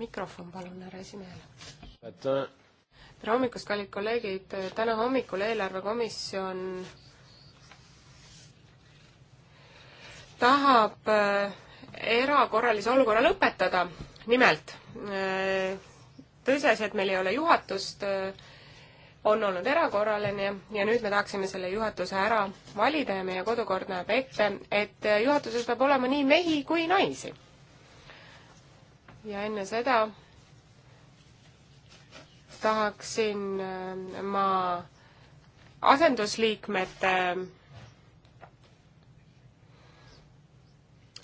mikrofon palun härra esimehele. tere hommikust, kallid kolleegid, täna hommikul eelarvekomisjon tahab äh, erakorralise olukorra lõpetada, nimelt äh, tõsiasi, et meil ei ole juhatust, äh, on olnud erakorraline ja nüüd me tahaksime selle juhatuse ära valida ja meie kodukord näeb ette, et juhatuses peab olema nii mehi kui naisi ja enne seda tahaksin äh, ma asendusliikmete äh,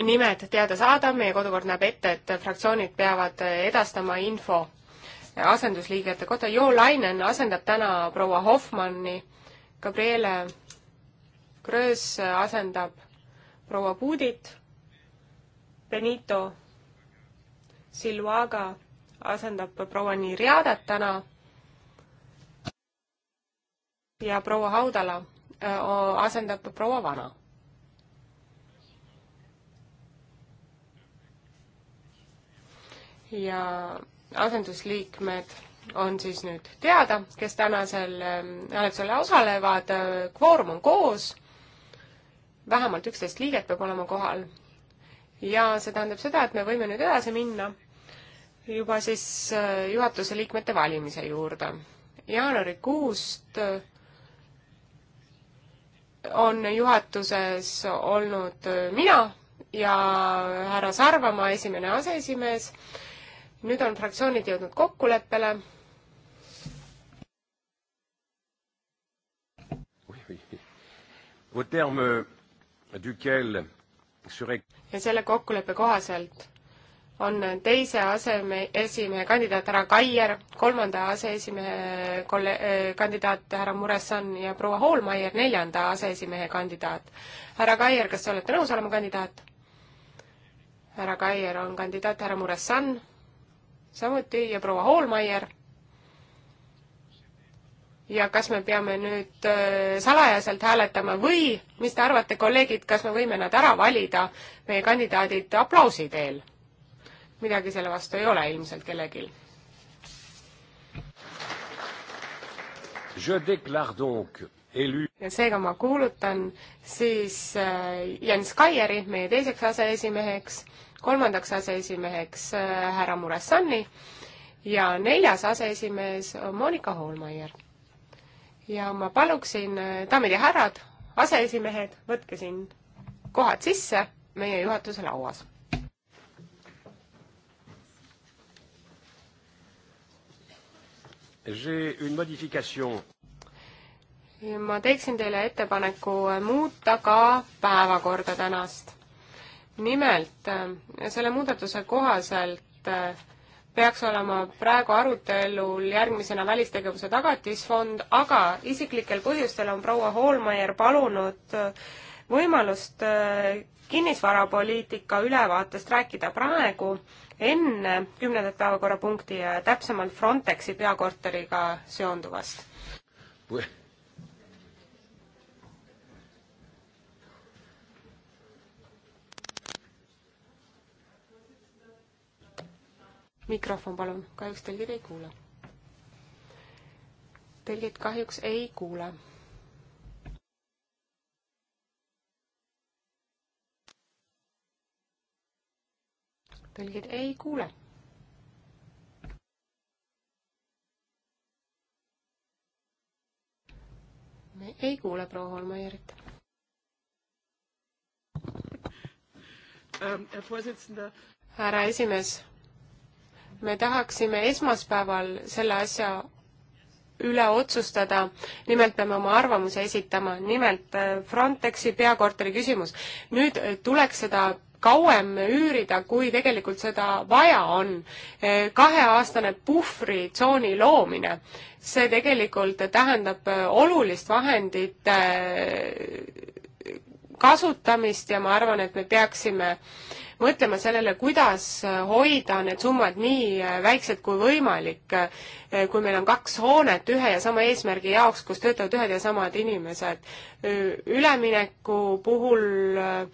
nimed teada saada, meie kodukord näeb ette, et fraktsioonid peavad äh, edastama info asendusliigete kohta. Jo Lainen asendab täna proua Hoffmanni, Gabriele Gröös asendab proua Puudit, Benito Silvaga asendab proua Nirjadat täna ja proua Haudala asendab proua Vana. ja asendusliikmed on siis nüüd teada, kes tänasel hääletusel osalevad, kvoorum on koos, vähemalt üksteist liiget peab olema kohal. ja see tähendab seda, et me võime nüüd edasi minna juba siis äh, juhatuse liikmete valimise juurde. jaanuarikuust äh, on juhatuses olnud äh, mina ja härra Sarvamaa, esimene aseesimees. nüüd on fraktsioonid jõudnud kokkuleppele. ja selle kokkuleppe kohaselt on teise aseme esimehe kandidaat härra Kaier, kolmanda aseesimehe kolle-, äh, kandidaat härra Muressan ja proua Hoolmeier neljanda aseesimehe kandidaat. härra Kaier, kas te olete nõus olema kandidaat? härra Kaier on kandidaat härra Muressan samuti ja proua Hoolmeier. ja kas me peame nüüd äh, salajaselt hääletama või mis te arvate, kolleegid, kas me võime nad ära valida, meie kandidaadid aplausi teel? midagi selle vastu ei ole ilmselt kellelgi. ja seega ma kuulutan siis äh, Jens Kaieri meie teiseks aseesimeheks, kolmandaks aseesimeheks äh, härra Muressanni ja neljas aseesimees Monika Hoolmeier. ja ma paluksin, äh, daamid ja härrad, aseesimehed, võtke siin kohad sisse meie juhatuse lauas ma teeksin teile ettepaneku muuta ka päevakorda tänast. nimelt selle muudatuse kohaselt eh, peaks olema praegu arutelul järgmisena välistegevuse tagatisfond, aga isiklikel põhjustel on proua Hoolmeier palunud eh, võimalust eh, kinnisvarapoliitika ülevaatest rääkida praegu enne kümnendat päevakorrapunkti ja täpsemalt Frontexi peakorteriga seonduvast. mikrofon palun, kahjuks tõlgid ei kuule. tõlgid kahjuks ei kuule tõlgid ei kuule. me ei kuule proua Holmeierit. Ähm, härra esimees, me tahaksime esmaspäeval selle asja üle otsustada, nimelt peame oma arvamuse esitama, nimelt äh, Frontexi peakorteri küsimus. nüüd äh, tuleks seda kauem üürida, kui tegelikult seda vaja on. kaheaastane puhvritsooni loomine, see tegelikult tähendab olulist vahendite kasutamist ja ma arvan, et me peaksime mõtlema sellele, kuidas hoida need summad nii väiksed kui võimalik, kui meil on kaks hoonet ühe ja sama eesmärgi jaoks, kus töötavad ühed ja samad inimesed. ülemineku puhul äh,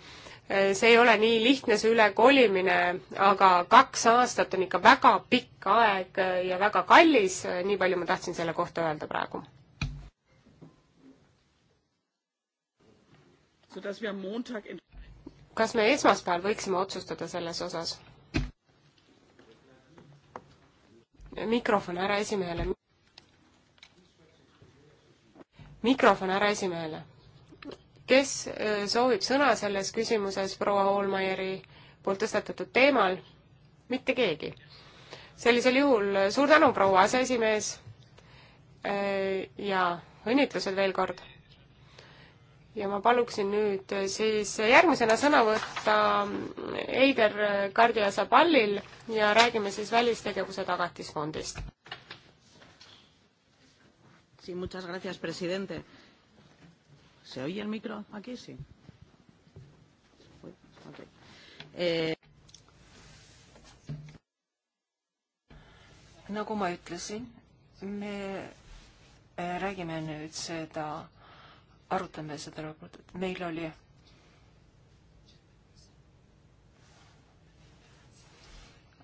see ei ole nii lihtne, see ülekolimine, aga kaks aastat on ikka väga pikk aeg ja väga kallis, nii palju ma tahtsin selle kohta öelda praegu. kas me esmaspäeval võiksime otsustada selles osas? mikrofon härra esimehele. mikrofon härra esimehele kes äh, soovib sõna selles küsimuses proua Hoolmeieri poolt tõstatatud teemal? mitte keegi. sellisel juhul äh, suur tänu, proua aseesimees äh, ja õnnitlused veel kord. ja ma paluksin nüüd siis järgmisena sõna võtta Eider Kardiasa pallil ja räägime siis välistegevuse tagatisfondist. Sí, muchas gracias, presidente. ¿Se oye el micro aquí? Sí. Okay. Eh... nagu ma ütlesin, me eh, räägime nüüd seda, arutame seda raportit. meil oli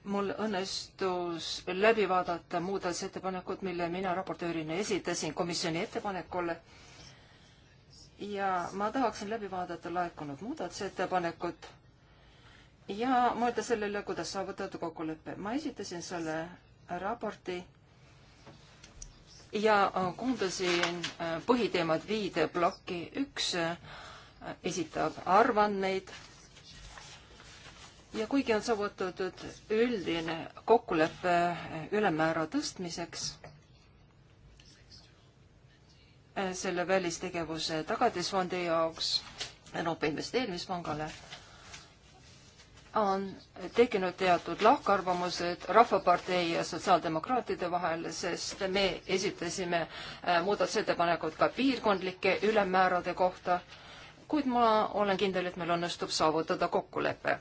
mul õnnestus läbi vaadata muudatusettepanekud, mille mina raportöörina esitasin komisjoni ettepanekule et ja ma tahaksin läbi vaadata laekunud muudatusettepanekud ja mõelda sellele, kuidas saavutada kokkulepe. ma esitasin selle raporti ja koondasin äh, põhiteemad viide plokki. üks äh, esitab arvandmeid ja kuigi on saavutatud üldine kokkulepe äh, ülemmäära tõstmiseks, Äh, selle välistegevuse tagatisfondi jaoks Euroopa Investeerimispangale on tekkinud teatud lahkarvamused Rahvapartei ja sotsiaaldemokraatide vahel, sest me esitasime äh, muudatusettepanekud ka piirkondlike ülemmäärade kohta, kuid ma olen kindel, et meil õnnestub saavutada kokkulepe.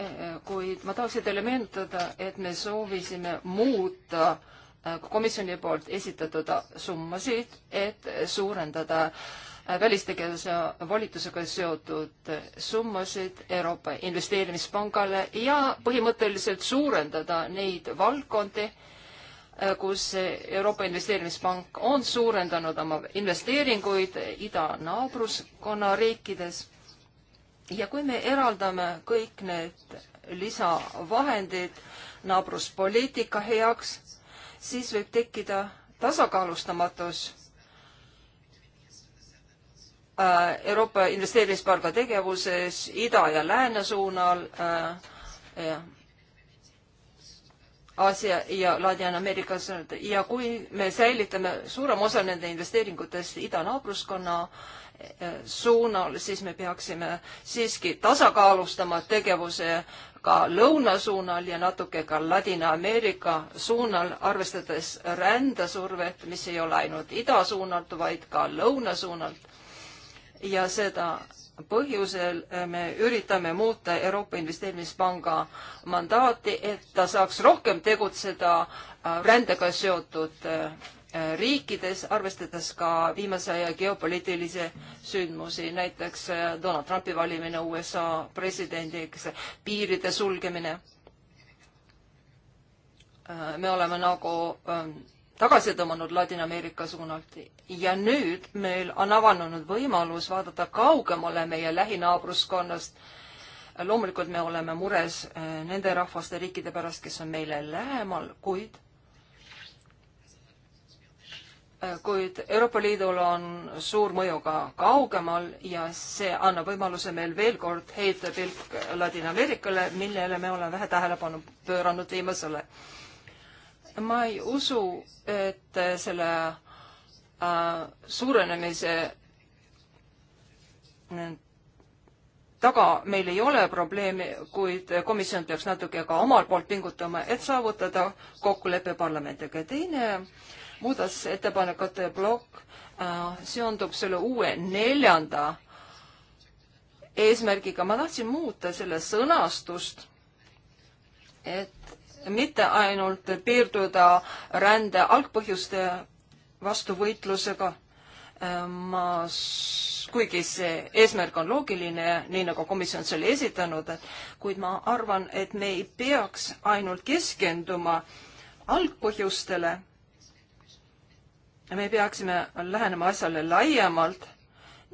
Äh, kuid ma tahaksin teile meenutada, et me soovisime muuta äh, Äh, komisjoni poolt esitatud summasid, et suurendada äh, välistegevuse volitusega seotud summasid Euroopa Investeerimispangale ja põhimõtteliselt suurendada neid valdkondi, äh, kus Euroopa Investeerimispank on suurendanud oma investeeringuid idanaabruskonda riikides. ja kui me eraldame kõik need lisavahendid naabruspoliitika heaks, siis võib tekkida tasakaalustamatus äh, Euroopa Investeerimispanga tegevuses ida ja lääne suunal äh, ja Aasia ja Ladina-Ameerikas ja kui me säilitame suurem osa nende investeeringutest idanaabruskonna äh, suunal, siis me peaksime siiski tasakaalustama tegevuse ka lõuna suunal ja natuke ka Ladina-Ameerika suunal, arvestades rändesurvet, mis ei ole ainult ida suunalt, vaid ka lõuna suunalt. ja seda põhjusel me üritame muuta Euroopa Investeerimispanga mandaati, et ta saaks rohkem tegutseda äh, rändega seotud äh, riikides, arvestades ka viimase aja geopoliitilisi sündmusi, näiteks äh, Donald Trumpi valimine USA presidendiks, piiride sulgemine. Äh, me oleme nagu ähm, tagasi tõmmanud Ladina-Ameerika suunalt ja nüüd meil on avanenud võimalus vaadata kaugemale meie lähinaabruskonnast. loomulikult me oleme mures äh, nende rahvaste riikide pärast, kes on meile lähemal, kuid Äh, kuid Euroopa Liidul on suur mõju ka kaugemal ja see annab võimaluse meil veel kord heita pilk Ladina-Ameerikale, millele me oleme vähe tähelepanu pööranud viimasele. ma ei usu, et selle äh, suurenemise taga meil ei ole probleemi, kuid komisjon peaks natuke ka omalt poolt pingutama, et saavutada kokkulepe parlamendiga. teine äh, muudatusettepanekute plokk äh, seondub selle uue neljanda eesmärgiga. ma tahtsin muuta selle sõnastust, et mitte ainult piirduda rände algpõhjuste vastu võitlusega, äh, ma, kuigi see eesmärk on loogiline, nii nagu komisjon selle esitanud, kuid ma arvan, et me ei peaks ainult keskenduma algpõhjustele me peaksime lähenema asjale laiemalt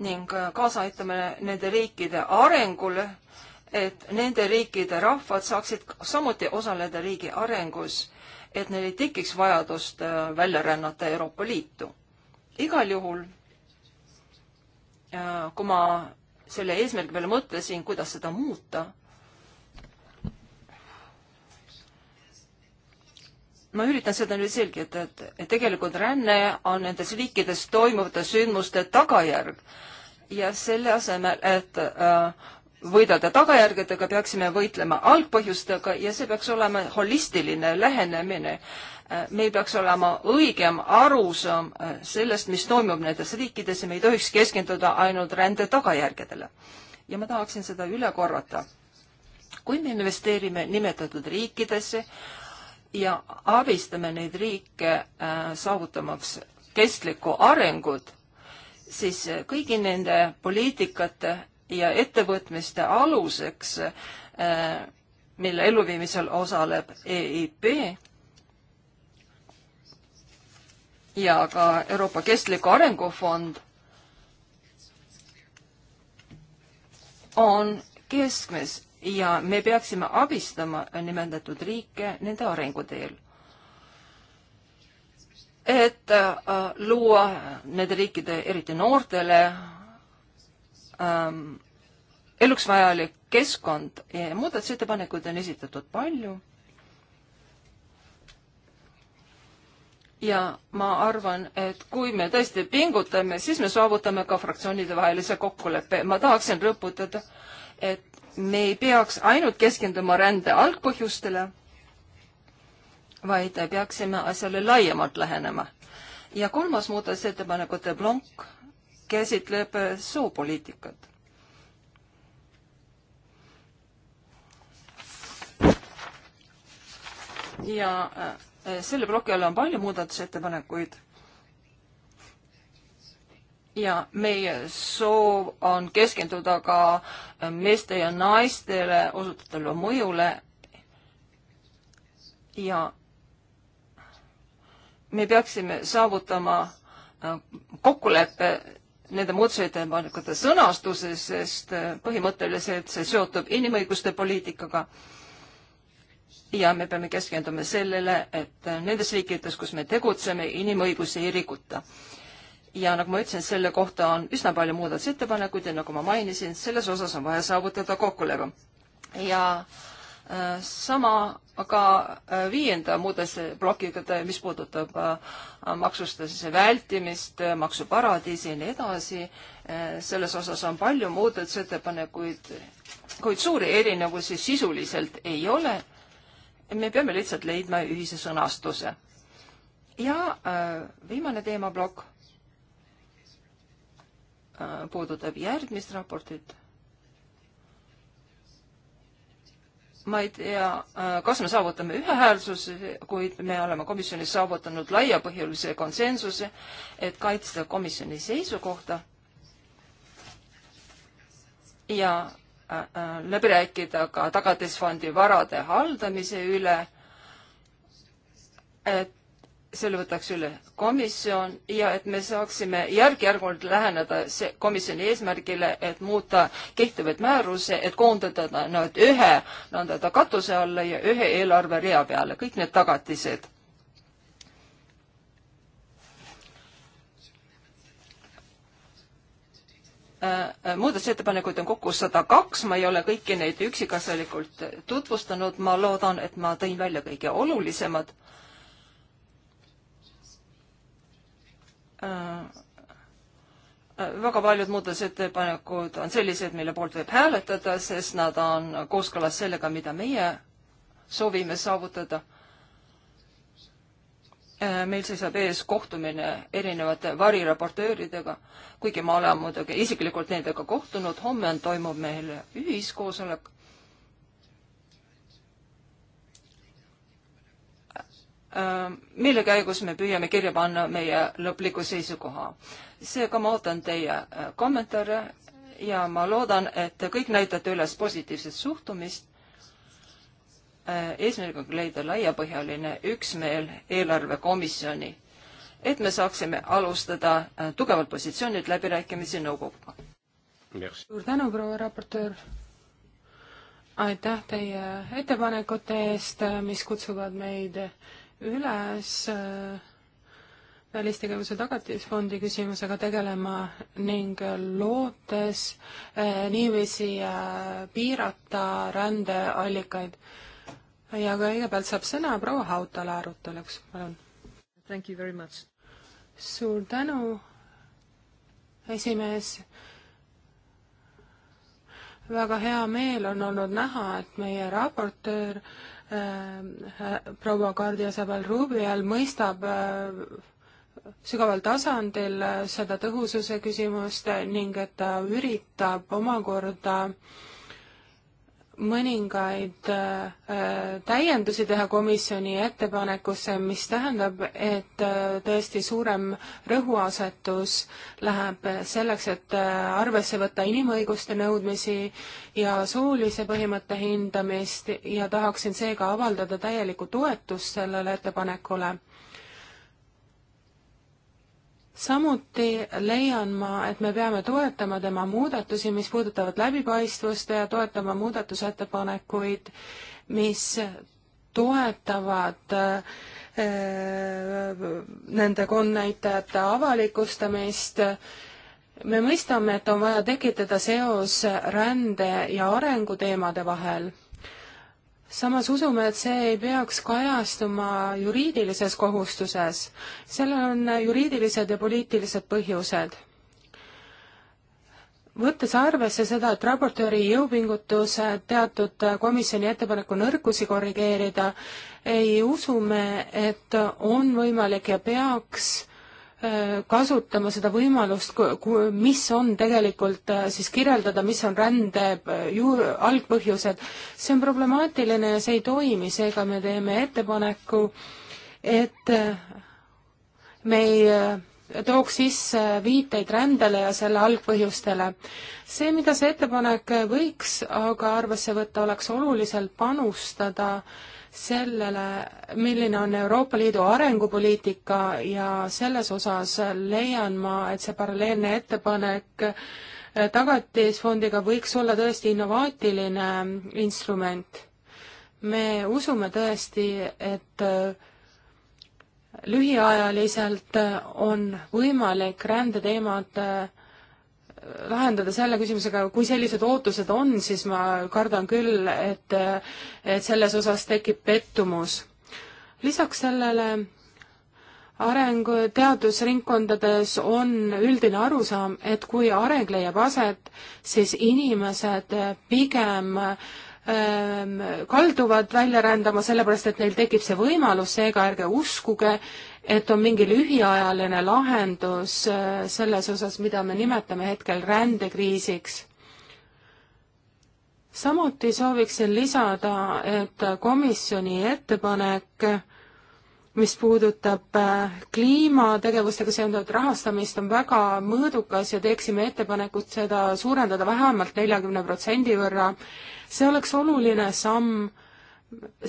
ning äh, kaasa aitama nende riikide arengule, et nende riikide rahvad saaksid samuti osaleda riigi arengus, et neil ei tekiks vajadust äh, välja rännata Euroopa Liitu. igal juhul, äh, kui ma selle eesmärgi peale mõtlesin, kuidas seda muuta ma üritan seda nüüd selgitada, et tegelikult ränne on nendes riikides toimuvate sündmuste tagajärg ja selle asemel, et äh, võidelda tagajärgedega, peaksime võitlema algpõhjustega ja see peaks olema holistiline lähenemine. Äh, meil peaks olema õigem arusaam äh, sellest, mis toimub nendes riikides ja me ei tohiks keskenduda ainult rände tagajärgedele. ja ma tahaksin seda üle korrata. kui me investeerime nimetatud riikidesse, ja abistame neid riike äh, saavutamaks kestlikku arengut, siis äh, kõigi nende poliitikate ja ettevõtmiste aluseks, äh, mille elluviimisel osaleb EIP ja ka Euroopa Kestliku Arengu Fond, on keskmes ja me peaksime abistama nimetatud riike nende arengu teel. et äh, luua nende riikide, eriti noortele ähm,, eluks vajalik keskkond. muudatusettepanekuid on esitatud palju ja ma arvan, et kui me tõesti pingutame, siis me saavutame ka fraktsioonide vahelise kokkuleppe. ma tahaksin rõputada, et me ei peaks ainult keskenduma rände algpõhjustele, vaid peaksime asjale laiemalt lähenema. ja kolmas muudatusettepanekute plokk käsitleb soopoliitikat. ja äh, selle ploki all on palju muudatusettepanekuid ja meie soov on keskenduda ka meeste ja naistele osutatavale mõjule ja me peaksime saavutama äh, kokkuleppe nende muudatusettepanekute sõnastuses, sest äh, põhimõtteliselt see seotub inimõiguste poliitikaga ja me peame keskenduma sellele, et äh, nendes riikides, kus me tegutseme, inimõigusi ei rikuta ja nagu ma ütlesin, selle kohta on üsna palju muudatusettepanekuid ja nagu ma mainisin, selles osas on vaja saavutada kokkulepe. ja äh, sama ka äh, viienda muudesse plokiga, mis puudutab äh, maksustamise vältimist, äh, maksuparadiisi ja nii edasi, äh, selles osas on palju muudatusettepanekuid, kuid suuri erinevusi sisuliselt ei ole. me peame lihtsalt leidma ühise sõnastuse. ja äh, viimane teemaplokk puudutab järgmist raportit. ma ei tea, kas me saavutame ühehäälsuse, kuid me oleme komisjonis saavutanud laiapõhjalise konsensuse, et kaitsta komisjoni seisukohta ja äh, äh, läbi rääkida ka tagatisfondi varade haldamise üle, et selle võtaks üle komisjon ja et me saaksime järk-järgult läheneda see komisjoni eesmärgile, et muuta kehtivaid määruse, et koondada nad ühe nõnda katuse alla ja ühe eelarverea peale, kõik need tagatised. Äh, äh, muudatusettepanekuid on kokku sada kaks, ma ei ole kõiki neid üksikasjalikult tutvustanud, ma loodan, et ma tõin välja kõige olulisemad äh, Äh, äh, väga paljud muudatusettepanekud on sellised, mille poolt võib hääletada, sest nad on kooskõlas sellega, mida meie soovime saavutada. Äh, meil seisab ees kohtumine erinevate variraportööridega, kuigi ma olen muidugi isiklikult nendega kohtunud, homme on, toimub meil ühiskoosolek Äh, mille käigus me püüame kirja panna meie lõpliku seisukoha. seega ma ootan teie äh, kommentaare ja ma loodan, et kõik näitate üles positiivset suhtumist äh, eesmärgiga leida laiapõhjaline üksmeel eelarvekomisjoni, et me saaksime alustada tugevalt positsioonilt läbirääkimisi nõukoguga. suur tänu, proua raportöör! aitäh teie ettepanekute eest, mis kutsuvad meid üles äh, välistegevuse tagatisfondi küsimusega tegelema ning lootes äh, niiviisi äh, piirata rändeallikaid. ja kõigepealt saab sõna proua Hautala aruteluks, palun. suur tänu, esimees väga hea meel on olnud näha, et meie raportöör Äh, äh, proua Gardia Sabal-Rubial mõistab äh, sügaval tasandil seda tõhususe küsimust ning et ta üritab omakorda äh, mõningaid äh, täiendusi teha komisjoni ettepanekusse, mis tähendab, et äh, tõesti suurem rõhuasetus läheb selleks, et äh, arvesse võtta inimõiguste nõudmisi ja soolise põhimõtte hindamist ja tahaksin seega avaldada täielikku toetust sellele ettepanekule samuti leian ma, et me peame toetama tema muudatusi, mis puudutavad läbipaistvust ja toetama muudatusettepanekuid, mis toetavad äh, nende konnäitajate avalikustamist. me mõistame, et on vaja tekitada seos rände ja arenguteemade vahel samas usume, et see ei peaks kajastuma juriidilises kohustuses. sellel on juriidilised ja poliitilised põhjused. võttes arvesse seda, et raportööri jõupingutused teatud komisjoni ettepaneku nõrkusi korrigeerida, ei usu me, et on võimalik ja peaks Äh, kasutama seda võimalust, mis on tegelikult äh, siis kirjeldada, mis on rände äh, juur-, algpõhjused, see on problemaatiline ja see ei toimi, seega me teeme ettepaneku, et me ei tooks sisse viiteid rändele ja selle algpõhjustele. see, mida see ettepanek võiks aga arvesse võtta, oleks oluliselt panustada äh, sellele, milline on Euroopa Liidu arengupoliitika ja selles osas leian ma, et see paralleelne ettepanek tagatisfondiga võiks olla tõesti innovaatiline instrument. me usume tõesti, et lühiajaliselt on võimalik rändeteemad lahendada selle küsimusega, kui sellised ootused on, siis ma kardan küll, et, et selles osas tekib pettumus. lisaks sellele areng teadusringkondades on üldine arusaam, et kui areng leiab aset, siis inimesed pigem ähm, kalduvad välja rändama, sellepärast et neil tekib see võimalus, seega ärge uskuge et on mingi lühiajaline lahendus äh, selles osas, mida me nimetame hetkel rändekriisiks. samuti sooviksin lisada, et komisjoni ettepanek, mis puudutab äh, kliimategevustega seonduvat rahastamist, on väga mõõdukas ja teeksime ettepanekut seda suurendada vähemalt neljakümne protsendi võrra. see oleks oluline samm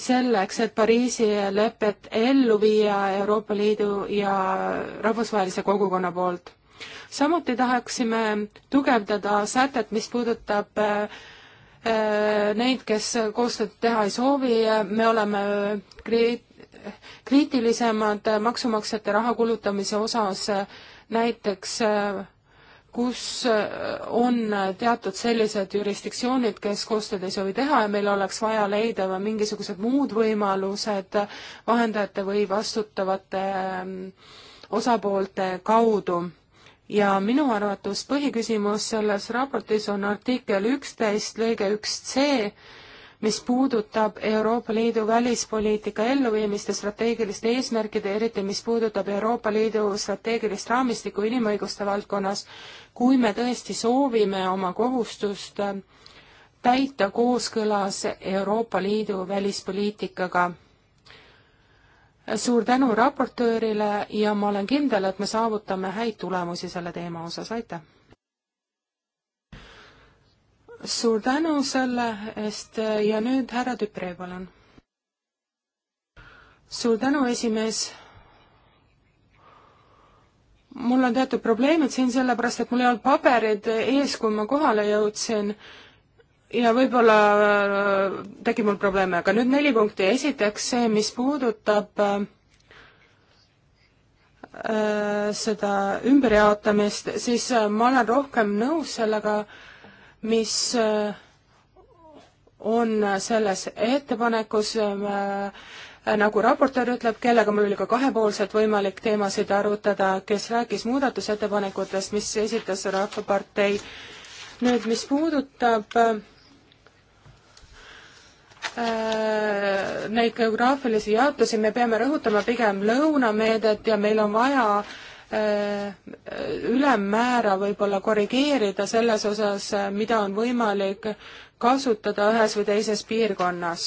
selleks, et Pariisi lepet ellu viia Euroopa Liidu ja rahvusvahelise kogukonna poolt. samuti tahaksime tugevdada sätet, mis puudutab äh, äh, neid, kes koostööd teha ei soovi, me oleme kriit-, kriitilisemad maksumaksjate raha kulutamise osas, äh, näiteks kus äh, on teatud sellised jurisdiktsioonid, kes koostööd ei soovi teha ja meil oleks vaja leida mingisugused muud võimalused vahendajate või vastutavate ähm, osapoolte kaudu. ja minu arvates põhiküsimus selles raportis on artikkel üksteist lõige üks C, mis puudutab Euroopa Liidu välispoliitika elluviimist ja strateegiliste eesmärkide, eriti mis puudutab Euroopa Liidu strateegilist raamistikku inimõiguste valdkonnas, kui me tõesti soovime oma kohustust äh, täita kooskõlas Euroopa Liidu välispoliitikaga suur tänu raportöörile ja ma olen kindel, et me saavutame häid tulemusi selle teema osas, aitäh! suur tänu selle eest ja nüüd härra Tüpre, palun. suur tänu, esimees. mul on teatud probleemid siin sellepärast, et mul ei olnud paberid ees, kui ma kohale jõudsin ja võib-olla äh, tegi mul probleeme, aga nüüd neli punkti. esiteks see, mis puudutab äh, seda ümberjaotamist, siis äh, ma olen rohkem nõus sellega äh,, mis äh, on selles ettepanekus äh, nagu raportöör ütleb, kellega mul oli ka kahepoolselt võimalik teemasid arutada, kes rääkis muudatusettepanekutest, mis esitas Rahvapartei. nüüd, mis puudutab äh, äh neid geograafilisi jaotusi, me peame rõhutama pigem lõunameedet ja meil on vaja äh, Äh, ülemmäära võib-olla korrigeerida selles osas, äh, mida on võimalik kasutada ühes või teises piirkonnas.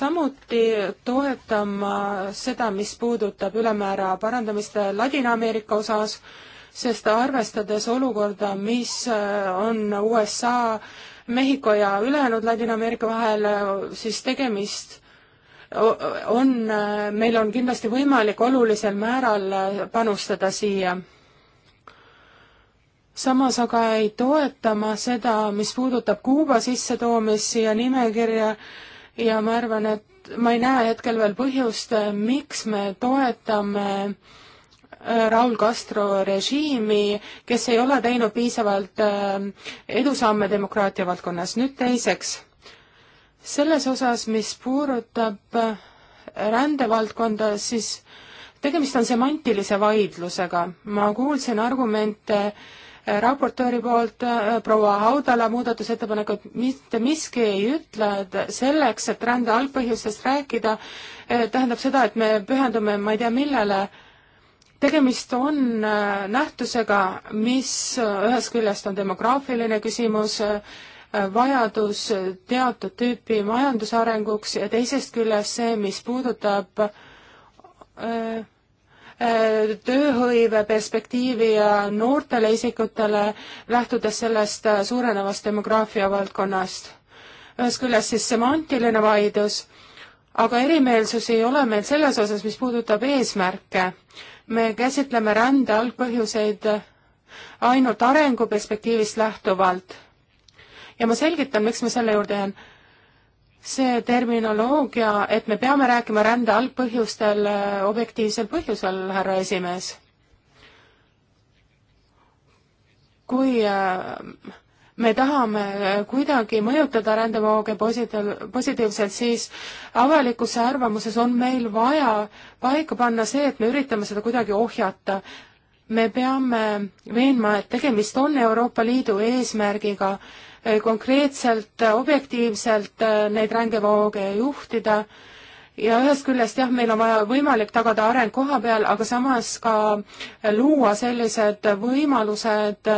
samuti toetan ma seda, mis puudutab ülemäära parandamist Ladina-Ameerika osas, sest arvestades olukorda, mis äh, on USA, Mehhiko ja ülejäänud Ladina-Ameerika vahel, siis tegemist on, meil on kindlasti võimalik olulisel määral panustada siia. samas aga ei toeta ma seda, mis puudutab Kuuba sissetoomist siia nimekirja ja ma arvan, et ma ei näe hetkel veel põhjust, miks me toetame äh, Raul Castro režiimi, kes ei ole teinud piisavalt äh, edusamme demokraatia valdkonnas. nüüd teiseks selles osas, mis puudutab äh, rändevaldkonda, siis tegemist on semantilise vaidlusega. ma kuulsin argumente äh, raportööri poolt äh, proua Haudala muudatusettepanekut, mitte miski ei ütle, et selleks, et rände algpõhjustest rääkida, tähendab seda, et me pühendume ma ei tea millele, tegemist on nähtusega, mis ühest küljest on demograafiline küsimus, vajadus teatud tüüpi majandusarenguks ja teisest küljest see, mis puudutab öö, äh, äh, tööhõive perspektiivi ja noortele isikutele, lähtudes sellest äh, suurenevast demograafia valdkonnast. ühest küljest siis semantiline vaidlus, aga erimeelsusi ei ole meil selles osas, mis puudutab eesmärke. me käsitleme rände algpõhjuseid ainult arenguperspektiivist lähtuvalt ja ma selgitan, miks ma selle juurde jään. see terminoloogia, et me peame rääkima rände algpõhjustel äh, objektiivsel põhjusel, härra esimees. kui äh, me tahame äh, kuidagi mõjutada rändevooge positiiv, positiivselt, siis avalikkuse arvamuses on meil vaja paika panna see, et me üritame seda kuidagi ohjata. me peame veenma, et tegemist on Euroopa Liidu eesmärgiga Eh, konkreetselt, eh, objektiivselt eh, neid rändevooge juhtida ja ühest küljest jah, meil on vaja võimalik tagada areng koha peal, aga samas ka luua sellised võimalused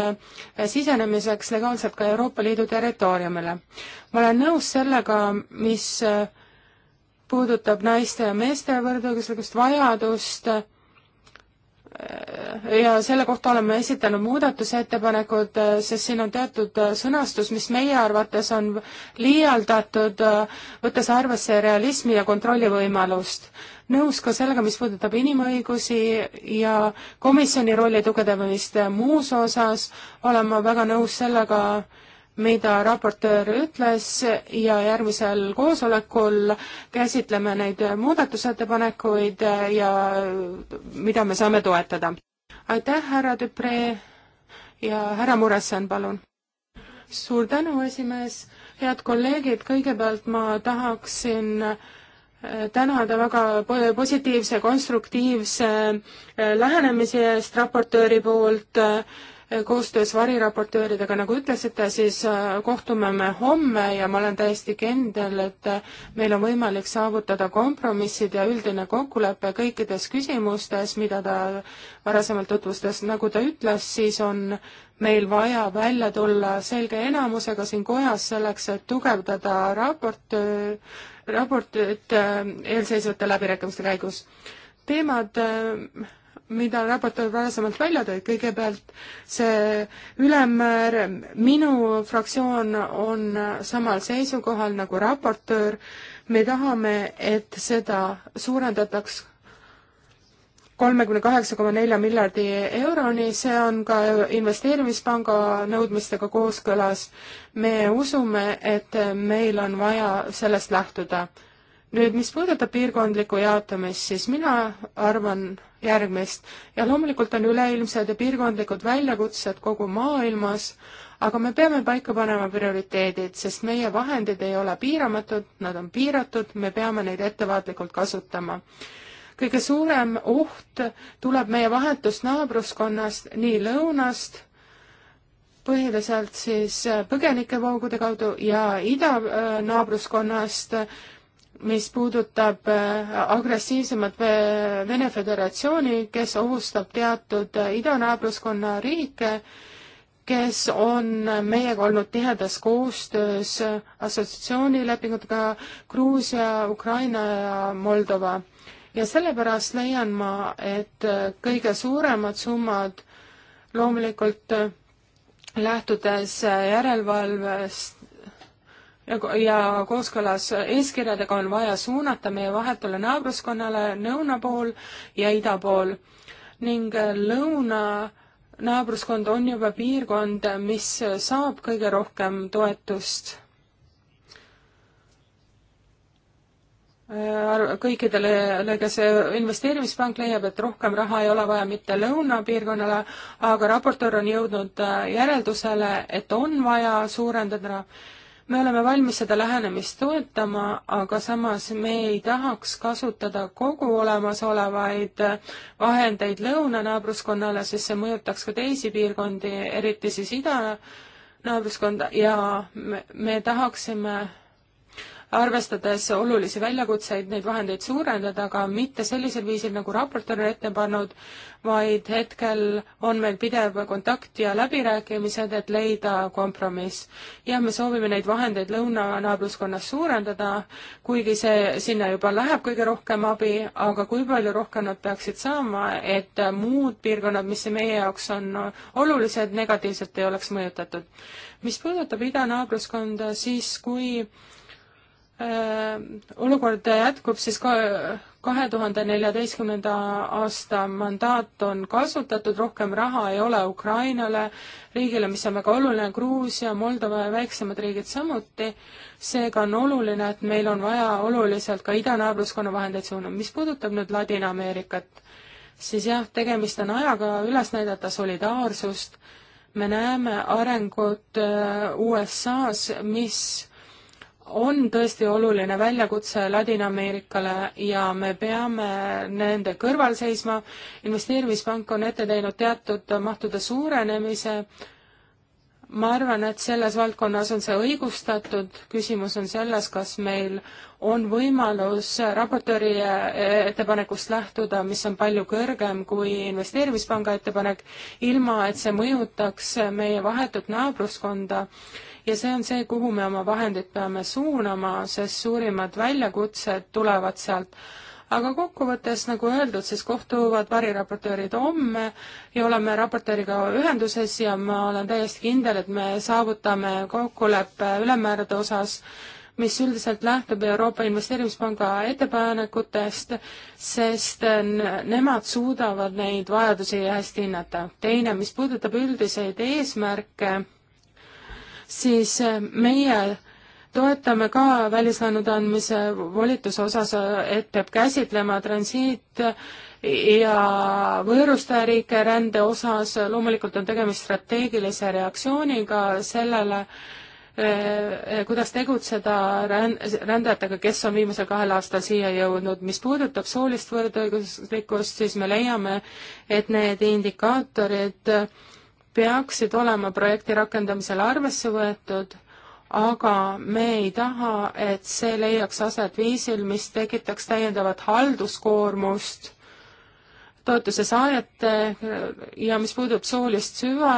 sisenemiseks legaalselt ka Euroopa Liidu territooriumile. ma olen nõus sellega, mis puudutab naiste ja meeste võrdõiguslikkust, vajadust äh, ja selle kohta oleme esitanud muudatusettepanekud, sest siin on teatud sõnastus, mis meie arvates on liialdatud, võttes arvesse realismi ja kontrolli võimalust. nõus ka sellega, mis puudutab inimõigusi ja komisjoni rolli tugevdamist muus osas, olen ma väga nõus sellega, mida raportöör ütles ja järgmisel koosolekul käsitleme neid muudatusettepanekuid ja mida me saame toetada. aitäh, härra Dupree ja härra Muresson, palun! suur tänu, esimees! head kolleegid, kõigepealt ma tahaksin äh, tänada väga positiivse, konstruktiivse äh, lähenemise eest raportööri poolt äh, koostöös variraportööridega, nagu ütlesite, siis äh, kohtume me homme ja ma olen täiesti kindel, et äh, meil on võimalik saavutada kompromissid ja üldine kokkulepe kõikides küsimustes, mida ta varasemalt tutvustas, nagu ta ütles, siis on meil vaja välja tulla selge enamusega siin kojas selleks, et tugevdada raport, äh, raportit eelseisvate läbirääkimiste käigus. teemad äh, mida raportöör varasemalt välja tõi, kõigepealt see ülemmäär, minu fraktsioon on samal seisukohal nagu raportöör, me tahame, et seda suurendataks kolmekümne kaheksa koma nelja miljardi euroni, see on ka investeerimispanga nõudmistega kooskõlas. me usume, et meil on vaja sellest lähtuda. nüüd, mis puudutab piirkondlikku jaotamist, siis mina arvan, järgmist ja loomulikult on üleilmsed ja piirkondlikud väljakutsed kogu maailmas, aga me peame paika panema prioriteedid, sest meie vahendid ei ole piiramatud, nad on piiratud, me peame neid ettevaatlikult kasutama. kõige suurem oht tuleb meie vahetust naabruskonnast, nii lõunast, põhiliselt siis põgenikevoogude kaudu ja idanaabruskonnast äh,, mis puudutab äh, agressiivsemat Vene Föderatsiooni, kes ohustab teatud äh, idanaabruskonna riike, kes on meiega olnud tihedas koostöös äh, assotsiatsioonilepingutega Gruusia, Ukraina ja Moldova. ja sellepärast leian ma, et kõige suuremad summad loomulikult lähtudes järelevalvest ja kooskõlas eeskirjadega on vaja suunata meie vahetule naabruskonnale lõuna pool ja ida pool ning äh, lõuna naabruskond on juba piirkond, mis saab kõige rohkem toetust äh, kõikidele, ega see äh, investeerimispank leiab, et rohkem raha ei ole vaja mitte lõunapiirkonnale, aga raportöör on jõudnud järeldusele, et on vaja suurendada me oleme valmis seda lähenemist toetama, aga samas me ei tahaks kasutada kogu olemasolevaid vahendeid lõunanaabruskonnale, sest see mõjutaks ka teisi piirkondi, eriti siis idanaabruskond ja me, me tahaksime arvestades olulisi väljakutseid, neid vahendeid suurendada, aga mitte sellisel viisil, nagu raportöör on ette pannud, vaid hetkel on meil pidev kontakt ja läbirääkimised, et leida kompromiss. ja me soovime neid vahendeid lõunanaabruskonnas suurendada, kuigi see, sinna juba läheb kõige rohkem abi, aga kui palju rohkem nad peaksid saama, et muud piirkonnad, mis meie jaoks on olulised, negatiivselt ei oleks mõjutatud. mis puudutab idanaabruskonda, siis kui Äh, olukord jätkub, siis kahe tuhande neljateistkümnenda aasta mandaat on kasutatud, rohkem raha ei ole Ukrainale, riigile, mis on väga oluline, Gruusia, Moldova ja väiksemad riigid samuti. seega on oluline, et meil on vaja oluliselt ka idanaabruskonna vahendeid suunama. mis puudutab nüüd Ladina-Ameerikat, siis jah, tegemist on ajaga üles näidata solidaarsust. me näeme arengut äh, USA-s, mis on tõesti oluline väljakutse Ladina-Ameerikale ja me peame nende kõrval seisma. investeerimispank on ette teinud teatud mahtude suurenemise. ma arvan, et selles valdkonnas on see õigustatud, küsimus on selles, kas meil on võimalus raportööri ettepanekust lähtuda, mis on palju kõrgem kui investeerimispanga ettepanek, ilma et see mõjutaks meie vahetut naabruskonda ja see on see, kuhu me oma vahendid peame suunama, sest suurimad väljakutsed tulevad sealt. aga kokkuvõttes, nagu öeldud, siis kohtuvad variraportöörid homme ja oleme raportööriga ühenduses ja ma olen täiesti kindel, et me saavutame kokkuleppe ülemäärade osas mis üldiselt lähtub Euroopa Investeerimispanga ettepanekutest, sest nemad suudavad neid vajadusi hästi hinnata. teine, mis puudutab üldiseid eesmärke siis äh, meie toetame ka välislaenude andmise volituse osas, äh, et peab käsitlema transiit ja võõrustajariike rände osas, loomulikult on tegemist strateegilise reaktsiooniga sellele, äh, kuidas tegutseda rändajatega, kes on viimasel kahel aastal siia jõudnud. mis puudutab soolist võrdõiguslikkust, siis me leiame, et need indikaatorid äh, peaksid olema projekti rakendamisel arvesse võetud, aga me ei taha, et see leiaks aset viisil, mis tekitaks täiendavat halduskoormust toetuse saajate ja mis puudub soolist süva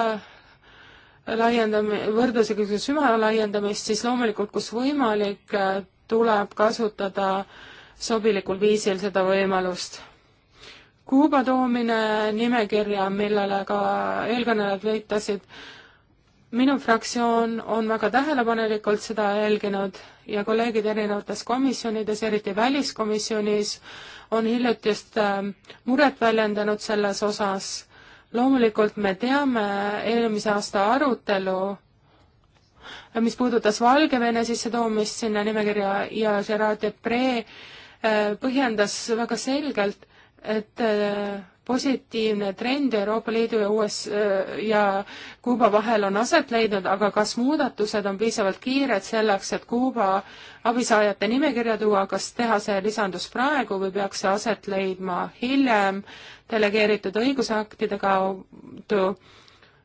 laiendami-, võrdlusega süva laiendamist, siis loomulikult, kus võimalik, tuleb kasutada sobilikul viisil seda võimalust Kuuba toomine nimekirja, millele ka eelkõnelejad viitasid, minu fraktsioon on väga tähelepanelikult seda jälginud ja kolleegid erinevates komisjonides, eriti väliskomisjonis, on hiljutist ähm, muret väljendanud selles osas. loomulikult me teame eelmise aasta arutelu mis puudutas Valgevene sissetoomist sinna nimekirja ja Gerard Depree äh, põhjendas väga selgelt, et äh, positiivne trend Euroopa Liidu ja US äh, ja Kuuba vahel on aset leidnud, aga kas muudatused on piisavalt kiired selleks, et Kuuba abisaajate nimekirja tuua, kas teha see lisandus praegu või peaks see aset leidma hiljem delegeeritud õigusaktide kaudu,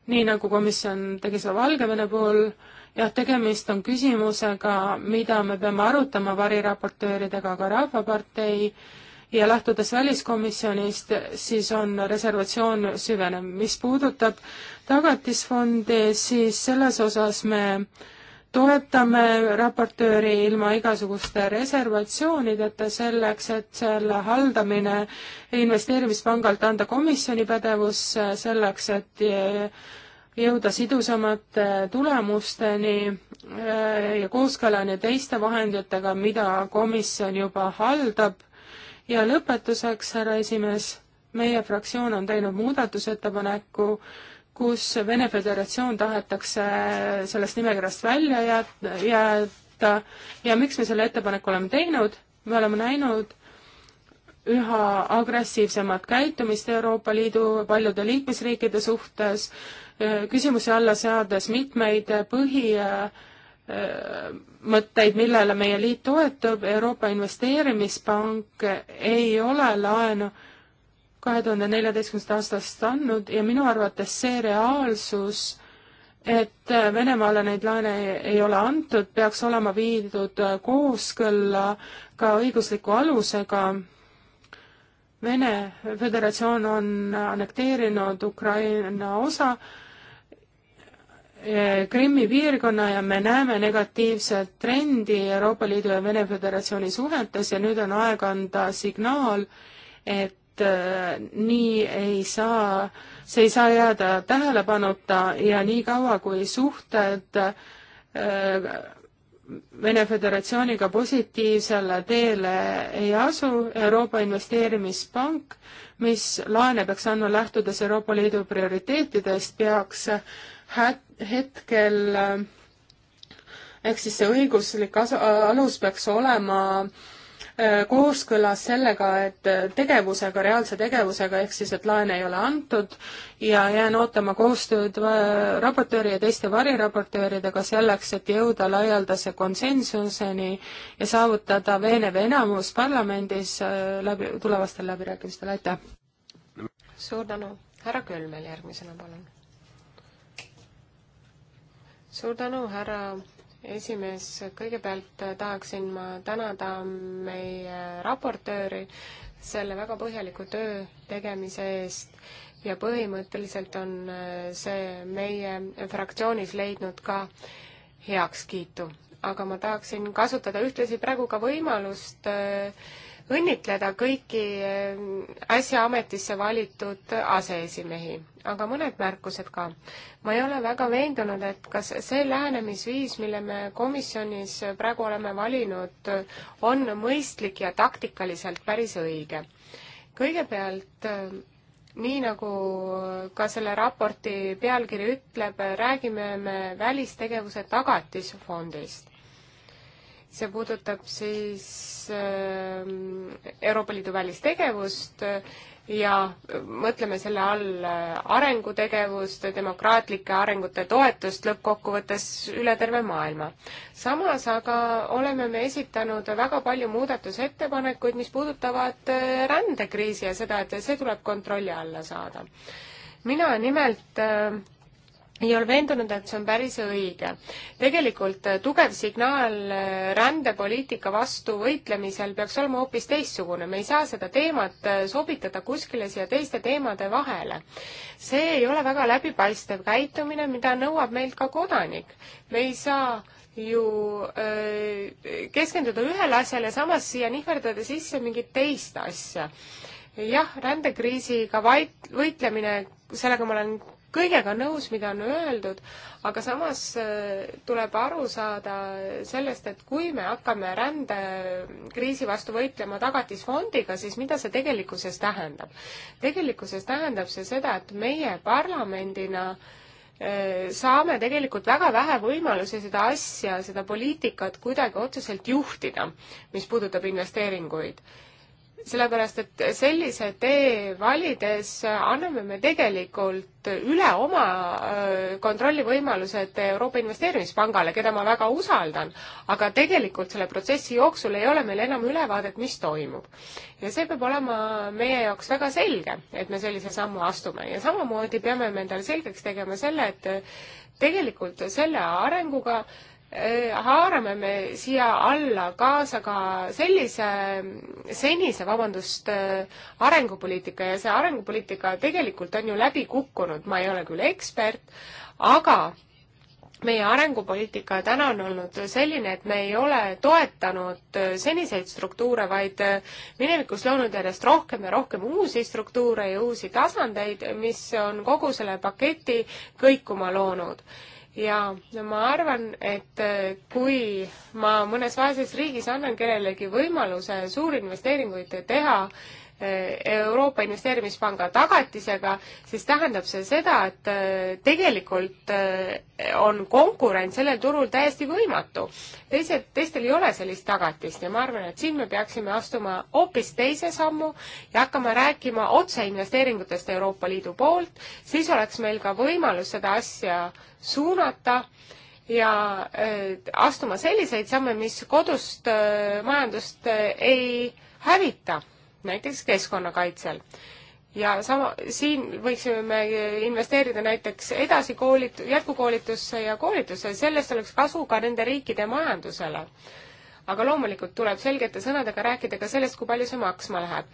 nii nagu komisjon tegi seda Valgevene puhul, jah, tegemist on küsimusega, mida me peame arutama variraportööridega, aga Rahvapartei äh, ja lähtudes väliskomisjonist, siis on reservatsioon süvenev. mis puudutab tagatisfondi, siis selles osas me toetame raportööri ilma igasuguste reservatsioonideta selleks, et selle haldamine investeerimispangalt anda komisjoni pädevusse selleks, et jõuda sidusamate tulemusteni äh, ja kooskõlani teiste vahenditega, mida komisjon juba haldab ja lõpetuseks, härra esimees, meie fraktsioon on teinud muudatusettepaneku, kus Vene Föderatsioon tahetakse sellest nimekirjast välja jätta ja miks me selle ettepaneku oleme teinud, me oleme näinud üha agressiivsemat käitumist Euroopa Liidu paljude liikmesriikide suhtes, küsimuse alla seades mitmeid põhi Äh, mõtteid, millele meie liit toetub, Euroopa Investeerimispank ei ole laenu kahe tuhande neljateistkümnendast aastast andnud ja minu arvates see reaalsus, et Venemaale neid laene ei ole antud, peaks olema viidud kooskõlla ka õigusliku alusega. Vene Föderatsioon on annekteerinud Ukraina osa Eh, Krimmi piirkonna ja me näeme negatiivset trendi Euroopa Liidu ja Vene Föderatsiooni suhetes ja nüüd on aeg anda signaal, et eh, nii ei saa, see ei saa jääda tähelepanuta ja niikaua, kui suhted eh, Vene Föderatsiooniga positiivsele teele ei asu, Euroopa Investeerimispank, mis laene peaks andma lähtudes Euroopa Liidu prioriteetidest, peaks hätta hetkel äh, ehk siis see õiguslik alus peaks olema äh, kooskõlas sellega, et tegevusega, reaalse tegevusega, ehk siis et laene ei ole antud ja jään ootama koostööd äh, raportööri ja teiste variraportööridega selleks, et jõuda laialdase konsensuseni ja saavutada veenev enamus parlamendis läbi, tulevastel läbirääkimistel, aitäh! suur tänu, härra Kölmel järgmisena, palun! suur tänu, härra esimees, kõigepealt äh, tahaksin ma tänada meie raportööri selle väga põhjaliku töö tegemise eest ja põhimõtteliselt on äh, see meie fraktsioonis leidnud ka heakskiitu. aga ma tahaksin kasutada ühtlasi praegu ka võimalust äh, õnnitleda kõiki ähm, äsja ametisse valitud aseesimehi, aga mõned märkused ka. ma ei ole väga veendunud, et kas see lähenemisviis, mille me komisjonis praegu oleme valinud, on mõistlik ja taktikaliselt päris õige. kõigepealt ähm, nii nagu ka selle raporti pealkiri ütleb, räägime me välistegevuse tagatisfondist see puudutab siis ähm, Euroopa Liidu välistegevust äh, ja äh, mõtleme selle all äh, arengutegevust, demokraatlike arengute toetust lõppkokkuvõttes üle terve maailma. samas aga oleme me esitanud väga palju muudatusettepanekuid, mis puudutavad rändekriisi ja seda, et see tuleb kontrolli alla saada. mina nimelt ei ole veendunud, et see on päris õige. tegelikult äh, tugev signaal äh, rändepoliitika vastu võitlemisel peaks olema hoopis teistsugune, me ei saa seda teemat äh, sobitada kuskile siia teiste teemade vahele. see ei ole väga läbipaistev käitumine, mida nõuab meilt ka kodanik. me ei saa ju öö, keskenduda ühele asjale, samas siia nihverdada sisse mingit teist asja. jah, rändekriisiga vait-, võitlemine, sellega ma olen kõigega nõus, mida on öeldud, aga samas äh, tuleb aru saada sellest, et kui me hakkame rändekriisi vastu võitlema tagatisfondiga, siis mida see tegelikkuses tähendab? tegelikkuses tähendab see seda, et meie parlamendina äh, saame tegelikult väga vähe võimalusi seda asja, seda poliitikat kuidagi otseselt juhtida, mis puudutab investeeringuid sellepärast, et sellise tee valides anname me tegelikult üle oma äh, kontrollivõimalused Euroopa Investeerimispangale, keda ma väga usaldan, aga tegelikult selle protsessi jooksul ei ole meil enam ülevaadet, mis toimub. ja see peab olema meie jaoks väga selge, et me sellise sammu astume ja samamoodi peame me endale selgeks tegema selle, et tegelikult selle arenguga äh, Äh, haarame me siia alla kaasa ka sellise, mm, senise, vabandust, äh, arengupoliitika ja see arengupoliitika tegelikult on ju läbi kukkunud, ma ei ole küll ekspert, aga meie arengupoliitika täna on olnud selline, et me ei ole toetanud äh, seniseid struktuure, vaid minevikus loonud järjest rohkem ja rohkem uusi struktuure ja uusi tasandeid, mis on kogu selle paketi kõikuma loonud ja ma arvan, et äh, kui ma mõnes vaeses riigis annan kellelegi võimaluse suurinvesteeringuid teha, Euroopa Investeerimispanga tagatisega, siis tähendab see seda, et äh, tegelikult äh, on konkurents sellel turul täiesti võimatu. teised, teistel ei ole sellist tagatist ja ma arvan, et siin me peaksime astuma hoopis teise sammu ja hakkama rääkima otseinvesteeringutest Euroopa Liidu poolt, siis oleks meil ka võimalus seda asja suunata ja äh, astuma selliseid samme, mis kodust äh, majandust äh, ei hävita näiteks keskkonnakaitsel. ja sama, siin võiksime me investeerida näiteks edasikoolit-, jätkukoolitusse ja koolitusse, sellest oleks kasu ka nende riikide majandusele aga loomulikult tuleb selgete sõnadega rääkida ka sellest, kui palju see maksma läheb.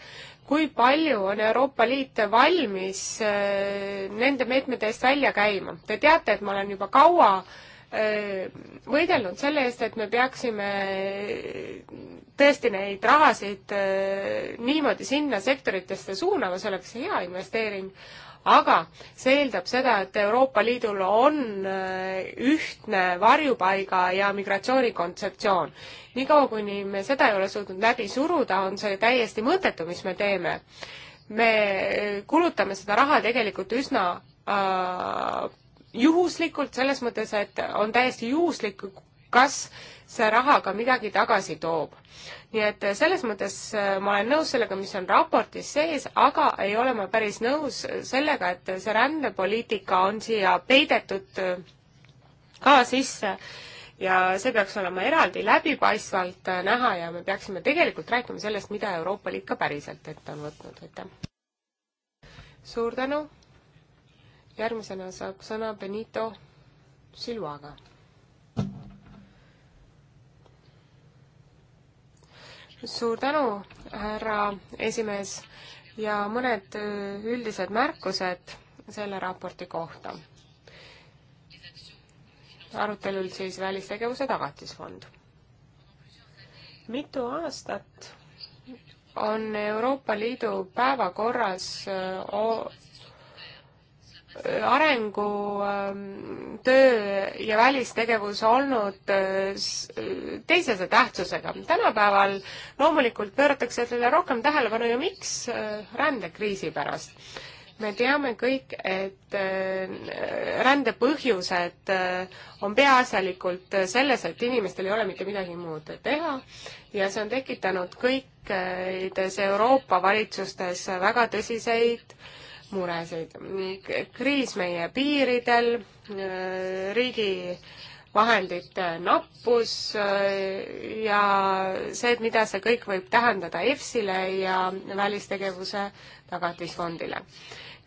kui palju on Euroopa Liit valmis äh, nende meetmete eest välja käima? Te teate, et ma olen juba kaua äh, võidelnud selle eest, et me peaksime tõesti neid rahasid äh, niimoodi sinna sektoritesse suunama, see oleks hea investeering, aga see eeldab seda, et Euroopa Liidul on äh, ühtne varjupaiga ja migratsioonikontseptsioon. niikaua, kuni me seda ei ole suutnud läbi suruda, on see täiesti mõttetu, mis me teeme. me äh, kulutame seda raha tegelikult üsna äh, juhuslikult, selles mõttes, et on täiesti juhuslik, kas see raha ka midagi tagasi toob. nii et eh, selles mõttes eh, ma olen nõus sellega, mis on raportis sees, aga ei ole ma päris nõus eh, sellega, et see rändepoliitika on siia peidetud ka sisse ja see peaks olema eraldi läbipaistvalt näha ja me peaksime tegelikult rääkima sellest, mida Euroopa Liit ka päriselt ette on võtnud, aitäh. suur tänu. järgmisena saab sõna Benito Silvaga suur tänu, härra esimees, ja mõned äh, üldised märkused selle raporti kohta. arutelul siis välistegevuse tagatisfond. mitu aastat on Euroopa Liidu päevakorras äh, arengutöö ähm, ja välistegevus olnud äh, teisese tähtsusega. tänapäeval loomulikult pööratakse sellele rohkem tähelepanu ja miks äh, rändekriisi pärast? me teame kõik, et äh, rände põhjused on peaasjalikult selles, et inimestel ei ole mitte midagi muud teha ja see on tekitanud kõikides Euroopa valitsustes väga tõsiseid äh, muresid. kriis meie piiridel, äh, riigi vahendite nappus äh, ja see, et mida see kõik võib tähendada EFSile ja välistegevuse tagatisfondile.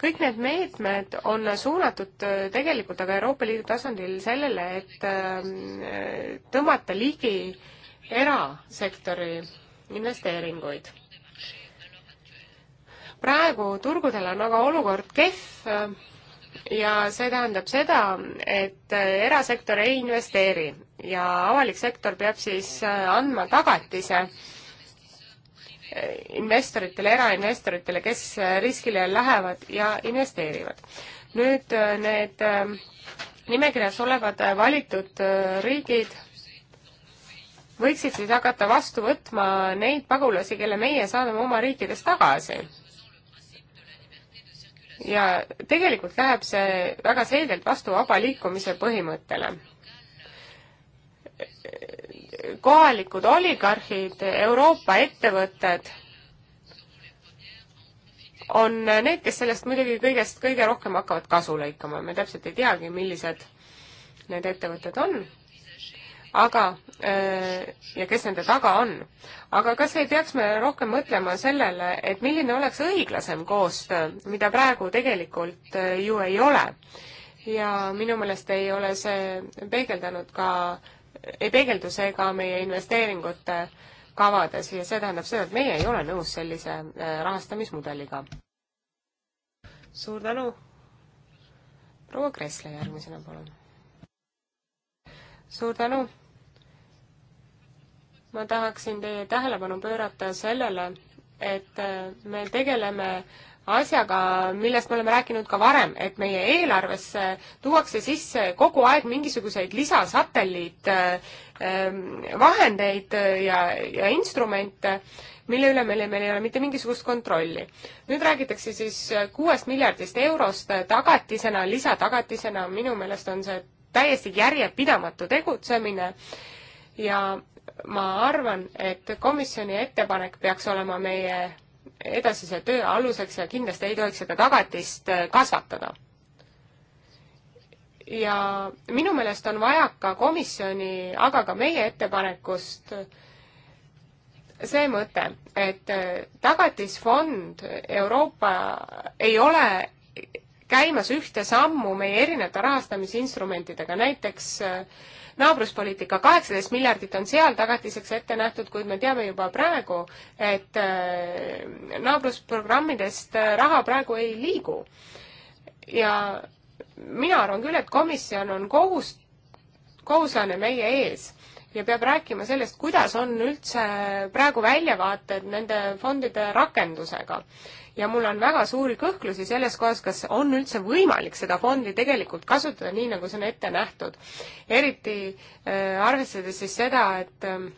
kõik need meetmed on suunatud äh, tegelikult aga Euroopa Liidu tasandil sellele, et tõmmata ligi erasektori investeeringuid praegu turgudel on aga olukord kehv äh, ja see tähendab seda, et äh, erasektor ei investeeri ja avalik sektor peab siis äh, andma tagatise investoritele, erainvestoritele, kes riskile lähevad ja investeerivad. nüüd need nimekirjas olevad valitud riigid võiksid siis hakata vastu võtma neid pagulasi, kelle meie saadame oma riikides tagasi ja tegelikult läheb see väga selgelt vastu vaba liikumise põhimõttele. kohalikud oligarhid, Euroopa ettevõtted on need, kes sellest muidugi kõigest kõige rohkem hakkavad kasu lõikama, me täpselt ei teagi, millised need ettevõtted on aga äh, ja kes nende taga on. aga kas ei peaks me rohkem mõtlema sellele, et milline oleks õiglasem koostöö, mida praegu tegelikult äh, ju ei ole? ja minu meelest ei ole see peegeldanud ka, ei peegeldu see ka meie investeeringute kavades ja see tähendab seda, et meie ei ole nõus sellise äh, rahastamismudeliga. suur tänu! proua Kressle järgmisena, palun! suur tänu! ma tahaksin teie tähelepanu pöörata sellele, et äh, me tegeleme asjaga, millest me oleme rääkinud ka varem, et meie eelarvesse tuuakse sisse kogu aeg mingisuguseid lisasatelliitvahendeid äh, ähm, äh, ja, ja instrumente, mille üle meil, meil ei ole mitte mingisugust kontrolli. nüüd räägitakse siis kuuest miljardist eurost tagatisena, lisatagatisena, minu meelest on see täiesti järjepidamatu tegutsemine ja ma arvan, et komisjoni ettepanek peaks olema meie edasise töö aluseks ja kindlasti ei tohiks seda tagatist äh, kasvatada. ja minu meelest on vajaka komisjoni, aga ka meie ettepanekust see mõte, et äh, tagatisfond Euroopa ei ole käimas ühte sammu meie erinevate rahastamisinstrumentidega, näiteks äh, naabruspoliitika, kaheksateist miljardit on seal tagatiseks ette nähtud, kuid me teame juba praegu, et äh, naabrusprogrammidest äh, raha praegu ei liigu. ja mina arvan küll, et komisjon on kohus, kohuslane meie ees ja peab rääkima sellest, kuidas on üldse praegu väljavaated nende fondide rakendusega ja mul on väga suuri kõhklusi selles kohas, kas on üldse võimalik seda fondi tegelikult kasutada nii, nagu see on ette nähtud. eriti äh, arvestades siis seda, et äh,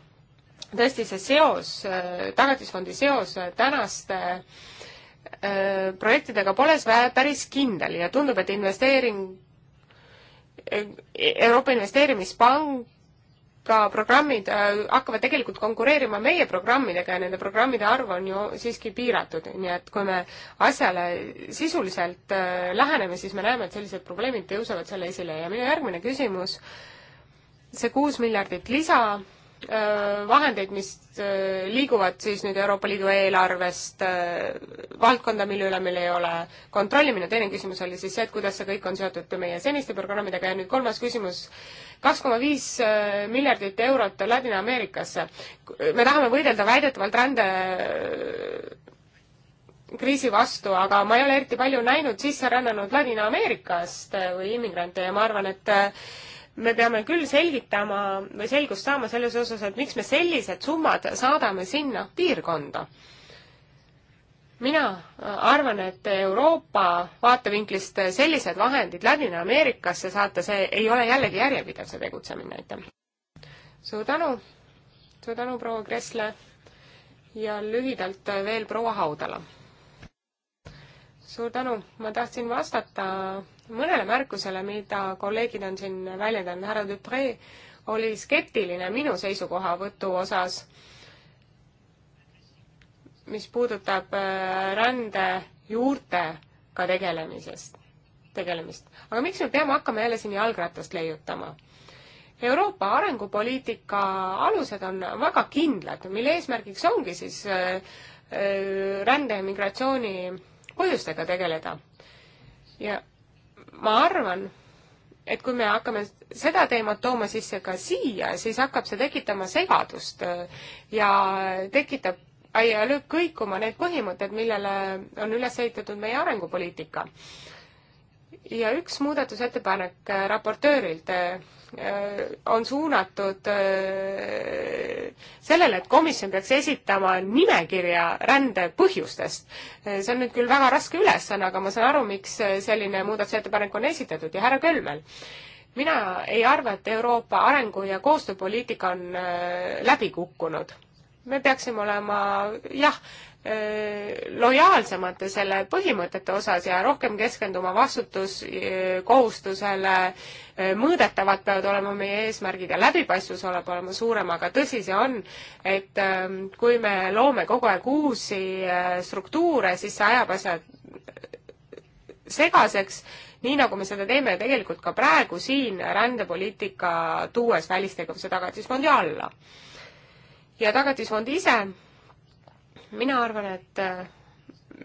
tõesti see seos äh,, tagatisfondi seos äh, tänaste äh, projektidega pole see päris kindel ja tundub, et investeering äh, Euroopa Investeerimispank ka programmid äh, hakkavad tegelikult konkureerima meie programmidega ja nende programmide arv on ju siiski piiratud, nii et kui me asjale sisuliselt äh, läheneme, siis me näeme, et sellised probleemid tõusevad selle esile ja minu järgmine küsimus, see kuus miljardit lisa, Äh, vahendeid, mis äh, liiguvad siis nüüd Euroopa Liidu eelarvest äh, valdkonda, mille üle meil ei ole kontrolli. minu teine küsimus oli siis see, et kuidas see kõik on seotud meie seniste programmidega ja nüüd kolmas küsimus, kaks koma viis miljardit eurot Ladina-Ameerikasse. me tahame võidelda väidetavalt rände kriisi vastu, aga ma ei ole eriti palju näinud sisserännanud Ladina-Ameerikast või immigrante ja ma arvan, et me peame küll selgitama või selgust saama selles osas, et miks me sellised summad saadame sinna piirkonda. mina arvan, et Euroopa vaatevinklist sellised vahendid Ladina-Ameerikasse saata, see ei ole jällegi järjepidev, see tegutsemine, aitäh. suur tänu, suur tänu, proua Kressle ja lühidalt veel proua Haudala. suur tänu, ma tahtsin vastata mõnele märkusele, mida kolleegid on siin väljendanud, härra Dupree oli skeptiline minu seisukohavõtu osas, mis puudutab äh, rände juurtega tegelemisest, tegelemist. aga miks me peame hakkama jälle siin jalgratast leiutama? Euroopa arengupoliitika alused on väga kindlad, mille eesmärgiks ongi siis äh, äh, rände ja migratsiooni põhjustega tegeleda. ja ma arvan, et kui me hakkame seda teemat tooma sisse ka siia, siis hakkab see tekitama segadust äh, ja tekitab ja lööb kõikuma need põhimõtted, millele on üles ehitatud meie arengupoliitika. ja üks muudatusettepanek äh, raportöörilt äh, Äh, on suunatud äh, sellele, et komisjon peaks esitama nimekirja rände põhjustest. Äh, see on nüüd küll väga raske ülesanne, aga ma saan aru, miks selline muudatusettepanek on esitatud ja härra Kölmel, mina ei arva, et Euroopa arengu- ja koostööpoliitika on läbi kukkunud me peaksime olema jah, lojaalsemad selle põhimõtete osas ja rohkem keskenduma vastutuskohustusele, eh, eh, mõõdetavad peavad olema meie eesmärgid ja läbipaistvus oleb olema suurem, aga tõsi see on, et ehm, kui me loome kogu aeg uusi eh, struktuure, siis see ajab asjad segaseks, nii nagu me seda teeme tegelikult ka praegu siin rändepoliitika tuues välistegevuse tagatisfondi alla. ja tagatisfond ise mina arvan, et äh,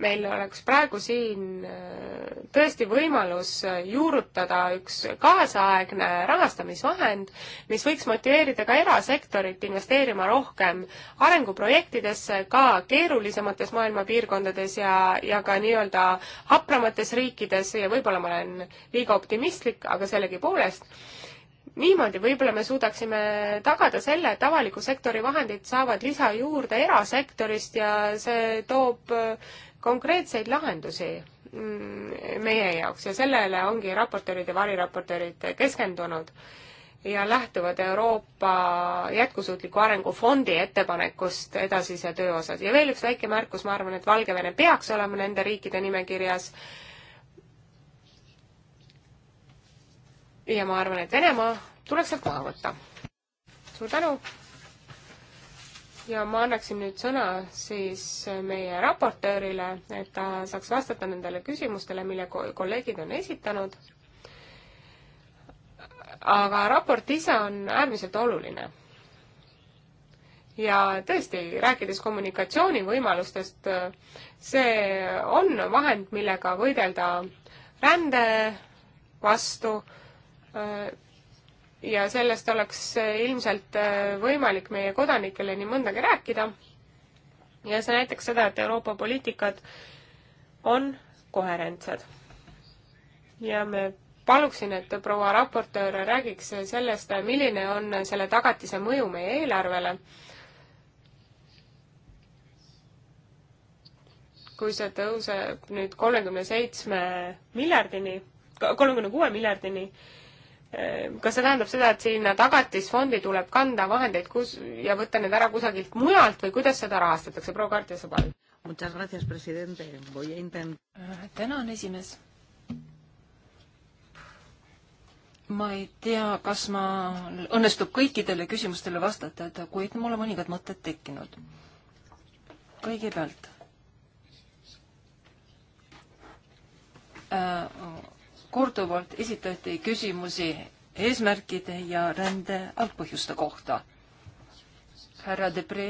meil oleks praegu siin äh, tõesti võimalus äh, juurutada üks kaasaegne rahastamisvahend, mis võiks motiveerida ka erasektorit investeerima rohkem arenguprojektidesse ka keerulisemates maailma piirkondades ja, ja ka nii-öelda hapramates riikides ja võib-olla ma olen liiga optimistlik, aga sellegipoolest niimoodi võib-olla me suudaksime tagada selle, et avaliku sektori vahendid saavad lisa juurde erasektorist ja see toob äh, konkreetseid lahendusi mm, meie jaoks ja sellele ongi raportöörid ja variraportöörid keskendunud ja lähtuvad Euroopa Jätkusuutliku Arengu Fondi ettepanekust edasise töö osas. ja veel üks väike märkus, ma arvan, et Valgevene peaks olema nende riikide nimekirjas äh, ja ma arvan, et Venemaa tuleks sealt maha võtta. suur tänu! ja ma annaksin nüüd sõna siis meie raportöörile, et ta saaks vastata nendele küsimustele, mille kolleegid on esitanud. aga raport ise on äärmiselt oluline. ja tõesti, rääkides kommunikatsioonivõimalustest, see on vahend, millega võidelda rände vastu Äh, ja sellest oleks äh, ilmselt äh, võimalik meie kodanikele nii mõndagi rääkida. ja see näitaks seda, et Euroopa poliitikad on koherentsed. ja me paluksin, et proua raportöör räägiks sellest, milline on selle tagatise mõju meie eelarvele. kui see tõuseb nüüd kolmekümne seitsme miljardini, kolmekümne kuue miljardini, Ehm, kas see tähendab seda, et sinna tagatisfondi tuleb kanda vahendeid kus ja võtta need ära kusagilt mujalt või kuidas seda rahastatakse, proua Kartja Sõbal? Äh, tänan, esimees. ma ei tea, kas ma, õnnestub kõikidele küsimustele vastata, et kuid mul on mõningad mõtted tekkinud. kõigepealt äh, korduvalt esitati küsimusi eesmärkide ja rände algpõhjuste kohta. härra Debre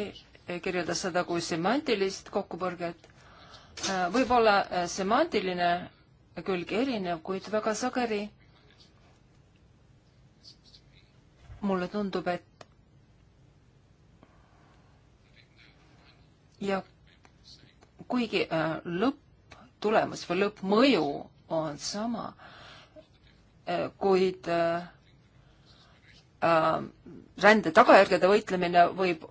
eh, kirjeldas seda kui semantilist kokkupõrget. Eh, võib-olla eh, semantiline külg erinev, kuid väga sageli mulle tundub, et ja kuigi lõpptulemus või lõppmõju on sama äh,, Äh, kuid äh, äh, rände tagajärgede võitlemine võib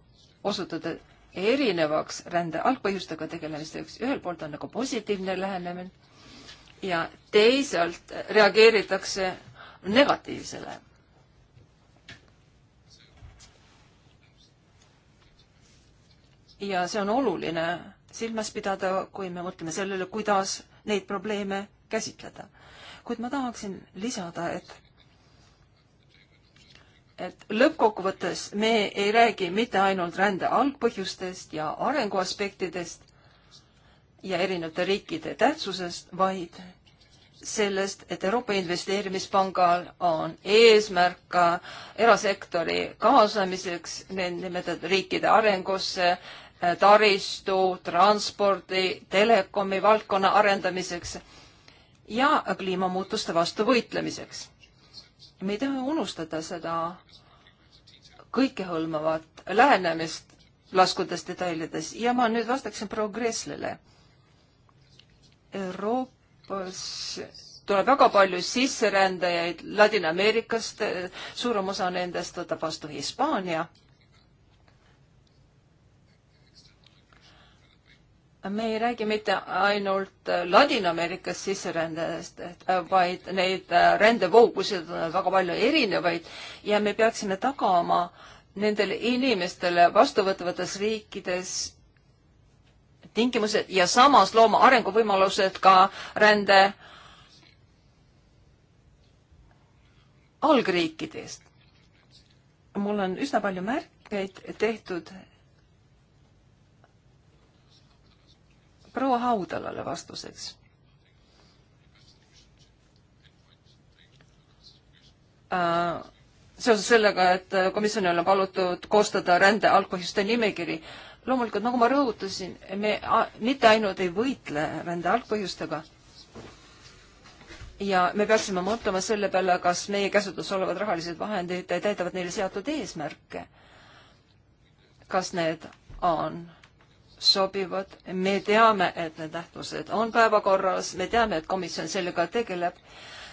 osutuda erinevaks rände algpõhjustega tegelemisteks. ühelt poolt on nagu positiivne lähenemine ja teisalt reageeritakse negatiivsele. ja see on oluline silmas pidada, kui me mõtleme sellele, kuidas neid probleeme käsitleda kuid ma tahaksin lisada, et et lõppkokkuvõttes me ei räägi mitte ainult rände algpõhjustest ja arenguaspektidest ja erinevate riikide tähtsusest, vaid sellest, et Euroopa Investeerimispangal on eesmärk ka erasektori kaasamiseks nimetatud riikide arengusse, taristu, transpordi, telekomi valdkonna arendamiseks ja kliimamuutuste vastu võitlemiseks. me ei taha unustada seda kõikehõlmavat lähenemist, laskudes detailides ja ma nüüd vastaksin proua Gresslile. Euroopas tuleb väga palju sisserändajaid Ladina-Ameerikast, suurem osa nendest võtab vastu Hispaania me ei räägi mitte ainult Ladina-Ameerikast sisserändajast, äh, vaid neid äh, rändevoogusid on väga palju erinevaid ja me peaksime tagama nendele inimestele vastuvõtvates riikides tingimused ja samas looma arenguvõimalused ka rände algriikidest. mul on üsna palju märkeid tehtud proua Haudalale vastuseks. Äh, seoses sellega, et komisjonil on palutud koostada rände algpõhjuste nimekiri, loomulikult nagu ma rõhutasin, me mitte ainult ei võitle rände algpõhjustega, ja me peaksime mõtlema selle peale, kas meie käsutuses olevad rahalised vahendid täidavad neile seatud eesmärke. kas need on sobivad, me teame, et need nähtused on päevakorras, me teame, et komisjon sellega tegeleb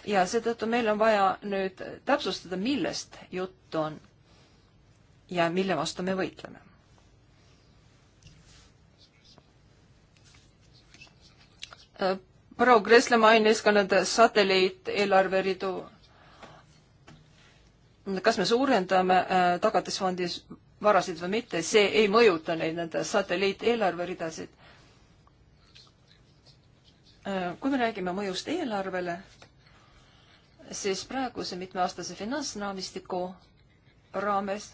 ja seetõttu meil on vaja nüüd täpsustada, millest juttu on ja mille vastu me võitleme. proua Kresle mainis ka nende satelliiteelarveridu. kas me suurendame äh, tagatisfondis varasid või mitte, see ei mõjuta neid nende satelliiteelarveridasid. Äh, kui me räägime mõjust eelarvele, siis praeguse mitmeaastase finantsraamistiku raames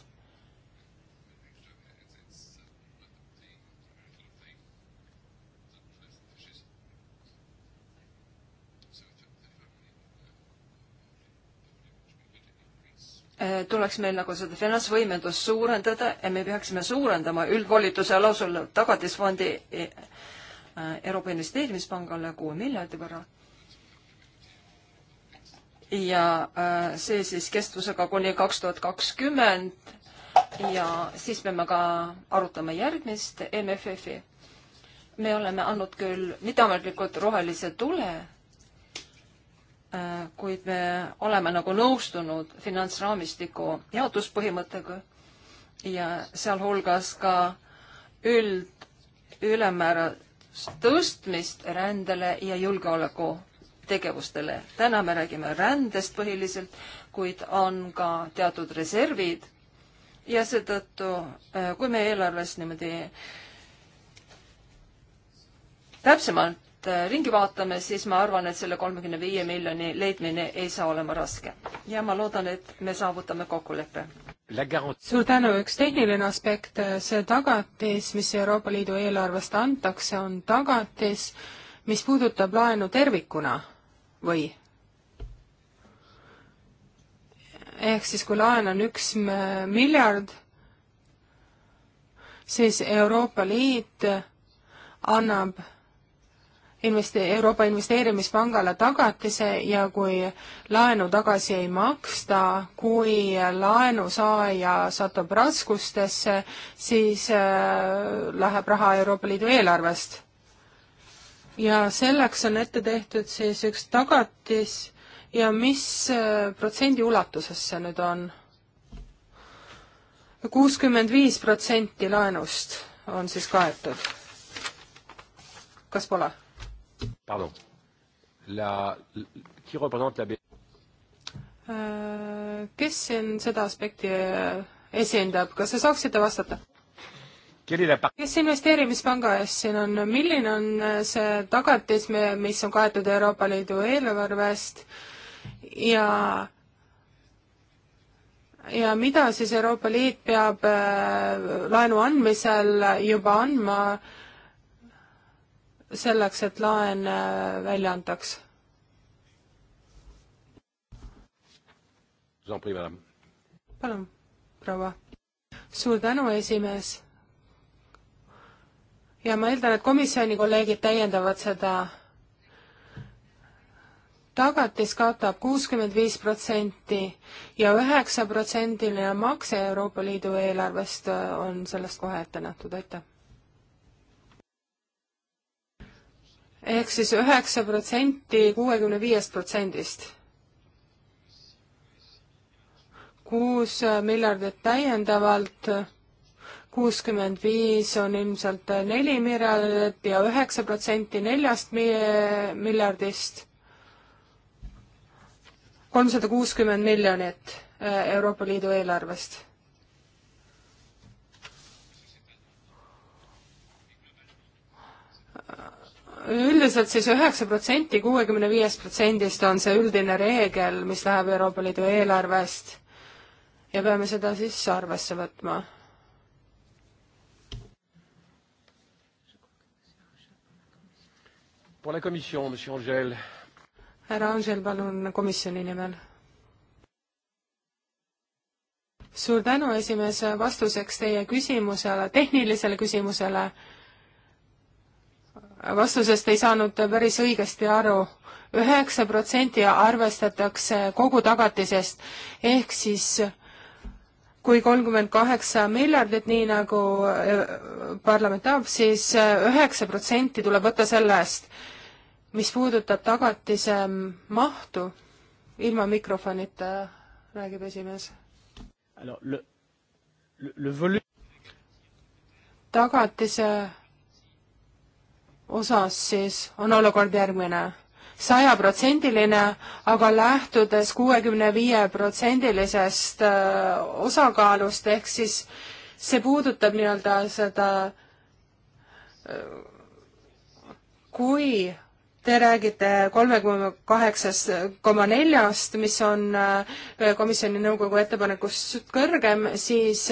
Äh, tuleks meil nagu seda finantsvõimendust suurendada ja me peaksime suurendama üldvolituse lausul tagatisfondi e, äh, Euroopa Investeerimispangale kuue miljardi võrra. ja äh, see siis kestvusega kuni kaks tuhat kakskümmend ja siis peame ka arutama järgmist MFF-i. me oleme andnud küll mitteametlikult rohelise tule Äh, kuid me oleme nagu nõustunud finantsraamistiku jaotuspõhimõttega ja sealhulgas ka üld, ülemäära tõstmist rändele ja julgeoleku tegevustele. täna me räägime rändest põhiliselt, kuid on ka teatud reservid ja seetõttu, äh, kui me eelarves niimoodi täpsemalt Äh, ringi vaatame, siis ma arvan, et selle kolmekümne viie miljoni leidmine ei saa olema raske. ja ma loodan, et me saavutame kokkuleppe. suur tänu, üks tehniline aspekt, äh, see tagatis, mis Euroopa Liidu eelarvest antakse, on tagatis, mis puudutab laenu tervikuna või? ehk siis, kui laen on üks miljard, siis Euroopa Liit annab investe-, Euroopa Investeerimispangale tagatise ja kui laenu tagasi ei maksta, kui laenusaaja satub raskustesse, siis äh, läheb raha Euroopa Liidu eelarvest. ja selleks on ette tehtud siis üks tagatis ja mis äh, protsendi ulatuses see nüüd on? kuuskümmend viis protsenti laenust on siis kaetud. kas pole? Pardon. La, qui représente la äh, kes siin seda aspekti äh, esindab, kas te saaksite vastata? kes investeerimispanga eest siin on, milline on äh, see tagatis, mis on kaetud Euroopa Liidu eelarvest ja ja mida siis Euroopa Liit peab laenu andmisel juba andma äh, selleks, et laen äh, välja antaks? palun, proua. suur tänu, esimees. ja ma eeldan, et komisjoni kolleegid täiendavad seda. tagatis katab kuuskümmend viis protsenti ja üheksa protsendiline makse Euroopa Liidu eelarvest äh, on sellest kohe ette nähtud, aitäh ehk siis üheksa protsenti kuuekümne viiest protsendist. kuus miljardit täiendavalt, kuuskümmend viis on ilmselt neli miljardit ja üheksa protsenti neljast miljardist, kolmsada kuuskümmend miljonit eh, Euroopa Liidu eelarvest üldiselt siis üheksa protsenti kuuekümne viiest protsendist on see üldine reegel, mis läheb Euroopa Liidu eelarvest ja peame seda siis arvesse võtma. härra Angel, palun komisjoni nimel. suur tänu, esimees, vastuseks teie küsimusele, tehnilisele küsimusele vastusest ei saanud päris õigesti aru. üheksa protsenti arvestatakse kogu tagatisest, ehk siis kui kolmkümmend kaheksa miljardit, nii nagu äh, parlament tahab, siis äh, üheksa protsenti tuleb võtta sellest, mis puudutab tagatise mm, mahtu, ilma mikrofonita räägib esimees. tagatise osas siis on olukord järgmine sajaprotsendiline, aga lähtudes kuuekümne viie protsendilisest äh, osakaalust, ehk siis see puudutab nii-öelda seda, äh, kui te räägite kolmekümne kaheksast koma neljast, mis on äh, komisjoni nõukogu ettepanekust kõrgem, siis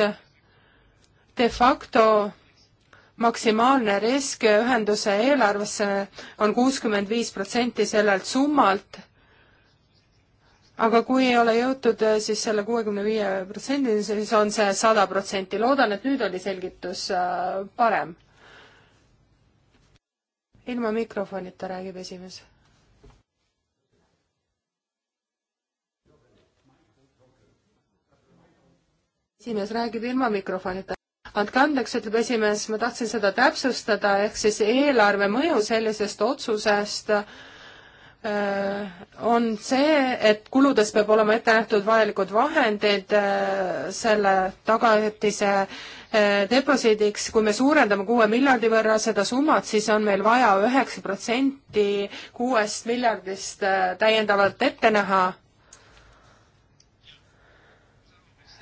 de facto maksimaalne risk ühenduse eelarvesse on kuuskümmend viis protsenti sellelt summalt, aga kui ei ole jõutud eh, siis selle kuuekümne viie protsendini, siis on see sada protsenti. loodan, et nüüd oli selgitus eh, parem. ilma mikrofonita räägib esimees esimees räägib ilma mikrofonita andke andeks, ütleb esimees, ma tahtsin seda täpsustada, ehk siis eelarve mõju sellisest otsusest äh, on see, et kuludes peab olema ette nähtud vajalikud vahendid äh, selle tagatise äh, deposiidiks, kui me suurendame kuue miljardi võrra seda summat, siis on meil vaja üheksa protsenti kuuest miljardist täiendavalt ette näha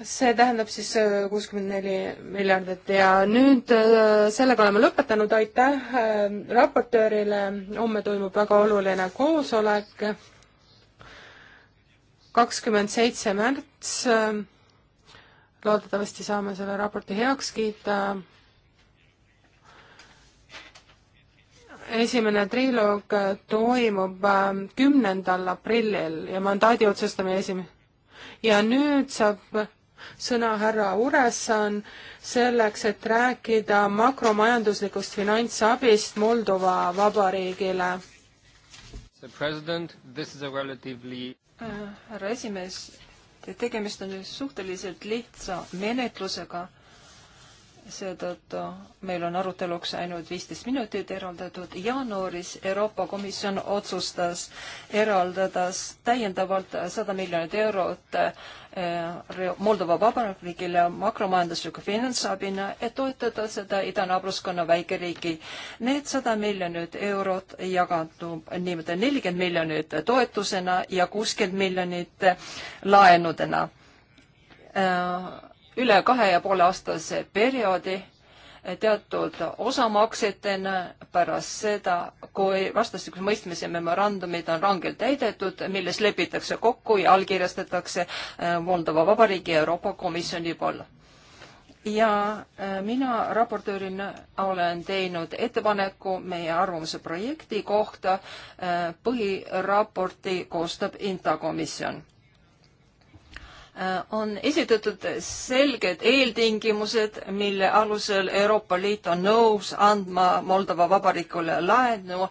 see tähendab siis äh, kuuskümmend neli miljardit ja nüüd äh, sellega oleme lõpetanud, aitäh äh, raportöörile, homme toimub väga oluline koosolek, kakskümmend seitse märts, loodetavasti saame selle raporti heaks kiita. esimene triloog toimub kümnendal aprillil ja mandaadi otsustamine esimene ja nüüd saab sõna härra Uresan selleks, et rääkida makromajanduslikust finantsabist Moldova Vabariigile. Relatively... Äh, härra esimees, tegemist on suhteliselt lihtsa menetlusega seetõttu meil on aruteluks ainult viisteist minutit eraldatud. jaanuaris Euroopa Komisjon otsustas eraldada täiendavalt sada miljonit eurot eh, Moldova Vabariigile makromajandusliku finantsabina, et toetada seda idanaabruskonna väikeriigi. Need sada miljonit eurot jagandub niimoodi nelikümmend miljonit toetusena ja kuuskümmend miljonit laenudena eh, üle kahe ja poole aastase perioodi teatud osamaksetena pärast seda, kui vastastikuse mõistmise memorandumid on rangelt täidetud, milles lepitakse kokku ja allkirjastatakse äh, Moldova Vabariigi ja Euroopa Komisjoni poole. ja äh, mina raportöörina olen teinud ettepaneku meie arvamuse projekti kohta, äh, põhiraporti koostab Inta komisjon Äh, on esitatud selged eeltingimused, mille alusel Euroopa Liit on nõus andma Moldova Vabariigile laenu,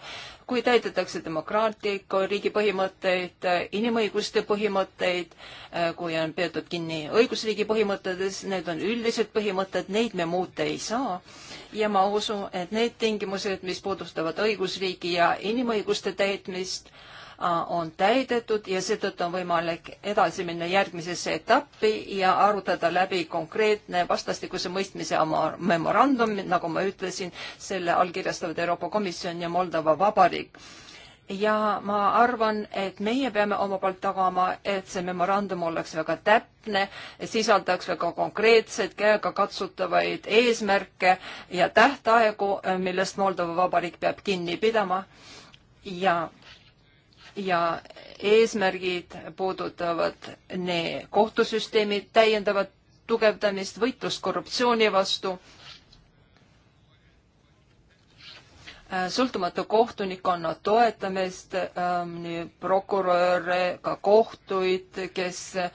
kui täidetakse demokraatliku riigi põhimõtteid, inimõiguste põhimõtteid, äh, kui on peetud kinni õigusriigi põhimõtetes, need on üldised põhimõtted, neid me muuta ei saa. ja ma usun, et need tingimused, mis puudutavad õigusriigi ja inimõiguste täitmist äh,, Äh, on täidetud ja seetõttu on võimalik edasi minna järgmisesse etappi ja arutada läbi konkreetne vastastikuse mõistmise memorandum, nagu ma ütlesin, selle allkirjastavad Euroopa Komisjon ja Moldova Vabariik ja ma arvan, et meie peame oma poolt tagama, et see memorandum oleks väga täpne, sisaldaks väga konkreetseid käegakatsutavaid eesmärke ja tähtaegu, millest Moldova Vabariik peab kinni pidama ja ja eesmärgid puudutavad nii kohtusüsteemi täiendavat tugevdamist, võitlust korruptsiooni vastu, äh, sõltumatu kohtunikkonna toetamist ähm,, nii prokuröre, ka kohtuid, kes äh,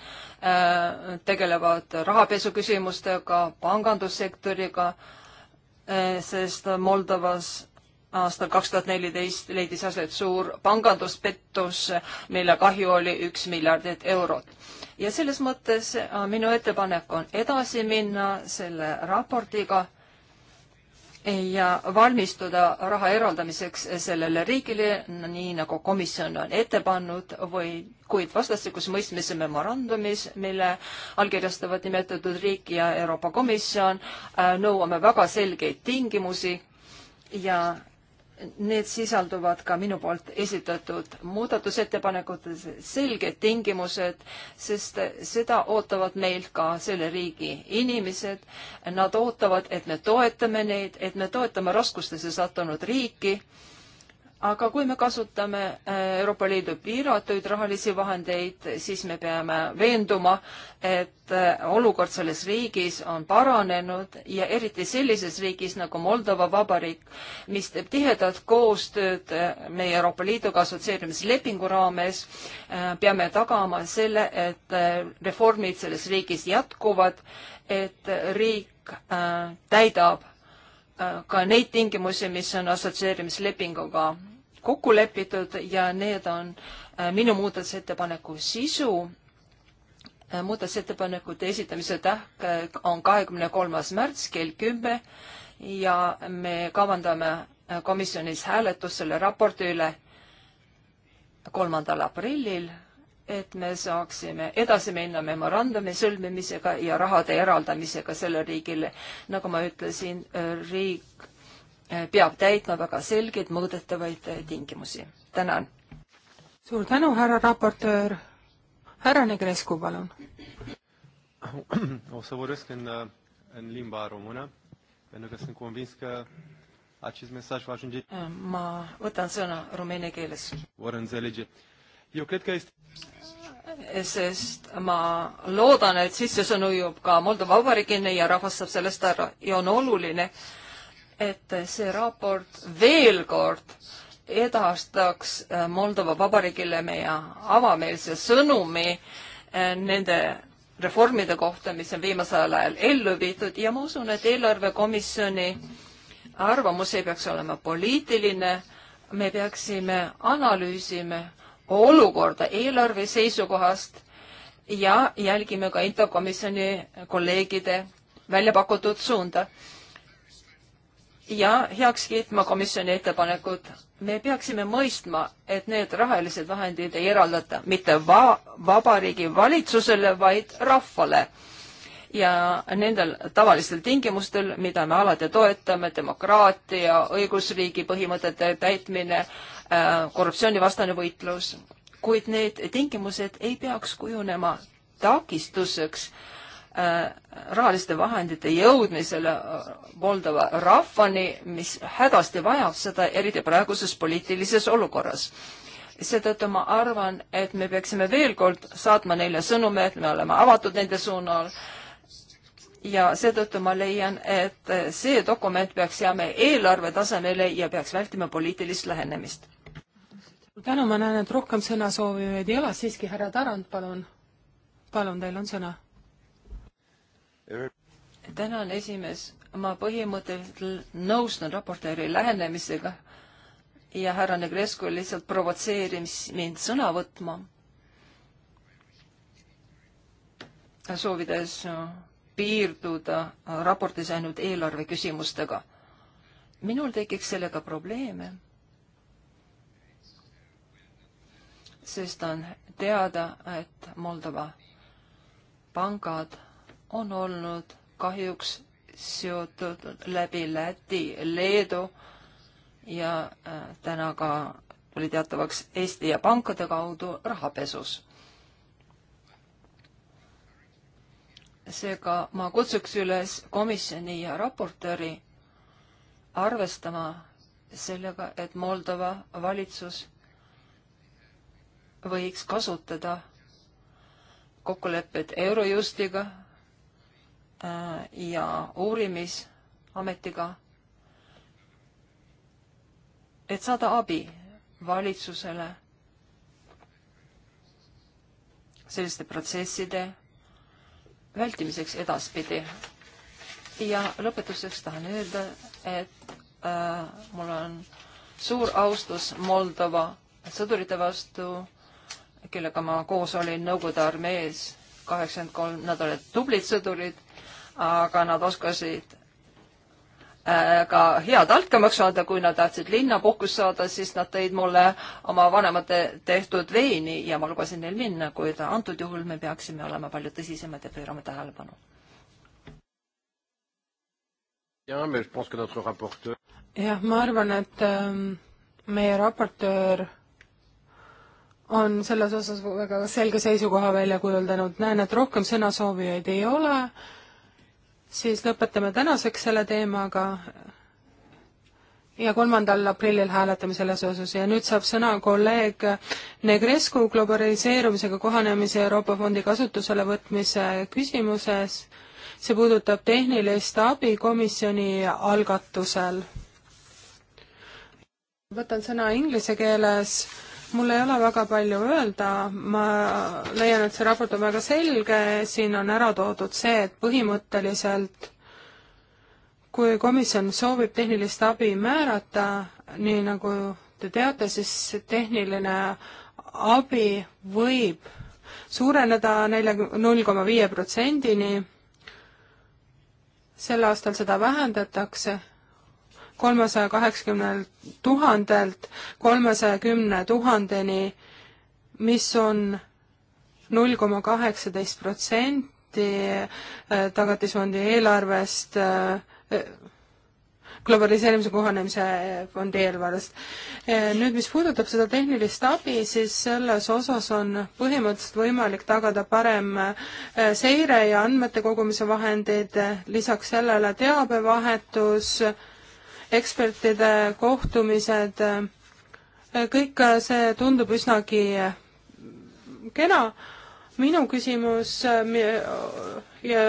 tegelevad rahapesu küsimustega, pangandussektoriga äh,, sest Moldovas aastal kaks tuhat neliteist leidis aset suur panganduspettus, mille kahju oli üks miljardit eurot. ja selles mõttes äh, minu ettepanek on edasi minna selle raportiga ja valmistuda raha eraldamiseks sellele riigile, nii nagu komisjon on ette pannud või kuid vastastikuse mõistmise memorandumis, mille allkirjastavad nimetatud riik ja Euroopa Komisjon, äh, nõuame väga selgeid tingimusi ja Need sisalduvad ka minu poolt esitatud muudatusettepanekutes selged tingimused, sest seda ootavad meilt ka selle riigi inimesed. Nad ootavad, et me toetame neid, et me toetame raskustesse sattunud riiki aga kui me kasutame äh, Euroopa Liidu piiratuid rahalisi vahendeid, siis me peame veenduma, et äh, olukord selles riigis on paranenud ja eriti sellises riigis nagu Moldova Vabariik, mis teeb tihedat koostööd äh, meie Euroopa Liiduga assotsieerimislepingu raames, peame tagama selle, et reformid selles riigis jätkuvad, et riik täidab ka neid tingimusi, mis on assotsieerimislepinguga kokku lepitud ja need on äh, minu muudatusettepaneku sisu. Äh, muudatusettepanekute esitamise tähk äh, on kahekümne kolmas märts kell kümme ja me kavandame komisjonis hääletus selle raporti üle kolmandal aprillil, et me saaksime edasi minna memorandumi sõlmimisega ja rahade eraldamisega sellele riigile. nagu ma ütlesin, riik Eh, peab täitma väga selgeid mõõdetavaid eh, tingimusi. tänan. suur tänu, härra raportöör. härra Negrescu, palun. O să vorbesc în, eh, în limba română, pentru că sunt convins că acest mesaj va ajunge... Ma võtan sõna rumeenia keeles. Vor înțelege. Eu cred că este... Sest ma loodan, et sisse sõnu jõuab ka Moldova Vabariigini ja rahvas saab sellest ära. Ja on oluline, äh, et see raport veel kord edastaks äh, Moldova Vabariigile meie avameelse sõnumi äh, nende reformide kohta, mis on viimasel ajal ellu viidud ja ma usun, et eelarvekomisjoni arvamus ei peaks olema poliitiline, me peaksime analüüsima olukorda eelarve seisukohast ja jälgime ka infokomisjoni kolleegide välja pakutud suunda ja heaks kiitma komisjoni ettepanekud. me peaksime mõistma, et need rahalised vahendid ei eraldata mitte va vabariigi valitsusele, vaid rahvale. ja nendel tavalistel tingimustel, mida me alati toetame, demokraatia, õigusriigi põhimõtete täitmine, äh, korruptsioonivastane võitlus, kuid need tingimused ei peaks kujunema takistuseks äh, Äh, rahaliste vahendite jõudmisele äh, Moldova rahvani, mis hädasti vajab seda, eriti praeguses poliitilises olukorras. seetõttu ma arvan, et me peaksime veel kord saatma neile sõnumi, et me oleme avatud nende suunal ja seetõttu ma leian, et äh, see dokument peaks jääma eelarve tasemele ja peaks vältima poliitilist lähenemist. tänu, ma näen, et rohkem sõnasoovijaid ei ole, siiski härra Tarand, palun. palun, teil on sõna tänan, esimees. ma põhimõtteliselt nõustun raportööri lähenemisega ja härra Negresko lihtsalt provotseeris mind sõna võtma, soovides piirduda raportis ainult eelarve küsimustega. minul tekiks sellega probleeme, sest on teada, et Moldova pangad on olnud kahjuks seotud läbi Läti, Leedu ja äh, täna ka tuli teatavaks Eesti ja pankade kaudu rahapesus. seega ma kutsuks üles komisjoni ja raportööri arvestama sellega, et Moldova valitsus võiks kasutada kokkulepped Eurojustiga Äh, ja uurimisametiga, et saada abi valitsusele selliste protsesside vältimiseks edaspidi. ja lõpetuseks tahan öelda, et äh, mul on suur austus Moldova sõdurite vastu, kellega ma koos olin Nõukogude armees, kaheksakümmend kolm, nad olid tublid sõdurid aga nad oskasid äh, ka head altkäemaks saada, kui nad tahtsid linnapuhkust saada, siis nad tõid mulle oma vanemate tehtud veini ja ma lubasin neil minna, kuid antud juhul me peaksime olema palju tõsisemad ja pöörama tähelepanu. jah, ma arvan, et ähm, meie raportöör on selles osas väga selge seisukoha välja kujundanud, näen, et rohkem sõnasoovijaid ei ole siis lõpetame tänaseks selle teemaga ja kolmandal aprillil hääletame selles osas ja nüüd saab sõna kolleeg Negrescu globaliseerumisega kohanemise Euroopa Fondi kasutusele võtmise küsimuses. see puudutab tehnilist abi komisjoni algatusel. võtan sõna inglise keeles mul ei ole väga palju öelda, ma leian, et see raport on väga selge, siin on ära toodud see, et põhimõtteliselt kui komisjon soovib tehnilist abi määrata, nii nagu te teate, siis tehniline abi võib suureneda nelja, null koma viie protsendini, sel aastal seda vähendatakse kolmesaja kaheksakümnelt tuhandelt kolmesaja kümne tuhandeni, mis on null koma kaheksateist protsenti äh, Tagatisfondi eelarvest, äh, globaliseerimise kohanemise fondi eelarvest. Äh, nüüd, mis puudutab seda tehnilist abi, siis selles osas on põhimõtteliselt võimalik tagada parem seire ja andmete kogumise vahendid, lisaks sellele teabevahetus, ekspertide kohtumised, kõik see tundub üsnagi kena. minu küsimus ja,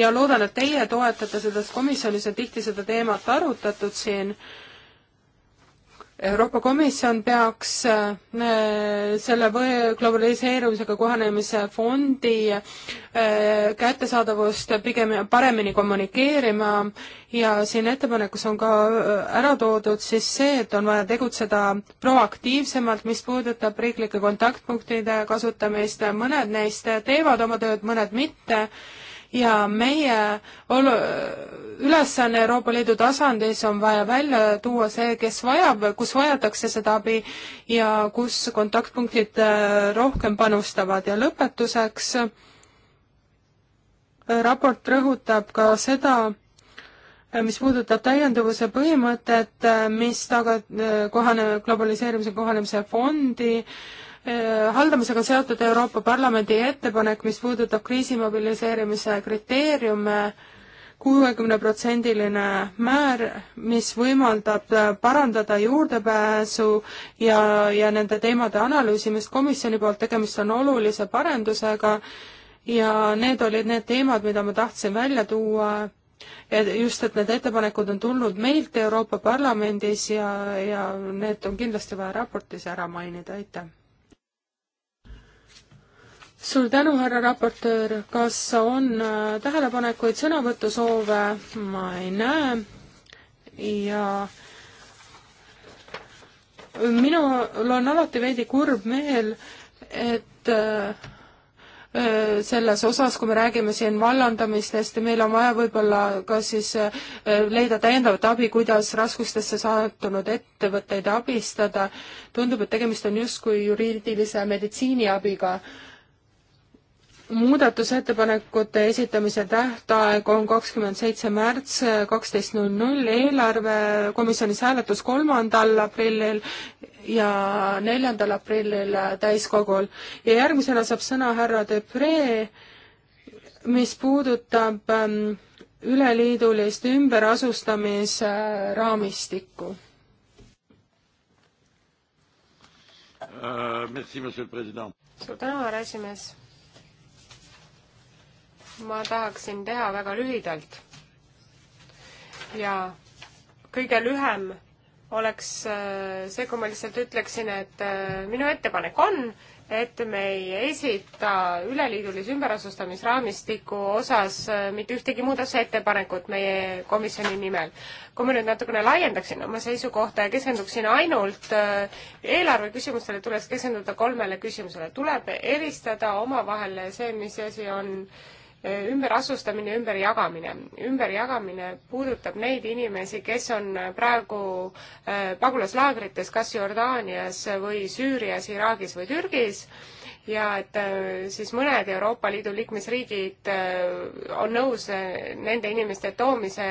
ja loodan, et teie toetate selles komisjonis, on tihti seda teemat arutatud siin Euroopa Komisjon peaks äh, selle globaliseerumisega kohanemise fondi äh, kättesaadavust pigem paremini kommunikeerima ja siin ettepanekus on ka äh, ära toodud siis see, et on vaja tegutseda proaktiivsemalt, mis puudutab riiklike kontaktpunktide kasutamist, mõned neist teevad oma tööd, mõned mitte ja meie olu-, ülesanne Euroopa Liidu tasandis on vaja välja tuua see, kes vajab, kus vajatakse seda abi ja kus kontaktpunktid äh, rohkem panustavad ja lõpetuseks äh, raport rõhutab ka seda, äh, mis puudutab täienduvuse põhimõtet, mis taga-, kohane, globaliseerimise kohanemise fondi äh, Äh, haldamisega seotud Euroopa Parlamendi ettepanek, mis puudutab kriisi mobiliseerimise kriteeriume, kuuekümneprotsendiline määr, mis võimaldab äh, parandada juurdepääsu ja, ja nende teemade analüüsimist komisjoni poolt, tegemist on olulise parendusega ja need olid need teemad, mida ma tahtsin välja tuua ja just, et need ettepanekud on tulnud meilt Euroopa Parlamendis ja, ja need on kindlasti vaja raportis ära mainida, aitäh! suur tänu, härra raportöör, kas on äh, tähelepanekuid, sõnavõtusoove? ma ei näe ja minul on alati veidi kurb meel, et äh, äh, selles osas, kui me räägime siin vallandamistest ja meil on vaja võib-olla ka siis leida täiendavat abi, kuidas raskustesse sattunud ettevõtteid abistada, tundub, et tegemist on justkui juriidilise meditsiiniabiga muudatusettepanekute esitamise tähtaeg on kakskümmend seitse märts kaksteist null null, eelarvekomisjonis hääletus kolmandal aprillil ja neljandal aprillil täiskogul. ja järgmisena saab sõna härra Depree, mis puudutab ähm, üleliidulist ümberasustamise äh, raamistikku uh,. suur tänu, härra esimees ma tahaksin teha väga lühidalt. ja kõige lühem oleks äh, see, kui ma lihtsalt ütleksin, et äh, minu ettepanek on, et me ei esita üleliidulise ümberasustamisraamistiku osas äh, mitte ühtegi muudatusettepanekut meie komisjoni nimel. kui ma nüüd natukene laiendaksin oma seisukohta ja keskenduksin ainult eelarve küsimustele, tuleks keskenduda kolmele küsimusele. tuleb eristada omavahel see, mis asi on äh, ümberasustamine, ümberjagamine. ümberjagamine puudutab neid inimesi, kes on praegu äh, pagulaslaagrites kas Jordaanias või Süürias, Iraagis või Türgis ja et äh, siis mõned Euroopa Liidu liikmesriigid äh, on nõus nende inimeste toomise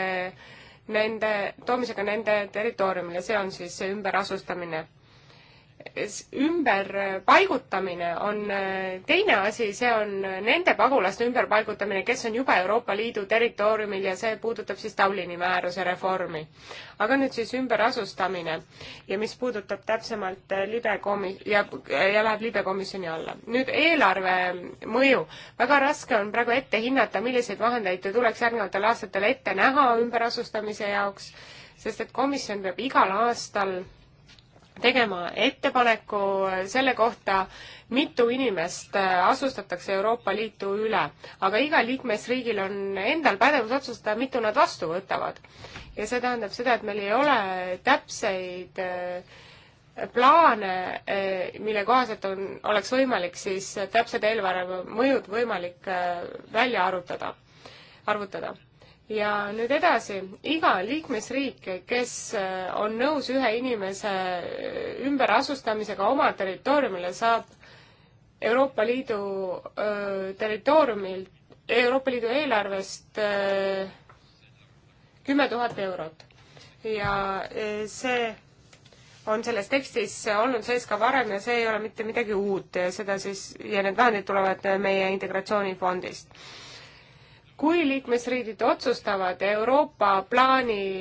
nende, toomisega nende territooriumile, see on siis see ümberasustamine ümberpaigutamine on äh, teine asi, see on nende pagulaste ümberpaigutamine, kes on juba Euroopa Liidu territooriumil ja see puudutab siis Dublini määruse reformi. aga nüüd siis ümberasustamine ja mis puudutab täpsemalt äh, libe komi- ja, ja läheb libe komisjoni alla. nüüd eelarve mõju. väga raske on praegu ette hinnata, milliseid vahendeid tuleks järgnevatel aastatel ette näha ümberasustamise jaoks, sest et komisjon peab igal aastal tegema ettepaneku selle kohta, mitu inimest äh, asustatakse Euroopa Liitu üle, aga igal liikmesriigil on endal pädevus otsustada, mitu nad vastu võtavad. ja see tähendab seda, et meil ei ole täpseid äh, plaane, äh, mille kohaselt on, oleks võimalik siis täpsed eelarve mõjud võimalik välja arutada, arvutada ja nüüd edasi, iga liikmesriik, kes äh, on nõus ühe inimese äh, ümberasustamisega oma territooriumile, saab Euroopa Liidu äh, territooriumilt, Euroopa Liidu eelarvest kümme tuhat eurot. ja see on selles tekstis olnud sees ka varem ja see ei ole mitte midagi uut, seda siis, ja need vahendid tulevad meie integratsioonifondist kui liikmesriigid otsustavad Euroopa plaani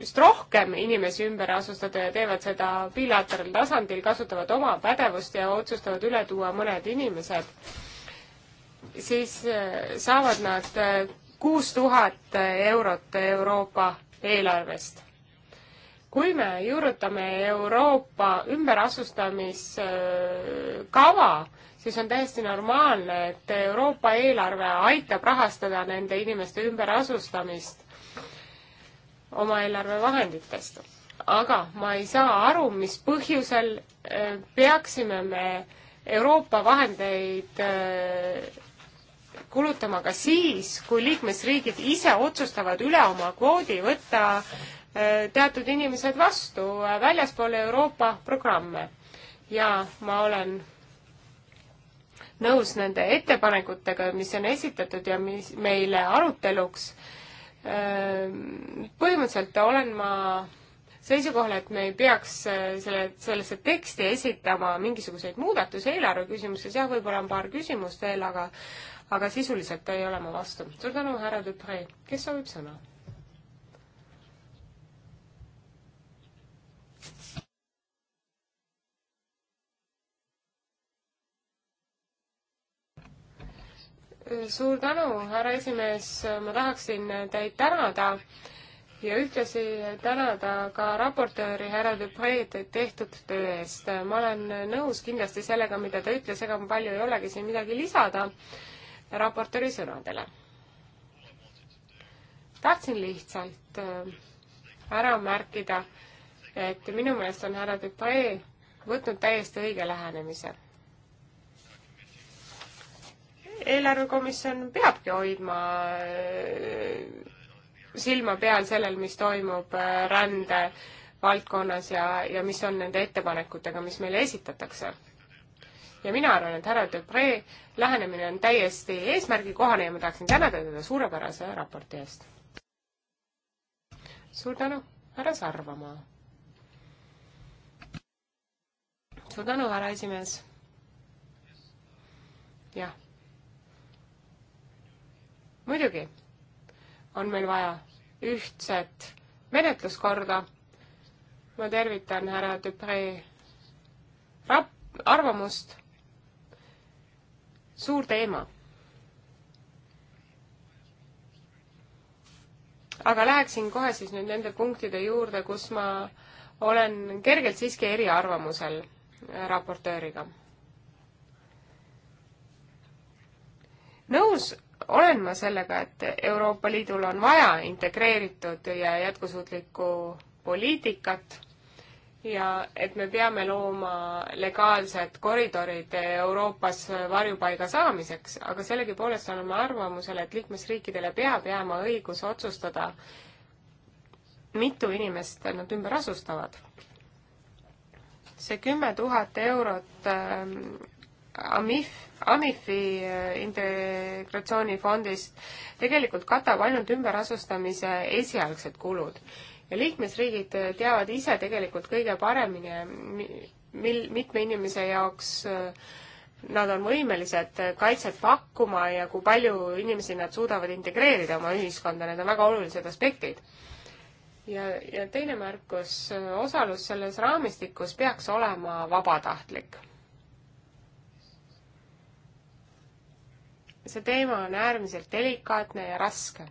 vist rohkem inimesi ümber asustada ja teevad seda bilateraaltasandil, kasutavad oma pädevust ja otsustavad üle tuua mõned inimesed, siis eh, saavad nad eh, kuus tuhat eurot Euroopa eelarvest. kui me juurutame Euroopa ümberasustamiskava, eh, siis on täiesti normaalne, et Euroopa eelarve aitab rahastada nende inimeste ümberasustamist oma eelarvevahenditest. aga ma ei saa aru, mis põhjusel eh, peaksime me Euroopa vahendeid eh, kulutama ka siis, kui liikmesriigid ise otsustavad üle oma kvoodi võtta eh, teatud inimesed vastu väljaspool Euroopa programme. ja ma olen nõus nende ettepanekutega, mis on esitatud ja mis meile aruteluks. Ehm, põhimõtteliselt olen ma seisukohal, et me ei peaks äh, selle, sellesse teksti esitama mingisuguseid muudatusi eelarve küsimuses, jah, võib-olla on paar küsimust veel, aga aga sisuliselt ei ole ma vastu. suur tänu, härra Dupree, kes soovib sõna? suur tänu, härra esimees, ma tahaksin teid tänada ja ühtlasi tänada ka raportööri härra Dupreed tehtud töö eest. ma olen nõus kindlasti sellega, mida ta ütles, ega palju ei olegi siin midagi lisada raportööri sõnadele tahtsin lihtsalt äh, ära märkida, et minu meelest on härra Dupre võtnud täiesti õige lähenemise eelarvekomisjon peabki hoidma äh, silma peal sellel, mis toimub äh, rände valdkonnas ja, ja mis on nende ettepanekutega, mis meile esitatakse. ja mina arvan, et härra Dupre lähenemine on täiesti eesmärgikohane ja ma tahaksin tänada teda suurepärase raporti eest. suur tänu, härra Sarvamaa. suur tänu, härra esimees. jah muidugi on meil vaja ühtset menetluskorda. ma tervitan härra Dupre rap-, arvamust. suur teema. aga läheksin kohe siis nüüd nende punktide juurde, kus ma olen kergelt siiski eriarvamusel raportööriga. nõus olen ma sellega, et Euroopa Liidul on vaja integreeritud ja jätkusuutlikku poliitikat ja et me peame looma legaalsed koridorid Euroopas varjupaiga saamiseks, aga sellegipoolest oleme arvamusel, et liikmesriikidele peab jääma õigus otsustada, mitu inimest nad ümber asustavad. see kümme tuhat eurot ähm, AMIF, AMIF-i äh, integratsioonifondist tegelikult katab ainult ümberasustamise esialgsed kulud. ja liikmesriigid äh, teavad ise tegelikult kõige paremini, mil-, mitme inimese jaoks äh, nad on võimelised kaitset pakkuma ja kui palju inimesi nad suudavad integreerida oma ühiskonda, need on väga olulised aspektid. ja, ja teine märkus, osalus selles raamistikus peaks olema vabatahtlik see teema on äärmiselt delikaatne ja raske.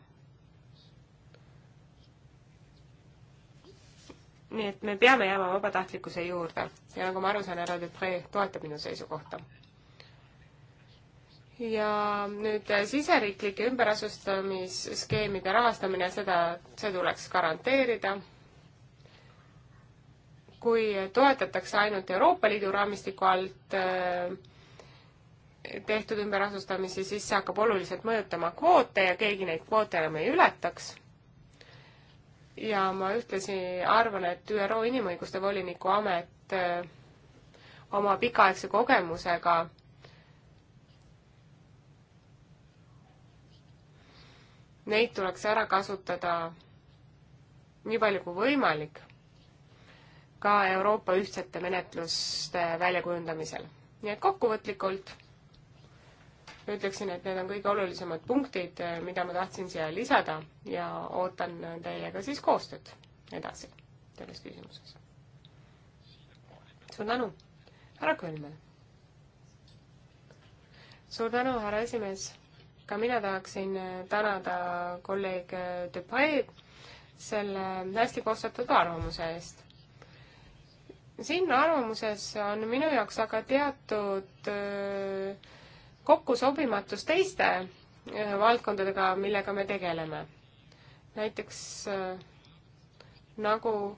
nii et me peame jääma vabatahtlikkuse juurde ja nagu ma aru saan, härra Dupre toetab minu seisukohta. ja nüüd siseriiklike ümberasustamisskeemide rahastamine, seda, see tuleks garanteerida kui toetatakse ainult Euroopa Liidu raamistiku alt äh, tehtud ümberasustamisi, siis see hakkab oluliselt mõjutama kvoote ja keegi neid kvoote enam ei ületaks. ja ma ühtlasi arvan, et ÜRO Inimõiguste Voliniku Amet äh, oma pikaaegse kogemusega neid tuleks ära kasutada nii palju kui võimalik ka Euroopa ühtsete menetluste väljakujundamisel. nii et kokkuvõtlikult ütleksin, et need on kõige olulisemad punktid, eh, mida ma tahtsin siia lisada ja ootan teiega siis koostööd edasi selles küsimuses. suur tänu, härra Kölmel! suur tänu, härra esimees! ka mina tahaksin eh, tänada kolleeg eh, Dupaid selle hästi koostatud arvamuse eest siin arvamuses on minu jaoks aga teatud kokkusobimatus teiste äh, valdkondadega, millega me tegeleme. näiteks äh, nagu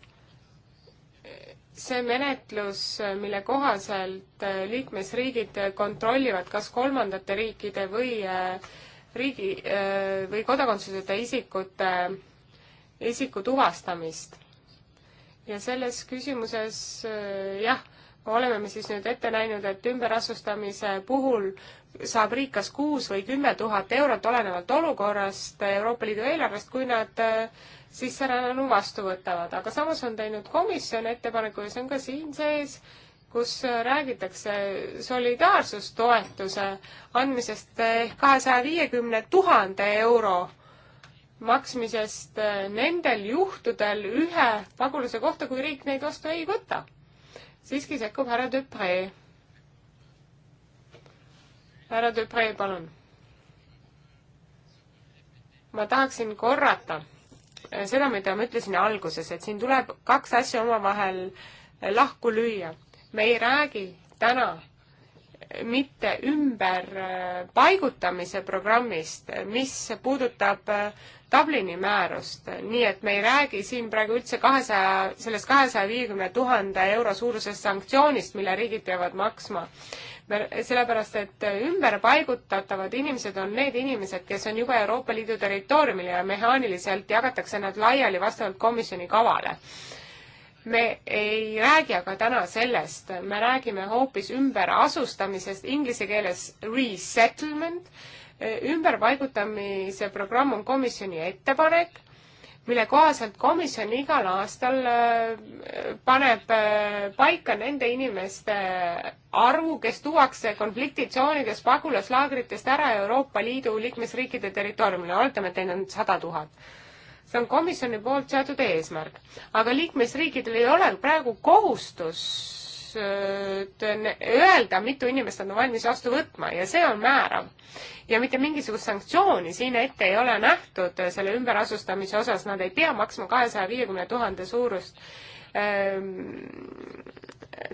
äh, see menetlus, mille kohaselt liikmesriigid kontrollivad, kas kolmandate riikide või riigi või kodakondsuseta isikute, isiku tuvastamist. ja selles küsimuses jah oleme me siis nüüd ette näinud, et ümberasustamise puhul saab riik kas kuus või kümme tuhat eurot, olenevalt olukorrast Euroopa Liidu eelarvest, kui nad äh, sisserännanu vastu võtavad, aga samas on teinud komisjon ettepaneku ja see on ka siin sees, kus räägitakse solidaarsustoetuse andmisest ehk kahesaja viiekümne tuhande euro maksmisest äh, nendel juhtudel ühe pagulase kohta, kui riik neid vastu ei võta siiski sekkub härra Dupree. härra Dupree, palun. ma tahaksin korrata seda, mida ma ütlesin alguses, et siin tuleb kaks asja omavahel lahku lüüa. me ei räägi täna mitte ümberpaigutamise programmist, mis puudutab Dublini määrust, nii et me ei räägi siin praegu üldse kahesaja, sellest kahesaja viiekümne tuhande euro suurusest sanktsioonist, mille riigid peavad maksma. sellepärast, et ümberpaigutatavad inimesed on need inimesed, kes on juba Euroopa Liidu territooriumil ja mehaaniliselt jagatakse nad laiali vastavalt komisjoni kavale me ei räägi aga täna sellest, me räägime hoopis ümberasustamisest, inglise keeles resettlement ümberpaigutamise programm on komisjoni ettepanek, mille kohaselt komisjon igal aastal äh, paneb äh, paika nende inimeste arvu, kes tuuakse konfliktitsoonides, pagulaslaagritest ära Euroopa Liidu liikmesriikide territooriumile, oletame, et neid on sada tuhat see on komisjoni poolt seatud eesmärk. aga liikmesriikidel ei ole praegu kohustust öelda, mitu inimest nad on valmis vastu võtma ja see on määrav. ja mitte mingisugust sanktsiooni siin ette ei ole nähtud selle ümberasustamise osas, nad ei pea maksma kahesaja viiekümne tuhande suurust ähm,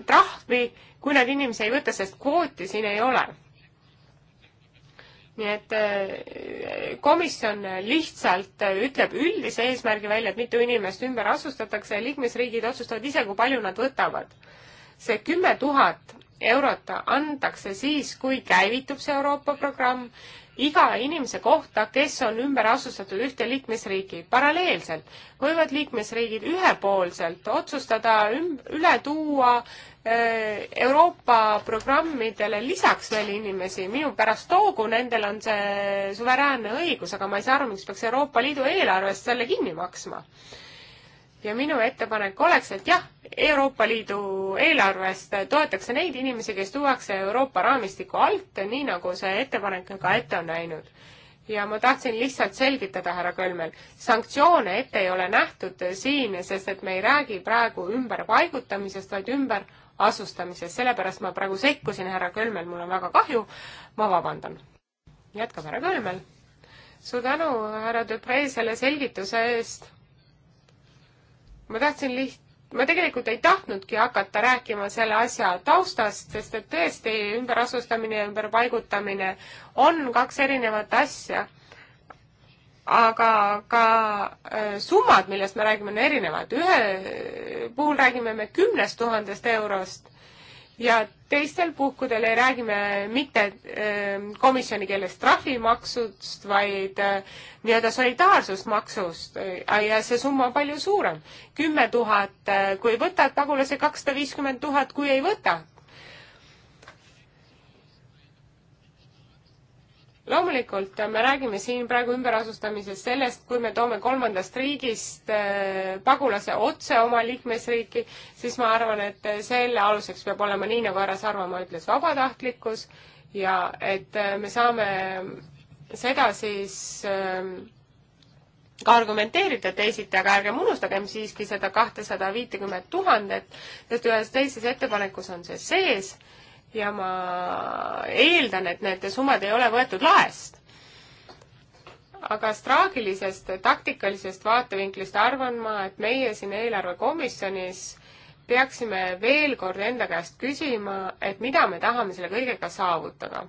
trahvi, kui nad inimesi ei võta, sest kvooti siin ei ole nii et äh, komisjon lihtsalt ütleb üldise eesmärgi välja, et mitu inimest ümber asustatakse ja liikmesriigid otsustavad ise, kui palju nad võtavad see kümme tuhat eurot antakse siis, kui käivitub see Euroopa programm iga inimese kohta, kes on ümber asustatud ühte liikmesriiki. paralleelselt võivad liikmesriigid ühepoolselt otsustada üm-, üle tuua äh, Euroopa programmidele lisaks veel inimesi, minu pärast toogu, nendel on see suveräänne õigus, aga ma ei saa aru, miks peaks Euroopa Liidu eelarvest selle kinni maksma. ja minu ettepanek oleks, et jah, Euroopa Liidu eelarvest toetakse neid inimesi, kes tuuakse Euroopa raamistiku alt, nii nagu see ettepanek ka ette on näinud. ja ma tahtsin lihtsalt selgitada, härra Kölmel, sanktsioone ette ei ole nähtud siin, sest et me ei räägi praegu ümberpaigutamisest, vaid ümberasustamisest, sellepärast ma praegu sekkusin, härra Kölmel, mul on väga kahju, ma vabandan. jätkab härra Kölmel. suur tänu, härra Dupre, selle selgituse eest ma tahtsin liht-, ma tegelikult ei tahtnudki hakata rääkima selle asja taustast, sest et tõesti ümberasustamine ja ümberpaigutamine on kaks erinevat asja. aga ka äh, summad, millest me räägime, on erinevad. ühe puhul räägime me kümnest tuhandest eurost ja teistel puhkudel ei räägi me mitte ehm, komisjoni keeles trahvimaksust, vaid ehm, nii-öelda solidaarsusmaksust ja see summa on palju suurem. kümme tuhat, kui võtad pagulase, kakssada viiskümmend tuhat, kui ei võta. loomulikult me räägime siin praegu ümberasustamisest sellest, kui me toome kolmandast riigist äh, pagulase otse oma liikmesriiki, siis ma arvan, et selle aluseks peab olema nii, nagu härra Sarvamaa ütles, vabatahtlikkus ja et äh, me saame seda siis ähm, ka argumenteerida teisiti, aga ärgem unustagem siiski seda kahtesada viitekümmet tuhandet, sest ühes teises ettepanekus on see sees ja ma eeldan, et need summad ei ole võetud laest. aga straagilisest taktikalisest vaatevinklist arvan ma, et meie siin eelarvekomisjonis peaksime veel kord enda käest küsima, et mida me tahame selle kõigega saavutada.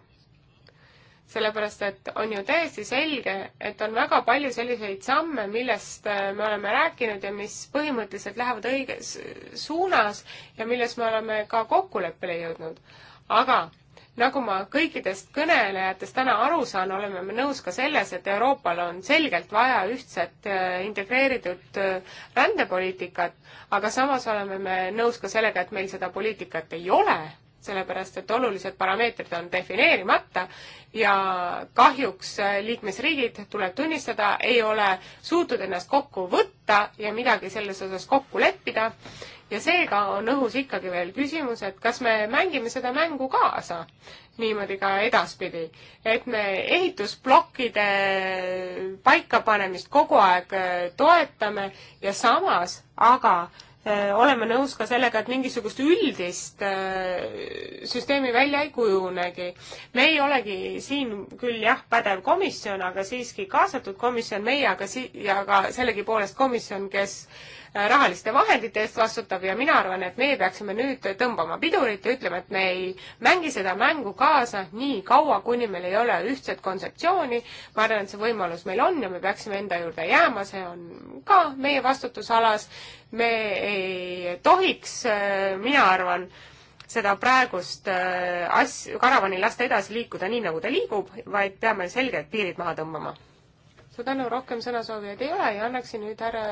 sellepärast, et on ju täiesti selge, et on väga palju selliseid samme, millest me oleme rääkinud ja mis põhimõtteliselt lähevad õiges suunas ja milles me oleme ka kokkuleppele jõudnud aga nagu ma kõikidest kõnelejatest täna aru saan, oleme me nõus ka selles, et Euroopal on selgelt vaja ühtset äh, integreeritud äh, rändepoliitikat, aga samas oleme me nõus ka sellega, et meil seda poliitikat ei ole, sellepärast et olulised parameetrid on defineerimata ja kahjuks äh, liikmesriigid, tuleb tunnistada, ei ole suutnud ennast kokku võtta ja midagi selles osas kokku leppida ja seega on õhus ikkagi veel küsimus, et kas me mängime seda mängu kaasa niimoodi ka edaspidi, et me ehitusplokkide paikapanemist kogu aeg äh, toetame ja samas aga äh, oleme nõus ka sellega, et mingisugust üldist äh, süsteemi välja ei kujunegi. me ei olegi siin küll jah, pädev komisjon, aga siiski kaasatud komisjon, meie aga si-, ja ka sellegipoolest komisjon, kes äh, Äh, rahaliste vahendite eest vastutab ja mina arvan, et meie peaksime nüüd tõmbama pidurit ja ütlema, et me ei mängi seda mängu kaasa nii kaua, kuni meil ei ole ühtset kontseptsiooni. ma arvan, et see võimalus meil on ja me peaksime enda juurde jääma, see on ka meie vastutusalas. me ei tohiks, äh, mina arvan, seda praegust äh, as-, karavani lasta edasi liikuda nii, nagu ta liigub, vaid peame selgelt piirid maha tõmbama. suur tänu, rohkem sõnasoovijaid ei ole ja annaksin nüüd härra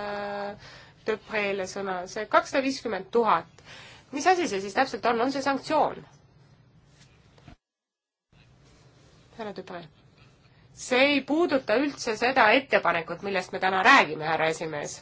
Depreele sõna, see kakssada viiskümmend tuhat, mis asi see siis täpselt on, on see sanktsioon? härra Depree. see ei puuduta üldse seda ettepanekut, millest me täna räägime, härra esimees.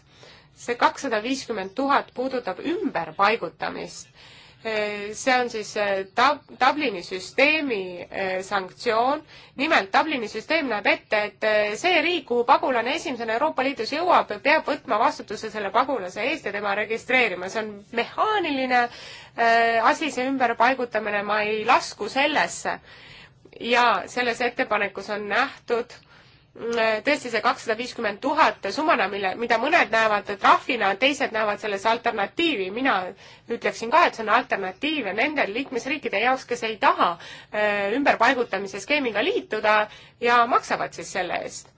see kakssada viiskümmend tuhat puudutab ümberpaigutamist Eh, see on siis eh, tab-, Dublini süsteemi eh, sanktsioon. nimelt Dublini süsteem näeb ette, et see riik, kuhu pagulane esimesena Euroopa Liidus jõuab, peab võtma vastutuse selle pagulase eest ja tema registreerima. see on mehaaniline asi, see ümberpaigutamine, ma ei lasku sellesse. ja selles ettepanekus on nähtud tõesti see kakssada viiskümmend tuhat summana, mille, mida mõned näevad trahvina, teised näevad selles alternatiivi, mina ütleksin ka, et see on alternatiiv ja nende liikmesriikide jaoks, kes ei taha äh, ümberpaigutamise skeemiga liituda ja maksavad siis selle eest.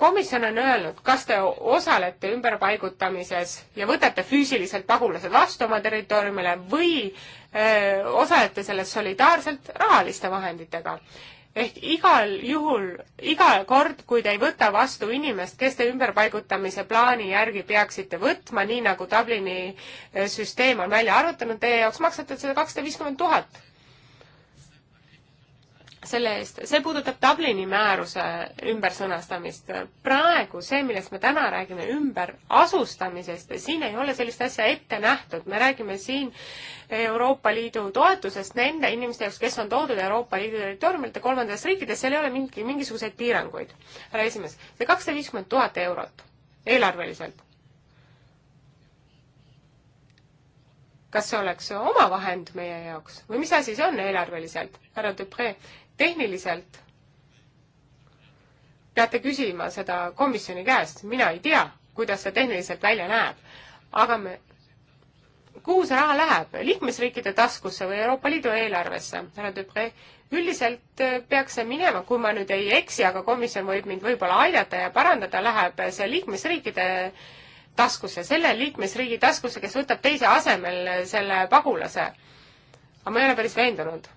komisjon on öelnud, kas te osalete ümberpaigutamises ja võtate füüsiliselt pagulased vastu oma territooriumile või öö, äh, osalete selles solidaarselt rahaliste vahenditega ehk igal juhul, iga kord, kui te ei võta vastu inimest, kes te ümberpaigutamise plaani järgi peaksite võtma, nii nagu Dublini eh, süsteem on välja arvutanud teie jaoks, maksate sada kakssada viiskümmend tuhat selle eest. see puudutab Dublini määruse ümbersõnastamist. praegu see, millest me täna räägime, ümberasustamisest, siin ei ole sellist asja ette nähtud. me räägime siin Euroopa Liidu toetusest nende inimeste jaoks, kes on toodud Euroopa Liidu territooriumilt ja kolmandates riikides, seal ei ole mingi, mingisuguseid piiranguid. härra esimees, see kakssada viiskümmend tuhat eurot eelarveliselt. kas see oleks omavahend meie jaoks või mis asi see on eelarveliselt, härra Dupree? tehniliselt peate küsima seda komisjoni käest, mina ei tea, kuidas see tehniliselt välja näeb, aga me, kuhu see raha läheb, liikmesriikide taskusse või Euroopa Liidu eelarvesse, härra Tüpre, üldiselt äh, peaks see minema, kui ma nüüd ei eksi, aga komisjon võib mind võib-olla aidata ja parandada, läheb see liikmesriikide taskusse, selle liikmesriigi taskusse, kes võtab teise asemel selle pagulase. aga ma ei ole päris veendunud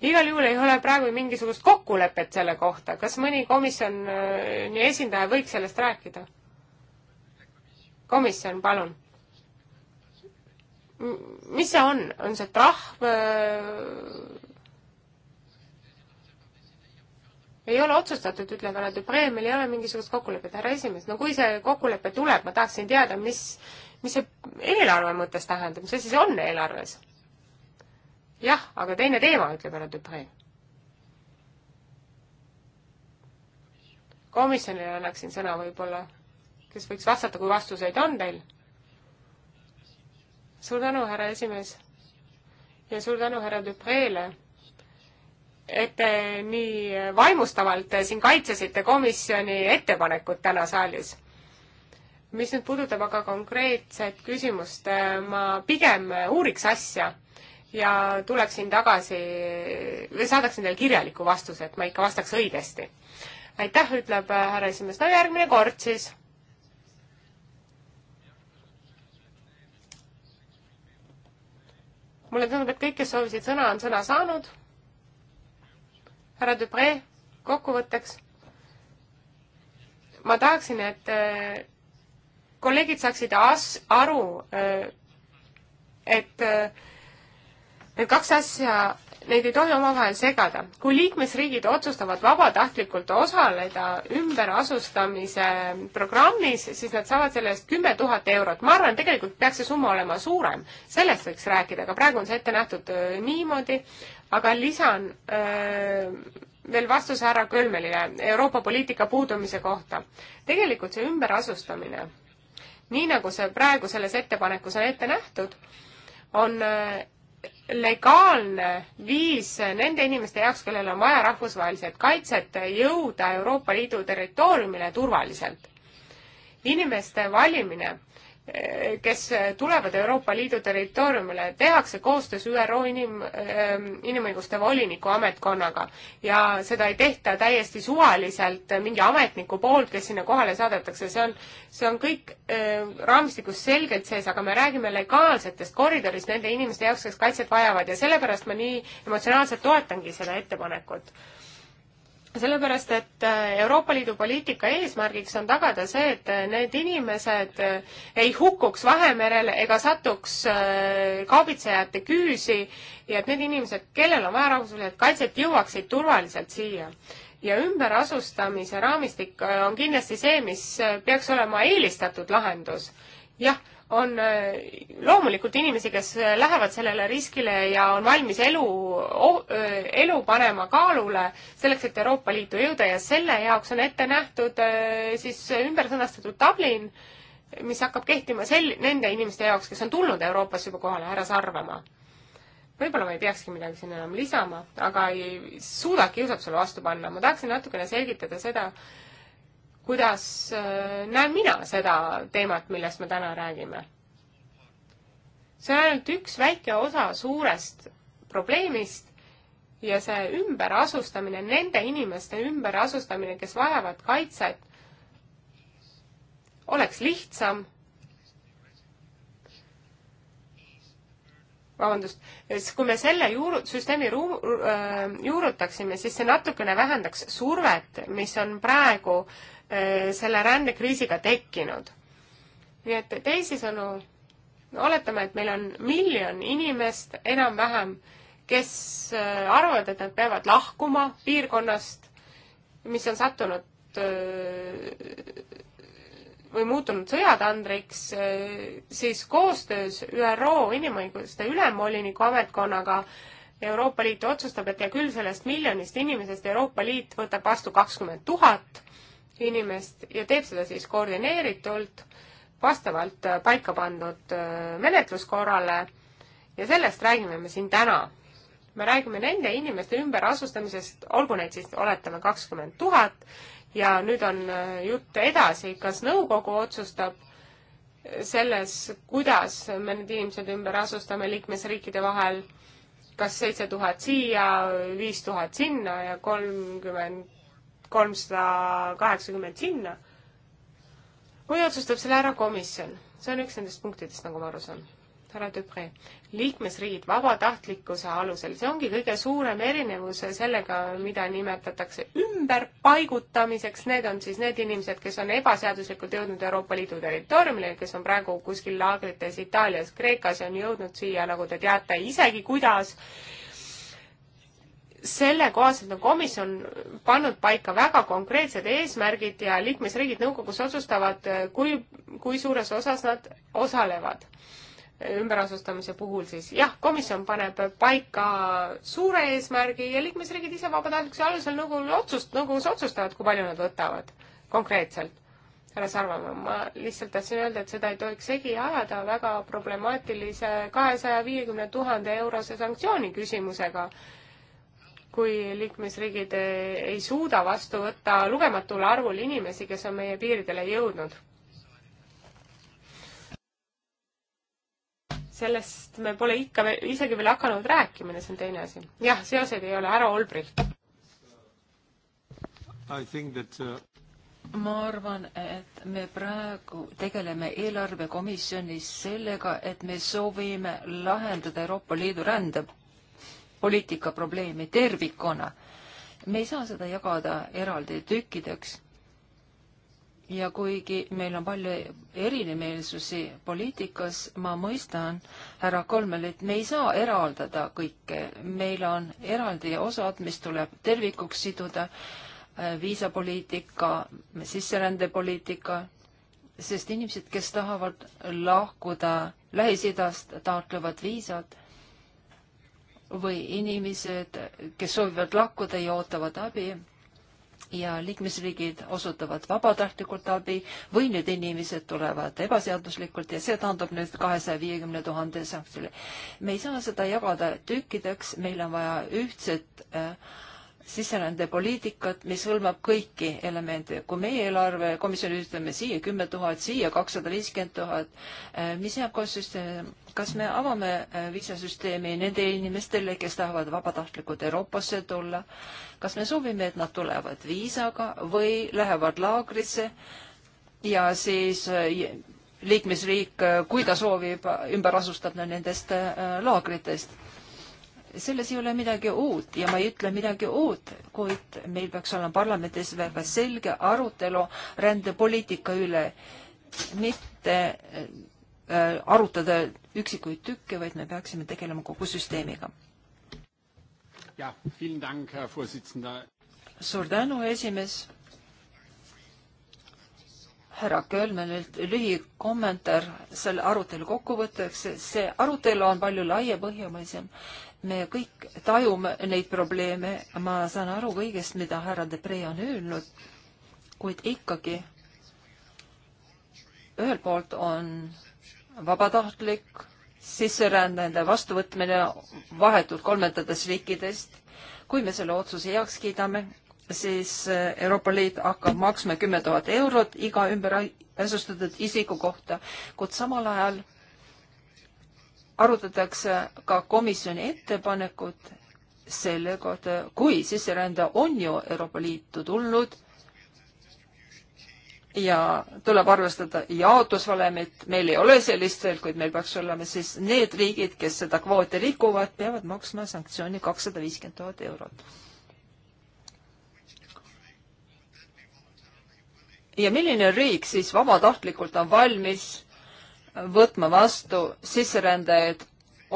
igal juhul ei ole praegu mingisugust kokkulepet selle kohta, kas mõni komisjoni äh, esindaja võiks sellest rääkida? komisjon, palun. mis see on, on see trahv? Äh? ei ole otsustatud, ütleb härra Dupree, meil ei ole mingisugust kokkulepet, härra esimees, no kui see kokkulepe tuleb, ma tahaksin teada, mis, mis see eelarve mõttes tähendab, mis asi see on eelarves? jah, aga teine teema, ütleb härra Dupree. komisjonile annaksin sõna võib-olla, kes võiks vastata, kui vastuseid on teil. suur tänu, härra esimees. ja suur tänu härra Dupreele, et te nii vaimustavalt siin kaitsesite komisjoni ettepanekut täna saalis mis nüüd puudutab aga konkreetset küsimust, ma pigem uuriks asja ja tuleksin tagasi või saadaksin teile kirjaliku vastuse, et ma ikka vastaks õigesti. aitäh, ütleb äh, härra esimees, no järgmine kord siis. mulle tundub, et kõik, kes soovisid sõna, on sõna saanud. härra Dupree, kokkuvõtteks. ma tahaksin, et äh, kolleegid saaksid as-, aru, äh, et äh, Need kaks asja, neid ei tohi omavahel segada. kui liikmesriigid otsustavad vabatahtlikult osaleda ümberasustamise programmis, siis nad saavad selle eest kümme tuhat eurot. ma arvan, tegelikult peaks see summa olema suurem, sellest võiks rääkida, aga praegu on see ette nähtud äh, niimoodi, aga lisan öö, äh, veel vastuse härra Kölmelile Euroopa poliitika puudumise kohta. tegelikult see ümberasustamine, nii nagu see praegu selles ettepanekus on ette nähtud, on äh, legaalne viis nende inimeste jaoks, kellel on vaja rahvusvaheliselt kaitset, jõuda Euroopa Liidu territooriumile turvaliselt. inimeste valimine kes tulevad Euroopa Liidu territooriumile, tehakse koostöös ÜRO inim-, ähm, inimõiguste voliniku ametkonnaga. ja seda ei tehta täiesti suvaliselt äh, mingi ametniku poolt, kes sinna kohale saadetakse, see on, see on kõik äh, raamistikus selgelt sees, aga me räägime legaalsetest koridorist nende inimeste jaoks, kes kaitset vajavad ja sellepärast ma nii emotsionaalselt toetangi seda ettepanekut sellepärast, et äh, Euroopa Liidu poliitika eesmärgiks on tagada see, et äh, need inimesed äh, ei hukkuks Vahemerel ega satuks kaabitsejate küüsi ja et need inimesed, kellel on vaja rahvusvahelist kaitset, jõuaksid turvaliselt siia. ja ümberasustamise raamistik on kindlasti see, mis peaks olema eelistatud lahendus. jah on äh, loomulikult inimesi, kes äh, lähevad sellele riskile ja on valmis elu oh,, elu panema kaalule selleks, et Euroopa Liitu jõuda ja selle jaoks on ette nähtud äh, siis ümber sõnastatud Dublin, mis hakkab kehtima sel-, nende inimeste jaoks, kes on tulnud Euroopasse juba kohale, härra Sarvemaa võib-olla ma ei peakski midagi sinna enam lisama, aga ei suuda kiusatusele vastu panna. ma tahaksin natukene selgitada seda, kuidas äh, näen mina seda teemat, millest me täna räägime? see on ainult üks väike osa suurest probleemist ja see ümberasustamine, nende inimeste ümberasustamine, kes vajavad kaitset, oleks lihtsam. vabandust, kui me selle juuru-, süsteemi ruu-, äh, juurutaksime, siis see natukene vähendaks survet, mis on praegu äh, Äh, selle rändekriisiga tekkinud. nii et teisisõnu, oletame, et meil on miljon inimest enam-vähem, kes äh, arvavad, et nad peavad lahkuma piirkonnast, mis on sattunud äh, või muutunud sõjatandriks, siis koostöös ÜRO inimõiguste ülemvoliniku ametkonnaga Euroopa Liit otsustab, et hea küll, sellest miljonist inimesest Euroopa Liit võtab vastu kakskümmend tuhat inimest ja teeb seda siis koordineeritult, vastavalt äh, paika pandud äh, menetluskorrale ja sellest räägime me siin täna. me räägime nende inimeste ümberasustamisest, olgu neid siis, oletame, kakskümmend tuhat ja nüüd on äh, jutt edasi, kas nõukogu otsustab selles, kuidas me need inimesed ümber asustame liikmesriikide vahel, kas seitse tuhat siia, viis tuhat sinna ja kolmkümmend kolmsada kaheksakümmend sinna. või otsustab selle ära komisjon. see on üks nendest punktidest, nagu ma aru saan. härra Tüpre, liikmesriigid vabatahtlikkuse alusel, see ongi kõige suurem erinevus sellega, mida nimetatakse ümberpaigutamiseks, need on siis need inimesed, kes on ebaseaduslikult jõudnud Euroopa Liidu territooriumile, kes on praegu kuskil laagrites Itaalias, Kreekas ja on jõudnud siia, nagu te teate isegi, kuidas selle kohaselt on komisjon pannud paika väga konkreetsed eesmärgid ja liikmesriigid nõukogus otsustavad, äh, kui, kui suures osas nad osalevad ümberasustamise puhul siis. jah, komisjon paneb paika suure eesmärgi ja liikmesriigid ise vabatahtlikkuse alusel nõukogul otsust, nõukogus otsustavad, kui palju nad võtavad konkreetselt. härra Sarvamaa, ma lihtsalt tahtsin öelda, et seda ei tohiks segi ajada väga problemaatilise kahesaja viiekümne tuhande eurose sanktsiooni küsimusega kui liikmesriigid ei suuda vastu võtta lugematul arvul inimesi, kes on meie piiridele jõudnud. sellest me pole ikka veel, isegi veel hakanud rääkima, see on teine asi. jah, seoseid ei ole, härra Olbricht. Uh... ma arvan, et me praegu tegeleme eelarvekomisjonis sellega, et me soovime lahendada Euroopa Liidu rände poliitika probleemi tervikuna. me ei saa seda jagada eraldi tükkideks ja kuigi meil on palju erinemeelsusi poliitikas, ma mõistan härra Kolmelit, me ei saa eraldada kõike, meil on eraldi osad, mis tuleb tervikuks siduda, viisapoliitika, sisserändepoliitika, sest inimesed, kes tahavad lahkuda Lähis-Idast, taotlevad viisat või inimesed, kes soovivad lahkuda ja ootavad abi ja liikmesriigid osutavad vabatahtlikult abi või need inimesed tulevad ebaseaduslikult ja see taandub nüüd kahesaja viiekümne tuhande sanktsioonile. me ei saa seda jagada tükkideks, meil on vaja ühtset äh, sisserändepoliitikat, mis hõlmab kõiki elemente. kui meie eelarve komisjoni ütleme siia kümme tuhat, siia kakssada viiskümmend tuhat, eh, mis jääb konsüsteem, kas me avame eh, viisasüsteemi nendele inimestele, kes tahavad vabatahtlikult Euroopasse tulla, kas me soovime, et nad tulevad viisaga või lähevad laagrisse ja siis eh, liikmesriik, kui ta soovib, ümber asustab nendest laagritest selles ei ole midagi uut ja ma ei ütle midagi uut, kuid meil peaks olema parlamendis väga selge arutelu rändepoliitika üle, mitte äh, arutada üksikuid tükke, vaid me peaksime tegelema kogu süsteemiga. suur tänu, esimees. härra Kölmenilt lühikommentaar selle arutelu kokkuvõtteks. see arutelu on palju laiapõhjalisem me kõik tajume neid probleeme, ma saan aru kõigest, mida härra Depre on öelnud, kuid ikkagi ühelt poolt on vabatahtlik sisserändajate vastuvõtmine vahetult kolmandatest riikidest. kui me selle otsuse heaks kiidame, siis Euroopa Liit hakkab maksma kümme tuhat eurot iga ümberasustatud isiku kohta, kuid samal ajal arutatakse ka komisjoni ettepanekut selle kohta, kui sisserände on ju Euroopa Liitu tulnud ja tuleb arvestada jaotusvalemit, meil ei ole sellist veel, kuid meil peaks olema siis need riigid, kes seda kvooti rikuvad, peavad maksma sanktsiooni kakssada viiskümmend tuhat eurot. ja milline riik siis vabatahtlikult on valmis võtma vastu sisserändajaid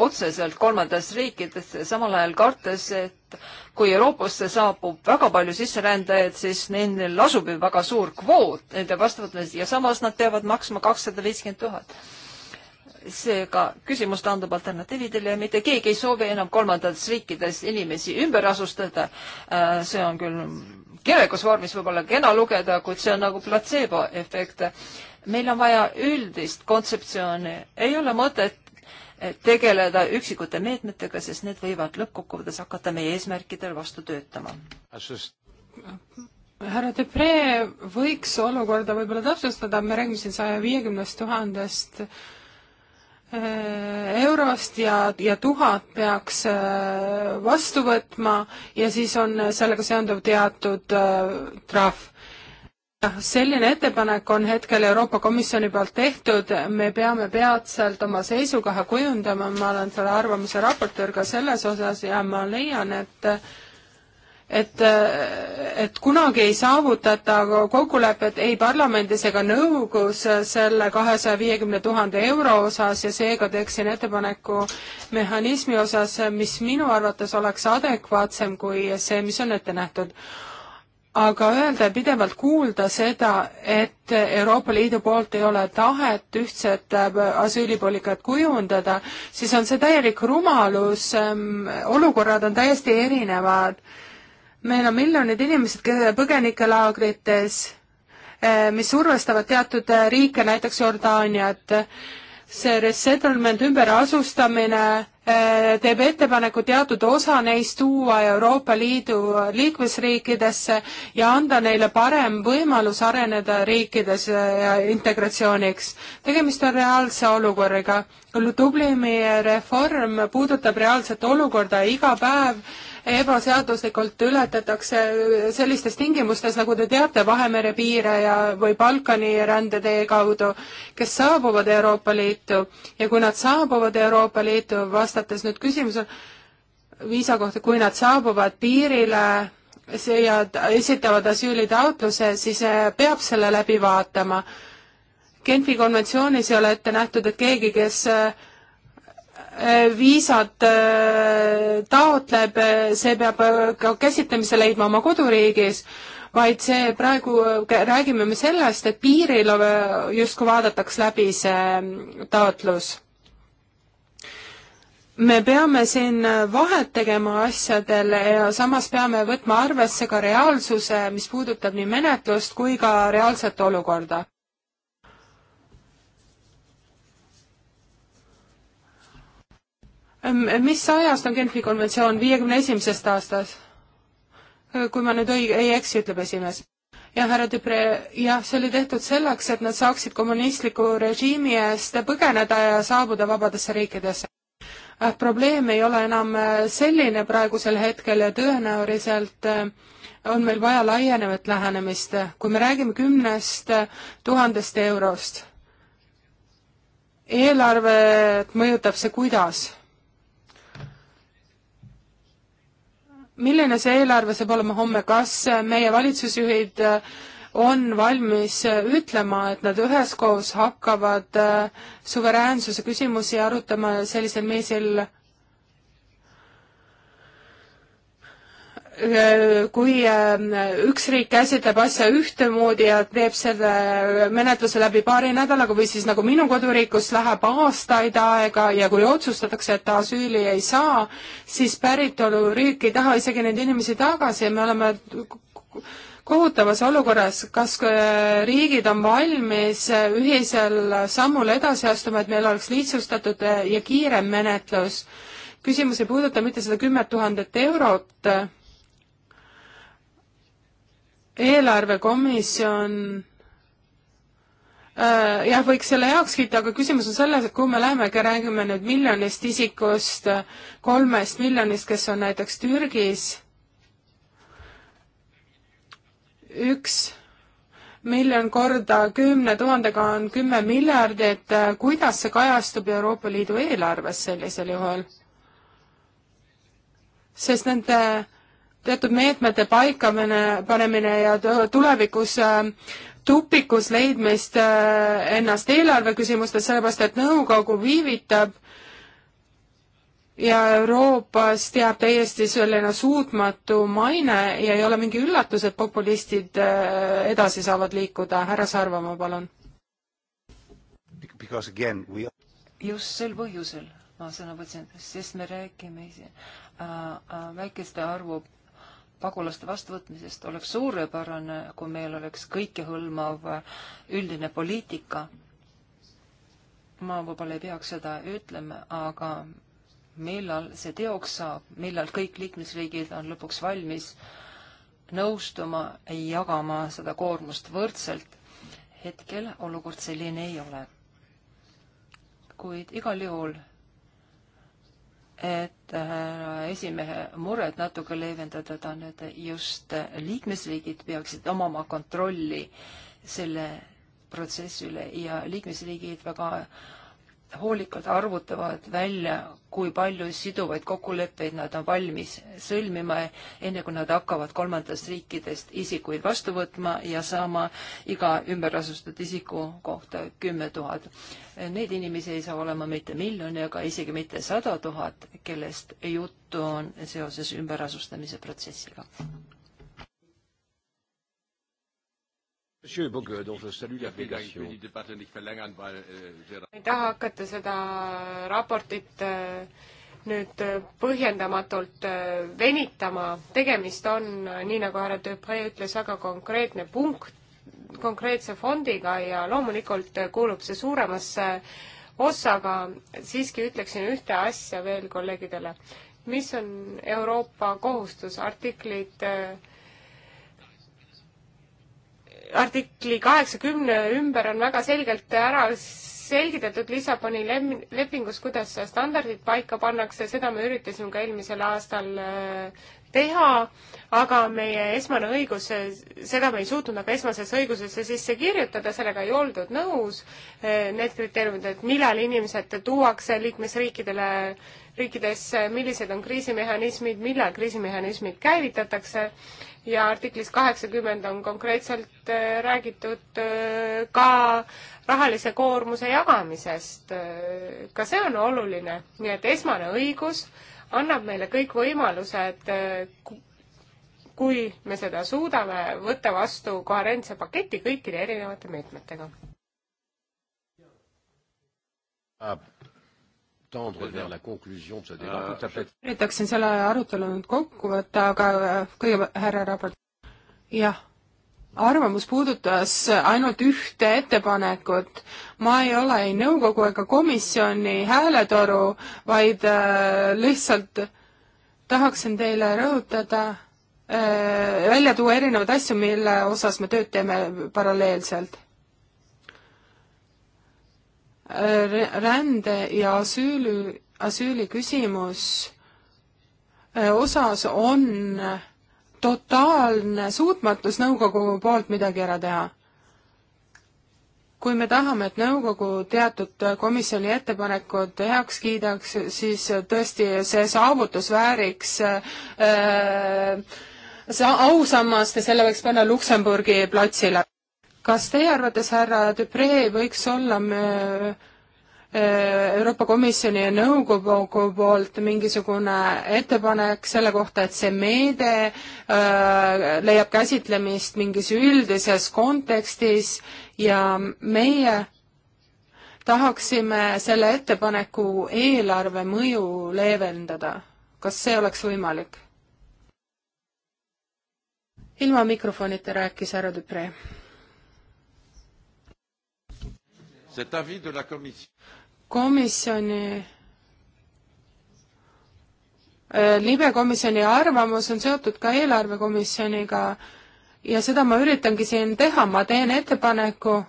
otseselt kolmandatest riikidest, samal ajal kartes, et kui Euroopasse saabub väga palju sisserändajaid, siis neil lasub ju väga suur kvoot nende vastuvõtmises ja samas nad peavad maksma kakssada viiskümmend tuhat. seega küsimus taandub alternatiividele ja mitte keegi ei soovi enam kolmandates riikides inimesi ümber asustada. Äh, see on küll kirjalikus vormis võib-olla kena lugeda, kuid see on nagu platseebo efekt meil on vaja üldist kontseptsiooni, ei ole mõtet tegeleda üksikute meetmetega, sest need võivad lõppkokkuvõttes hakata meie eesmärkidel vastu töötama. härra Depree võiks olukorda võib-olla täpsustada, me räägime siin saja viiekümnest tuhandest äh, eurost ja, ja tuhat peaks äh, vastu võtma ja siis on sellega seonduv teatud äh, trahv selline ettepanek on hetkel Euroopa Komisjoni poolt tehtud, me peame peatselt oma seisukoha kujundama, ma olen selle arvamuse raportöör ka selles osas ja ma leian, et et, et kunagi ei saavutata kokkulepet ei parlamendis ega nõukogus selle kahesaja viiekümne tuhande euro osas ja seega teeksin ettepaneku mehhanismi osas, mis minu arvates oleks adekvaatsem kui see, mis on ette nähtud aga öelda ja pidevalt kuulda seda, et Euroopa Liidu poolt ei ole tahet ühtset äh, asüülipoliitikat kujundada, siis on see täielik rumalus, ähm, olukorrad on täiesti erinevad. meil on miljonid inimesed, kes põgenikelaagrites, äh, mis survestavad teatud äh, riike, näiteks Jordaaniat, see resettlement, ümberasustamine Äh, teeb ettepaneku teatud osa neist tuua Euroopa Liidu liikmesriikidesse ja anda neile parem võimalus areneda riikides äh, ja integratsiooniks. tegemist on reaalse olukorraga. Dublini reform puudutab reaalset olukorda iga päev ebaseaduslikult ületatakse sellistes tingimustes, nagu te teate, Vahemere piire ja, või Balkani rändetee kaudu, kes saabuvad Euroopa Liitu ja kui nad saabuvad Euroopa Liitu, vastates nüüd küsimusele viisa kohta, kui nad saabuvad piirile ja esitavad asüülitaotluse, siis eh, peab selle läbi vaatama. Genfi konventsioonis ei ole ette nähtud, et keegi, kes äh, Äh, viisat äh, taotleb, äh, see peab ka käsitlemise leidma oma koduriigis, vaid see praegu, räägime me sellest, et piiril justkui vaadatakse läbi see mm, taotlus. me peame siin vahet tegema asjadel ja samas peame võtma arvesse ka reaalsuse, mis puudutab nii menetlust kui ka reaalset olukorda mis ajast on Genfi konventsioon, viiekümne esimesest aastast? Äh, kui ma nüüd õige, ei eksi, ütleb esimees. jah, härra Tüpre, jah, see oli tehtud selleks, et nad saaksid kommunistliku režiimi eest põgeneda ja saabuda vabadesse riikidesse. Äh, probleem ei ole enam äh, selline praegusel hetkel ja tõenäoliselt on meil vaja laienevat lähenemist, kui me räägime kümnest tuhandest eurost. eelarvet mõjutab see kuidas milline see eelarve saab olema homme, kas meie valitsusjuhid äh, on valmis äh, ütlema, et nad üheskoos hakkavad äh, suveräänsuse küsimusi arutama sellisel viisil, kui ähm, üks riik käsitleb asja ühtemoodi ja teeb selle menetluse läbi paari nädalaga või siis nagu minu koduriik, kus läheb aastaid aega ja kui otsustatakse, et ta asüüli ei saa, siis päritoluriik ei taha isegi neid inimesi tagasi ja me oleme kohutavas olukorras, kas äh, riigid on valmis äh, ühisel sammul edasi astuma, et meil oleks lihtsustatud äh, ja kiirem menetlus? küsimus ei puuduta mitte seda kümmet tuhandet eurot, eelarvekomisjon äh, jah, võiks selle heaks kiita, aga küsimus on selles, et kuhu me lähemegi, räägime nüüd miljonist isikust, kolmest miljonist, kes on näiteks Türgis, üks miljon korda kümne tuhandega on kümme miljardit, äh, kuidas see kajastub Euroopa Liidu eelarves sellisel juhul? sest nende teatud meetmete paikamine, panemine ja tulevikus äh, tupikus leidmist äh, ennast eelarve küsimustes, sellepärast et nõukogu viivitab ja Euroopast jääb täiesti selline suutmatu maine ja ei ole mingi üllatus, et populistid äh, edasi saavad liikuda. härra Sarvamaa, palun. We... just sel põhjusel ma sõna võtsin, sest me räägime ise, äh, äh, väikeste arvu pagulaste vastuvõtmisest, oleks suurepärane, kui meil oleks kõikehõlmav üldine poliitika. ma võib-olla ei peaks seda ütlema, aga millal see teoks saab, millal kõik liikmesriigid on lõpuks valmis nõustuma, jagama seda koormust võrdselt. hetkel olukord selline ei ole. kuid igal juhul et härra äh, esimehe mured natuke leevendada, ta on, et just liikmesriigid peaksid omama kontrolli selle protsessi üle ja liikmesriigid väga äh, hoolikalt arvutavad välja, kui palju siduvaid kokkuleppeid nad on valmis sõlmima, enne kui nad hakkavad kolmandast riikidest isikuid vastu võtma ja saama iga ümberasustatud isiku kohta kümme tuhat. Neid inimesi ei saa olema mitte miljon ega isegi mitte sada tuhat, kellest juttu on seoses ümberasustamise protsessiga. ei taha hakata seda raportit äh, nüüd äh, põhjendamatult äh, venitama, tegemist on, nii nagu härra Dupre ütles, väga konkreetne punkt, konkreetse fondiga ja loomulikult kuulub see suuremasse ossa, aga siiski ütleksin ühte asja veel kolleegidele. mis on Euroopa kohustus, artiklid äh, artikli kaheksakümne ümber on väga selgelt ära selgitatud Lissaboni lepingus, kuidas standardid paika pannakse, seda me üritasime ka eelmisel aastal äh, teha, aga meie esmane õigus, seda me ei suutnud aga nagu esmasesse õigusesse sisse kirjutada, sellega ei oldud nõus, äh, need kriteeriumid, et millal inimesed tuuakse liikmesriikidele liikmesriikidesse, millised on kriisimehhanismid, millal kriisimehhanismid käivitatakse ja artiklis kaheksakümmend on konkreetselt äh, räägitud äh, ka rahalise koormuse jagamisest. Äh, ka see on oluline, nii et esmane õigus annab meile kõik võimalused, kui me seda suudame, võtta vastu koherentse paketi kõikide erinevate meetmetega uh Euh, üritaksin selle arutelu nüüd kokku võtta, aga äh, kõigepealt härra Rabert. jah, arvamus puudutas ainult ühte ettepanekut. ma ei ole ei nõukogu ega komisjoni hääletoru, vaid äh, lihtsalt tahaksin teile rõhutada, äh, välja tuua erinevaid asju, mille osas me tööd teeme paralleelselt rände ja asüüli, asüüli küsimus äh, osas on totaalne suutmatus nõukogu poolt midagi ära teha. kui me tahame, et nõukogu teatud komisjoni ettepanekud heaks kiidaks, siis tõesti see saavutus vääriks äh, äh ausammast ja selle võiks panna Luksemburgi platsile kas teie arvates, härra Dupree, võiks olla e, Euroopa Komisjoni ja nõukogu poolt mingisugune ettepanek selle kohta, et see meede öö, e, leiab käsitlemist mingis üldises kontekstis ja meie tahaksime selle ettepaneku eelarve mõju leevendada. kas see oleks võimalik? ilma mikrofonita rääkis härra Dupree komisjoni äh, libekomisjoni arvamus on seotud ka eelarvekomisjoniga ja seda ma üritangi siin teha, ma teen ettepaneku,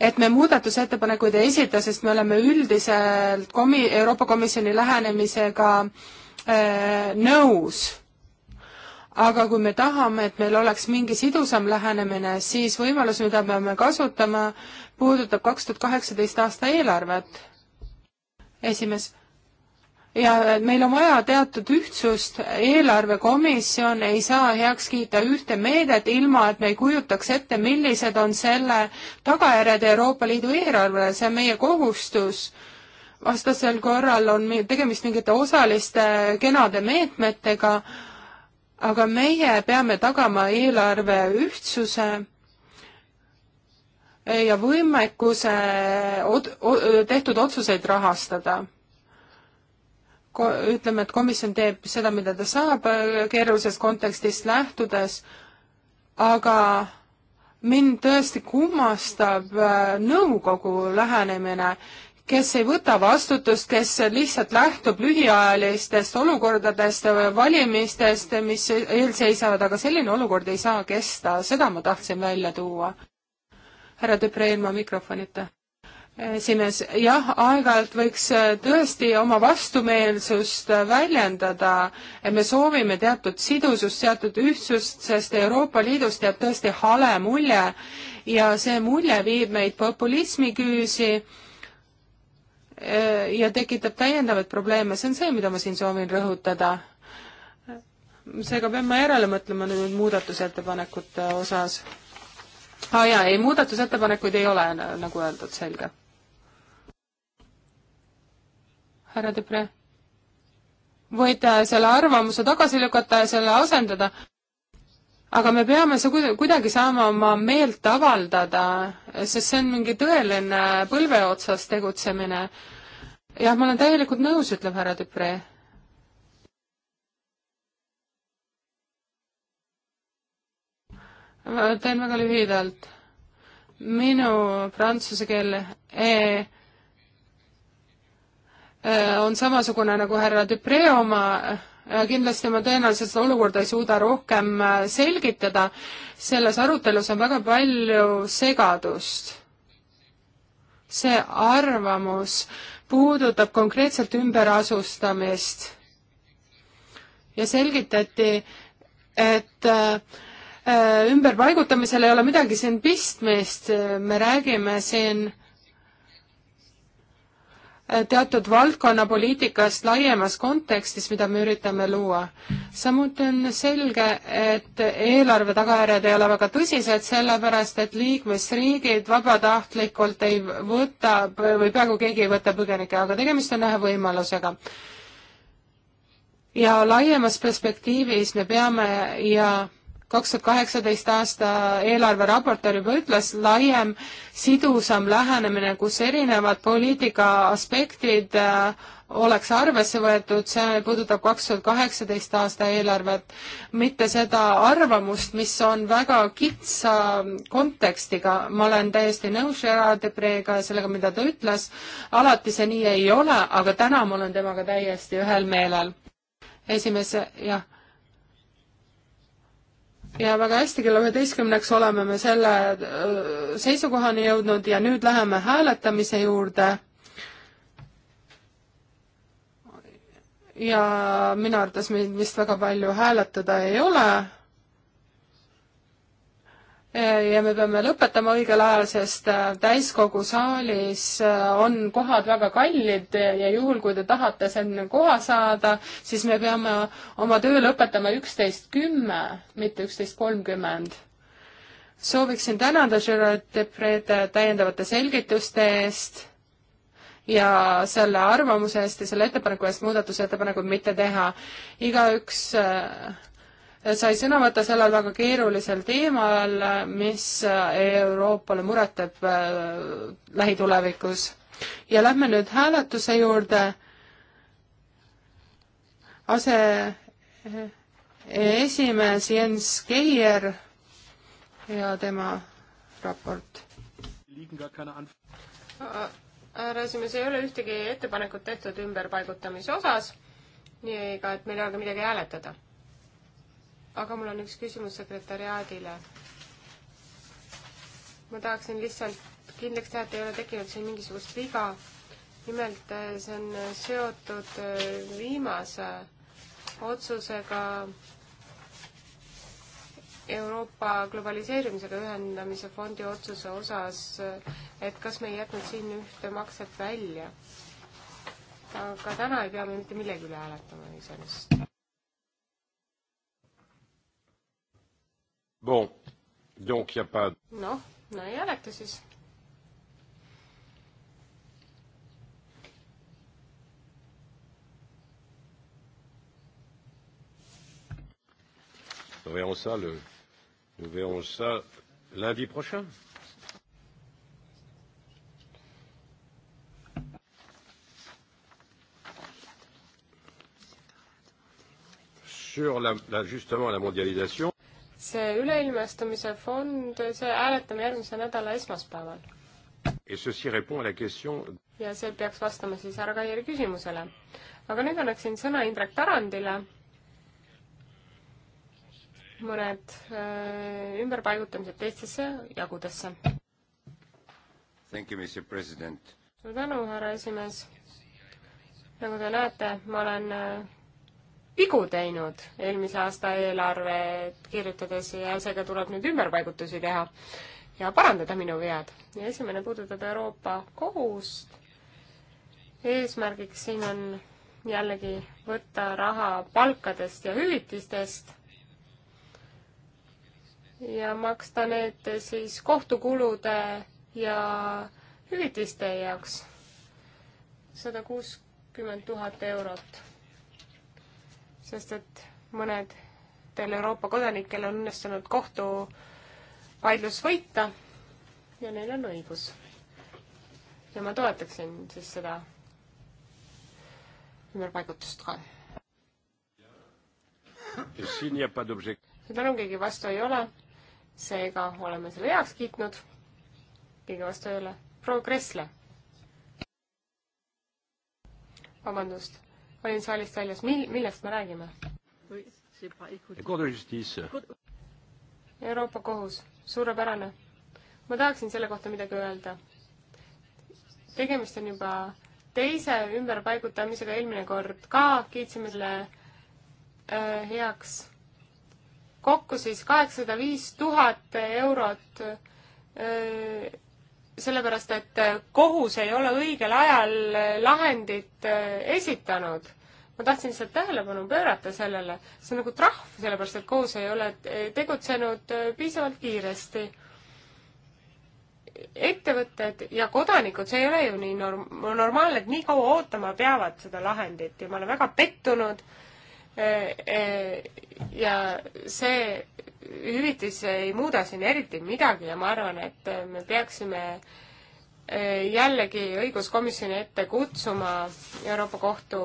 et me muudatusettepanekuid ei esita, sest me oleme üldiselt komi-, Euroopa Komisjoni lähenemisega äh, nõus aga kui me tahame, et meil oleks mingi sidusam lähenemine, siis võimalus, mida peame kasutama, puudutab kaks tuhat kaheksateist aasta eelarvet. esimees. ja meil on vaja teatud ühtsust, eelarvekomisjon ei saa heaks kiita ühte meedet, ilma et me ei kujutaks ette, millised on selle tagajärjed Euroopa Liidu eelarvele, see on meie kohustus vastasel korral on tegemist mingite osaliste kenade meetmetega, aga meie peame tagama eelarve ühtsuse ja võimekuse tehtud otsuseid rahastada ko-, ütleme, et komisjon teeb seda, mida ta saab äh, keerulisest kontekstist lähtudes, aga mind tõesti kummastab äh, nõukogu lähenemine kes ei võta vastutust, kes lihtsalt lähtub lühiajalistest olukordadest, valimistest, mis eelseisavad, aga selline olukord ei saa kesta, seda ma tahtsin välja tuua. härra Tüpre ilma mikrofonita. esimees, jah, aeg-ajalt võiks tõesti oma vastumeelsust väljendada, et me soovime teatud sidusust, teatud ühtsust, sest Euroopa Liidust jääb tõesti hale mulje ja see mulje viib meid populismi küüsi Äh, ja tekitab täiendavaid probleeme, see on see, mida ma siin soovin rõhutada. seega pean ma järele mõtlema nüüd muudatusettepanekute osas. aa ah, jaa, ei muudatusettepanekuid ei ole, nagu öeldud, selge. härra Debre? võite selle arvamuse tagasi lükata ja selle asendada aga me peame see kuidagi, kuidagi saama oma meelt avaldada, sest see on mingi tõeline põlve otsas tegutsemine. jah, ma olen täielikult nõus, ütleb härra Tüpre. ma teen väga lühidalt. minu prantsuse keel e, e on samasugune nagu härra Tüpre oma Äh, kindlasti ma tõenäoliselt seda olukorda ei suuda rohkem äh, selgitada, selles arutelus on väga palju segadust. see arvamus puudutab konkreetselt ümberasustamist ja selgitati, et äh, ümberpaigutamisel ei ole midagi siin pistmist, me räägime siin äh, teatud valdkonnapoliitikast laiemas kontekstis, mida me üritame luua. samuti on selge, et eelarve tagajärjed ei ole väga tõsised, sellepärast et liikmesriigid vabatahtlikult ei võta või peaaegu keegi ei võta põgenikke, aga tegemist on ühe võimalusega ja laiemas perspektiivis me peame ja kaks tuhat kaheksateist aasta eelarveraportöör juba ütles, laiem sidusam lähenemine, kus erinevad poliitika aspektid äh, oleks arvesse võetud, see puudutab kaks tuhat kaheksateist aasta eelarvet, mitte seda arvamust, mis on väga kitsa kontekstiga. ma olen täiesti nõus Gerard Depreega ja sellega, mida ta ütles. alati see nii ei ole, aga täna ma olen temaga täiesti ühel meelel. esimees, jah ja väga hästi, kella üheteistkümneks oleme me selle äh, seisukohani jõudnud ja nüüd läheme hääletamise juurde. ja minu arvates meil vist väga palju hääletada ei ole Äh, ja me peame lõpetama õigel ajal, sest äh, täiskogu saalis äh, on kohad väga kallid ja juhul, kui te tahate sinna koha saada, siis me peame oma töö lõpetama üksteist kümme, mitte üksteist kolmkümmend. sooviksin tänada Gerard Depreed täiendavate selgituste eest ja selle arvamuse eest ja selle ettepaneku eest muudatusettepanekuid mitte teha. igaüks sai sõna võtta sellel väga keerulisel teemal, mis Euroopale muret teeb äh, lähitulevikus. ja lähme nüüd hääletuse juurde. ase äh, esimees Jens Keier ja tema raport härra esimees, ei ole ühtegi ettepanekut tehtud ümberpaigutamise osas, nii ka, et meil ei ole ka midagi hääletada aga mul on üks küsimus sekretäriaadile. ma tahaksin lihtsalt kindlaks teha, et ei ole tekkinud siin mingisugust viga. nimelt äh, see on äh, seotud äh, viimase otsusega Euroopa globaliseerimisega ühendamise fondi otsuse osas, et kas me ei jätnud siin ühte makset välja. aga täna ei pea me mitte millegi üle hääletama iseenesest. Bon, donc il n'y a pas... noh, no ei hääleta siis. Nous verrons ça le, nous verrons ça lundi prochain. Sur la, la, justement la mondialisation see üleilmestumise fond, see hääletame järgmise nädala esmaspäeval. ja see peaks vastama siis härra Kairi küsimusele. aga nüüd annaksin sõna Indrek Tarandile. mõned öö, äh, ümberpaigutamised teistesse jagudesse. suur tänu, härra esimees. nagu te näete, ma olen äh, vigu teinud eelmise aasta eelarvet kirjutades ja seega tuleb nüüd ümberpaigutusi teha ja parandada minu vead. ja esimene puudutab Euroopa kohust. eesmärgiks siin on jällegi võtta raha palkadest ja hüvitistest ja maksta need siis kohtukulude ja hüvitiste jaoks sada kuuskümmend tuhat eurot sest et mõnedel Euroopa kodanikel on õnnestunud kohtuvaidlus võita ja neil on õigus. ja ma toetaksin siis seda ümberpaigutust ka. tänu keegi vastu ei ole, seega oleme selle heaks kiitnud. keegi vastu ei ole. proua Kressle. vabandust olin saalist väljas, mil-, millest me räägime? Euroopa Kohus, suurepärane. ma tahaksin selle kohta midagi öelda. tegemist on juba teise ümberpaigutamisega, eelmine kord ka kiitsime selle äh, heaks. kokku siis kaheksasada viis tuhat eurot äh, sellepärast, et kohus ei ole õigel ajal äh, lahendit äh, esitanud ma tahtsin lihtsalt tähelepanu pöörata sellele, see on nagu trahv, sellepärast et kohus ei ole tegutsenud äh, piisavalt kiiresti. ettevõtted ja kodanikud, see ei ole ju nii norm-, normaalne, et nii kaua ootama peavad seda lahendit ja ma olen väga pettunud äh, äh, ja see hüvitis ei muuda siin eriti midagi ja ma arvan, et me peaksime jällegi õiguskomisjoni ette kutsuma Euroopa Kohtu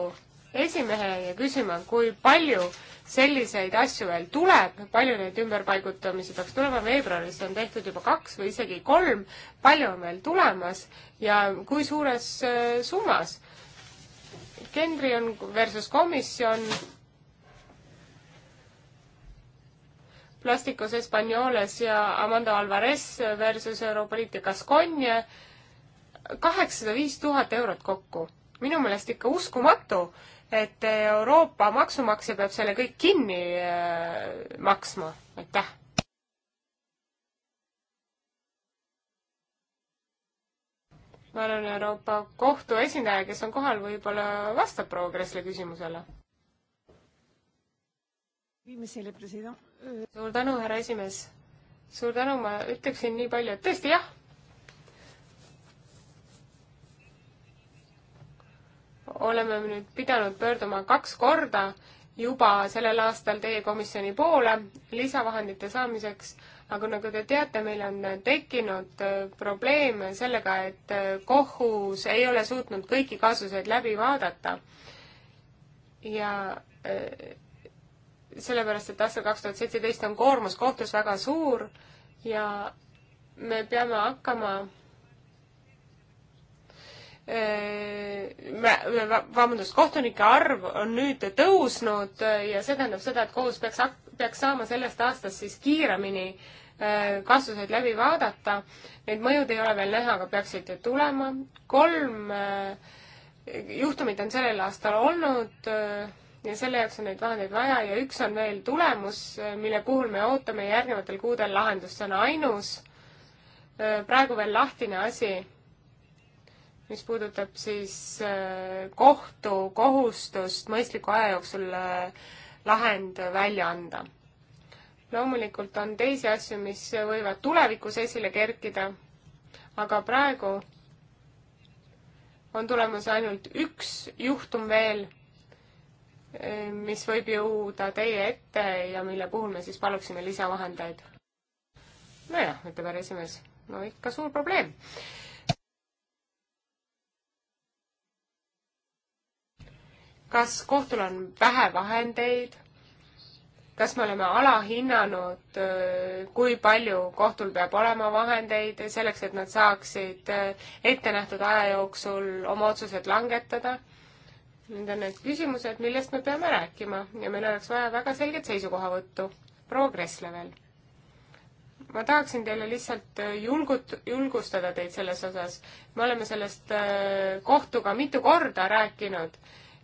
esimehe ja küsima, kui palju selliseid asju veel tuleb, palju neid ümberpaigutamisi peaks tulema, veebruaris on tehtud juba kaks või isegi kolm, palju on veel tulemas ja kui suures äh, summas? Kendri on versus komisjon, Plasticos Espanoles ja Amanda Alvarez versus Euroopa Liit ja Gascogne, kaheksasada viis tuhat eurot kokku. minu meelest ikka uskumatu et Euroopa maksumaksja peab selle kõik kinni äh, maksma, aitäh ma olen Euroopa Kohtu esindaja, kes on kohal, võib-olla vastab proua Kressle küsimusele. Euh, suur tänu, härra esimees. suur tänu, ma ütleksin nii palju, et tõesti jah oleme nüüd pidanud pöörduma kaks korda juba sellel aastal teie komisjoni poole lisavahendite saamiseks, aga nagu te teate, meil on tekkinud äh, probleem sellega, et äh, kohus ei ole suutnud kõiki kaasuseid läbi vaadata. ja äh, sellepärast, et aastal kaks tuhat seitseteist on koormus kohtus väga suur ja me peame hakkama Äh, vabandust, kohtunike arv on nüüd tõusnud äh, ja see tähendab seda, et kohus peaks, peaks saama sellest aastast siis kiiremini äh, kasvuseid läbi vaadata. Neid mõjud ei ole veel näha, aga peaksid ju tulema. kolm juhtumit on sellel aastal olnud ja selle jaoks on neid vahendeid vaja ja üks on veel tulemus, mille puhul me ootame järgnevatel kuudel lahendust, see on ainus praegu veel lahtine asi mis puudutab siis äh, kohtu kohustust mõistliku aja jooksul äh, lahend välja anda. loomulikult on teisi asju, mis võivad tulevikus esile kerkida, aga praegu on tulemas ainult üks juhtum veel, äh, mis võib jõuda teie ette ja mille puhul me siis paluksime lisavahendeid. nojah, ütleb härra esimees, no ikka suur probleem kas kohtul on vähe vahendeid, kas me oleme alahinnanud, kui palju kohtul peab olema vahendeid selleks, et nad saaksid ettenähtud aja jooksul oma otsused langetada. Need on need küsimused, millest me peame rääkima ja meil oleks vaja väga selget seisukohavõttu. proua Kressle veel. ma tahaksin teile lihtsalt julgut-, julgustada teid selles osas. me oleme sellest kohtuga mitu korda rääkinud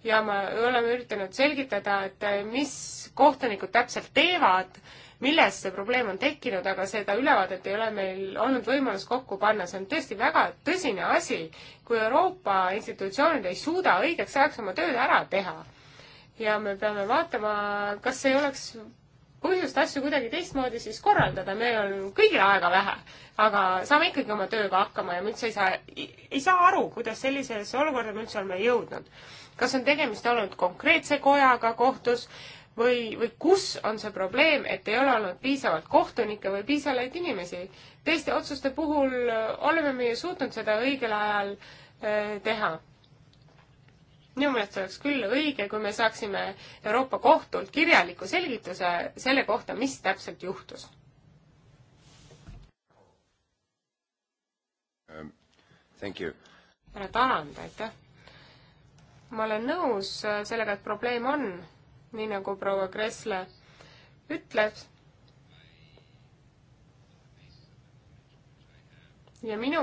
ja me oleme üritanud selgitada, et eh, mis kohtunikud täpselt teevad, millest see probleem on tekkinud, aga seda ülevaadet ei ole meil olnud võimalus kokku panna, see on tõesti väga tõsine asi, kui Euroopa institutsioonid ei suuda õigeks ajaks oma tööd ära teha. ja me peame vaatama, kas ei oleks põhjust asju kuidagi teistmoodi siis korraldada, meil on kõigil aega vähe, aga saame ikkagi oma tööga hakkama ja me üldse ei saa, ei saa aru, kuidas sellisesse olukorda me üldse oleme jõudnud kas on tegemist olnud konkreetse kojaga kohtus või, või kus on see probleem, et ei ole olnud piisavalt kohtunikke või piisavalt inimesi. teiste otsuste puhul äh, oleme meie suutnud seda õigel ajal äh, teha minu meelest oleks küll õige, kui me saaksime Euroopa Kohtult kirjaliku selgituse selle kohta, mis täpselt juhtus. Um, härra Tarand, aitäh! ma olen nõus äh, sellega, et probleem on, nii nagu proua Kressle ütleb. ja minu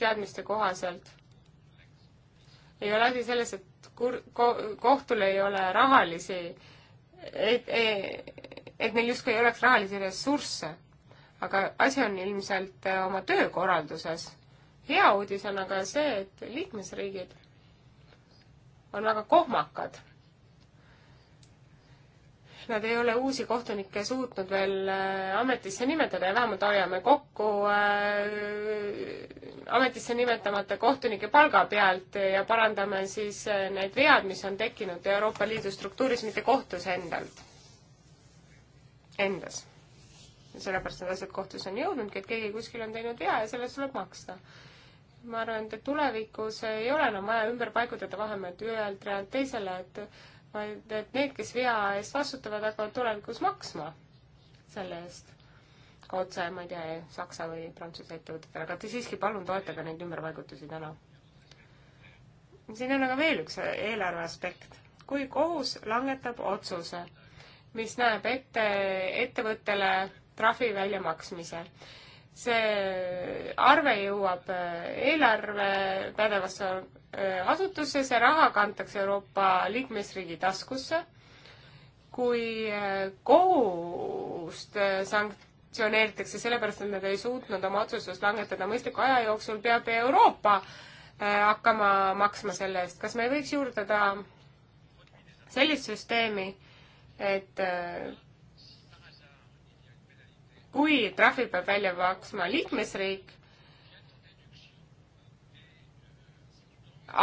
teadmiste kohaselt ei ole asi selles, et kur-, ko-, kohtul ei ole rahalisi, et, et, et neil justkui ei oleks rahalisi ressursse. aga asi on ilmselt äh, oma töökorralduses. hea uudis on aga see, et liikmesriigid on väga kohmakad. Nad ei ole uusi kohtunikke suutnud veel äh, ametisse nimetada ja vähemalt hoiame kokku äh, ametisse nimetamata kohtunike palga pealt ja parandame siis äh, need vead, mis on tekkinud Euroopa Liidu struktuuris, mitte kohtus endalt, endas sellepärast need asjad kohtusse on jõudnudki, et keegi kuskil on teinud vea ja selle eest tuleb maksta ma arvan, et tulevikus ei ole enam vaja ümber paigutada vahemeid ühelt realt teisele, et vaid et need, kes vea eest vastutavad, hakkavad tulevikus maksma selle eest ka otse, ma ei tea, Saksa või Prantsuse ettevõtetele, aga te siiski palun toetage neid ümberpaigutusi täna. siin on aga veel üks eelarve aspekt. kui kohus langetab otsuse, mis näeb ette ettevõttele trahvi väljamaksmise, see arve jõuab äh, eelarve pädevasse äh, asutusse, see raha kantakse Euroopa liikmesriigi taskusse. kui äh, kohust sanktsioneeritakse sellepärast, et nad ei suutnud oma otsustust langetada mõistliku aja jooksul, peab Euroopa hakkama maksma selle eest. kas me ei võiks juurdada sellist süsteemi, et kui trahvi peab välja maksma liikmesriik,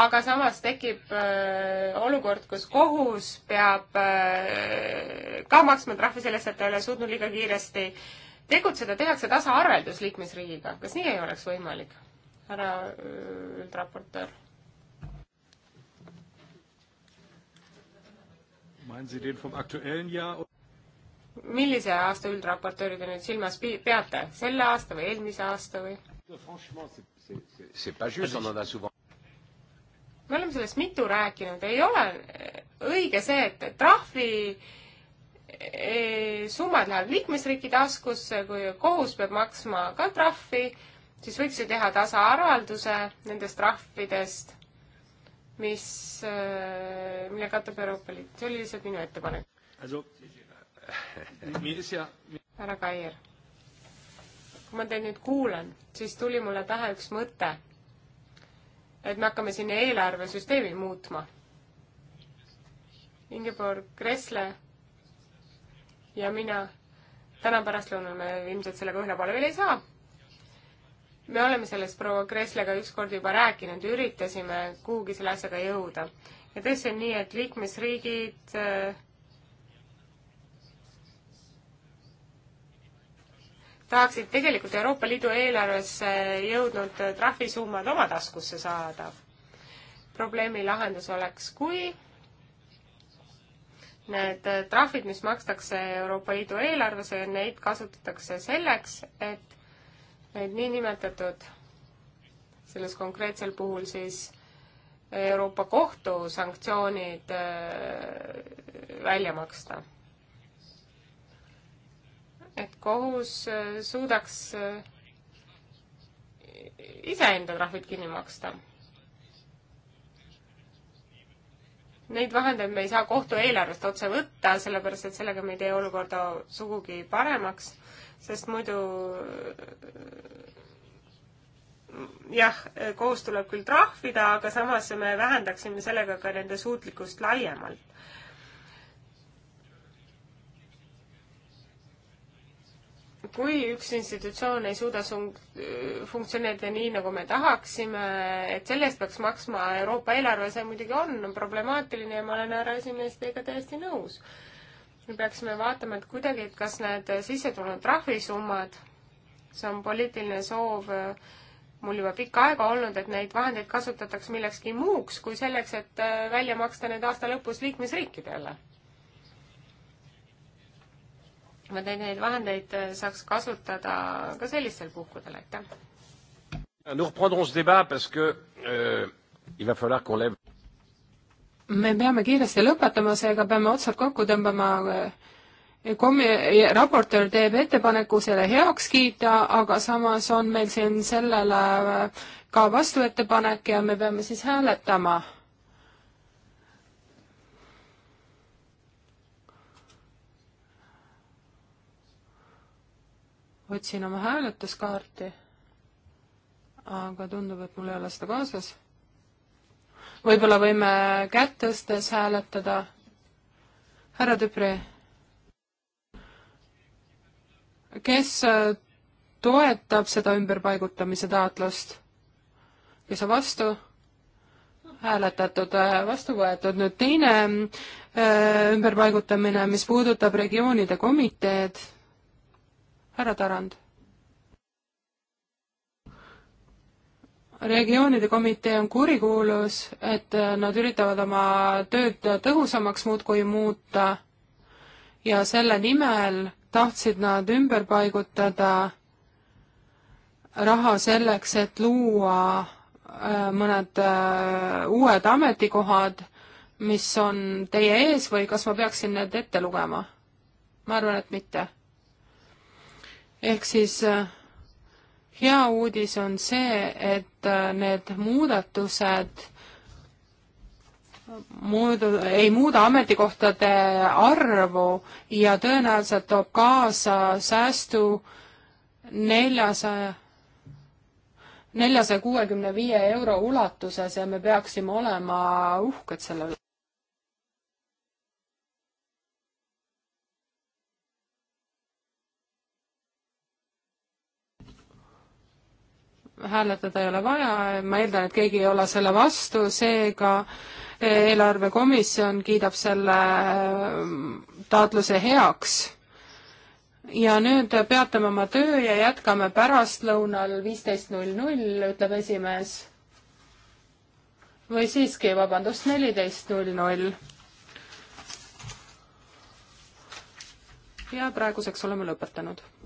aga samas tekib öö, äh, olukord, kus kohus peab öö, äh, ka maksma trahvi sellest, et ta ei ole suutnud liiga kiiresti tegutseda, tehakse tasaarveldus liikmesriigiga. kas nii ei oleks võimalik, härra üldraportöör? Äh, Meinen Sie den vom aktuellen Jahr? millise aasta üldraportööri te nüüd silmas peate, selle aasta või eelmise aasta või? me oleme sellest mitu rääkinud, ei ole õige see, et trahvi e, summad lähevad liikmesriigi taskusse, kui kohus peab maksma ka trahvi, siis võiks ju teha tasaarvelduse nendest trahvidest, mis, e, mille katab Euroopa Liit. see oli lihtsalt minu ettepanek härra Kair, kui ma teid nüüd kuulan, siis tuli mulle pähe üks mõte, et me hakkame siin eelarvesüsteemi muutma. Ingeborg Kressle ja mina täna pärastlõunal me ilmselt sellega ühele poole veel ei saa. me oleme sellest proua Kresslega ükskord juba rääkinud, üritasime kuhugi selle asjaga jõuda ja tõesti on nii, et liikmesriigid äh, tahaksid tegelikult Euroopa Liidu eelarvesse jõudnud trahvisummad oma taskusse saada. probleemi lahendus oleks, kui need trahvid, mis makstakse Euroopa Liidu eelarvesse, neid kasutatakse selleks, et need niinimetatud, selles konkreetsel puhul siis Euroopa Kohtu sanktsioonid äh, välja maksta et kohus äh, suudaks äh, iseenda trahvid kinni maksta. Neid vahendeid me ei saa kohtu eelarvest otse võtta, sellepärast et sellega me ei tee olukorda sugugi paremaks, sest muidu äh, jah, kohus tuleb küll trahvida, aga samas me vähendaksime sellega ka nende suutlikkust laiemalt kui üks institutsioon ei suuda äh, funktsioneerida nii, nagu me tahaksime, et selle eest peaks maksma Euroopa eelarve, see muidugi on, on problemaatiline ja ma olen härra esimees teiega täiesti nõus. me peaksime vaatama, et kuidagi, et kas need sisse tulnud trahvisummad, see on poliitiline soov äh, mul juba pikka aega olnud, et neid vahendeid kasutatakse millekski muuks kui selleks, et äh, välja maksta need aasta lõpus liikmesriikidele et neid vahendeid äh, saaks kasutada ka sellistel puhkudel, aitäh. Ah, euh, me peame kiiresti lõpetama, seega peame otsad kokku tõmbama. Äh, komi-, raportöör teeb ettepaneku selle heaks kiita, aga samas on meil siin sellele äh, ka vastuettepanek ja me peame siis hääletama otsin oma hääletuskaarti, aga tundub, et mul ei ole seda kaasas. võib-olla võime kätt tõstes hääletada. härra Tüpri, kes äh, toetab seda ümberpaigutamise taotlust? kes on vastu? hääletatud, äh, vastu võetud. nüüd teine öö, äh, ümberpaigutamine, mis puudutab regioonide komiteed härra Tarand. regioonide komitee on kurikuulus, et äh, nad üritavad oma tööd tõhusamaks muudkui muuta ja selle nimel tahtsid nad ümber paigutada raha selleks, et luua äh, mõned äh, uued ametikohad, mis on teie ees või kas ma peaksin need ette lugema? ma arvan, et mitte ehk siis äh, hea uudis on see, et äh, need muudatused muudu, ei muuda ametikohtade arvu ja tõenäoliselt toob kaasa säästu neljasaja, neljasaja kuuekümne viie euro ulatuses ja me peaksime olema uhked selle üle. hääletada ei ole vaja, ma eeldan, et keegi ei ole selle vastu, seega e, eelarvekomisjon kiidab selle mm, taotluse heaks. ja nüüd peatame oma töö ja jätkame pärastlõunal viisteist null null, ütleb esimees. või siiski, vabandust, neliteist null null. ja praeguseks oleme lõpetanud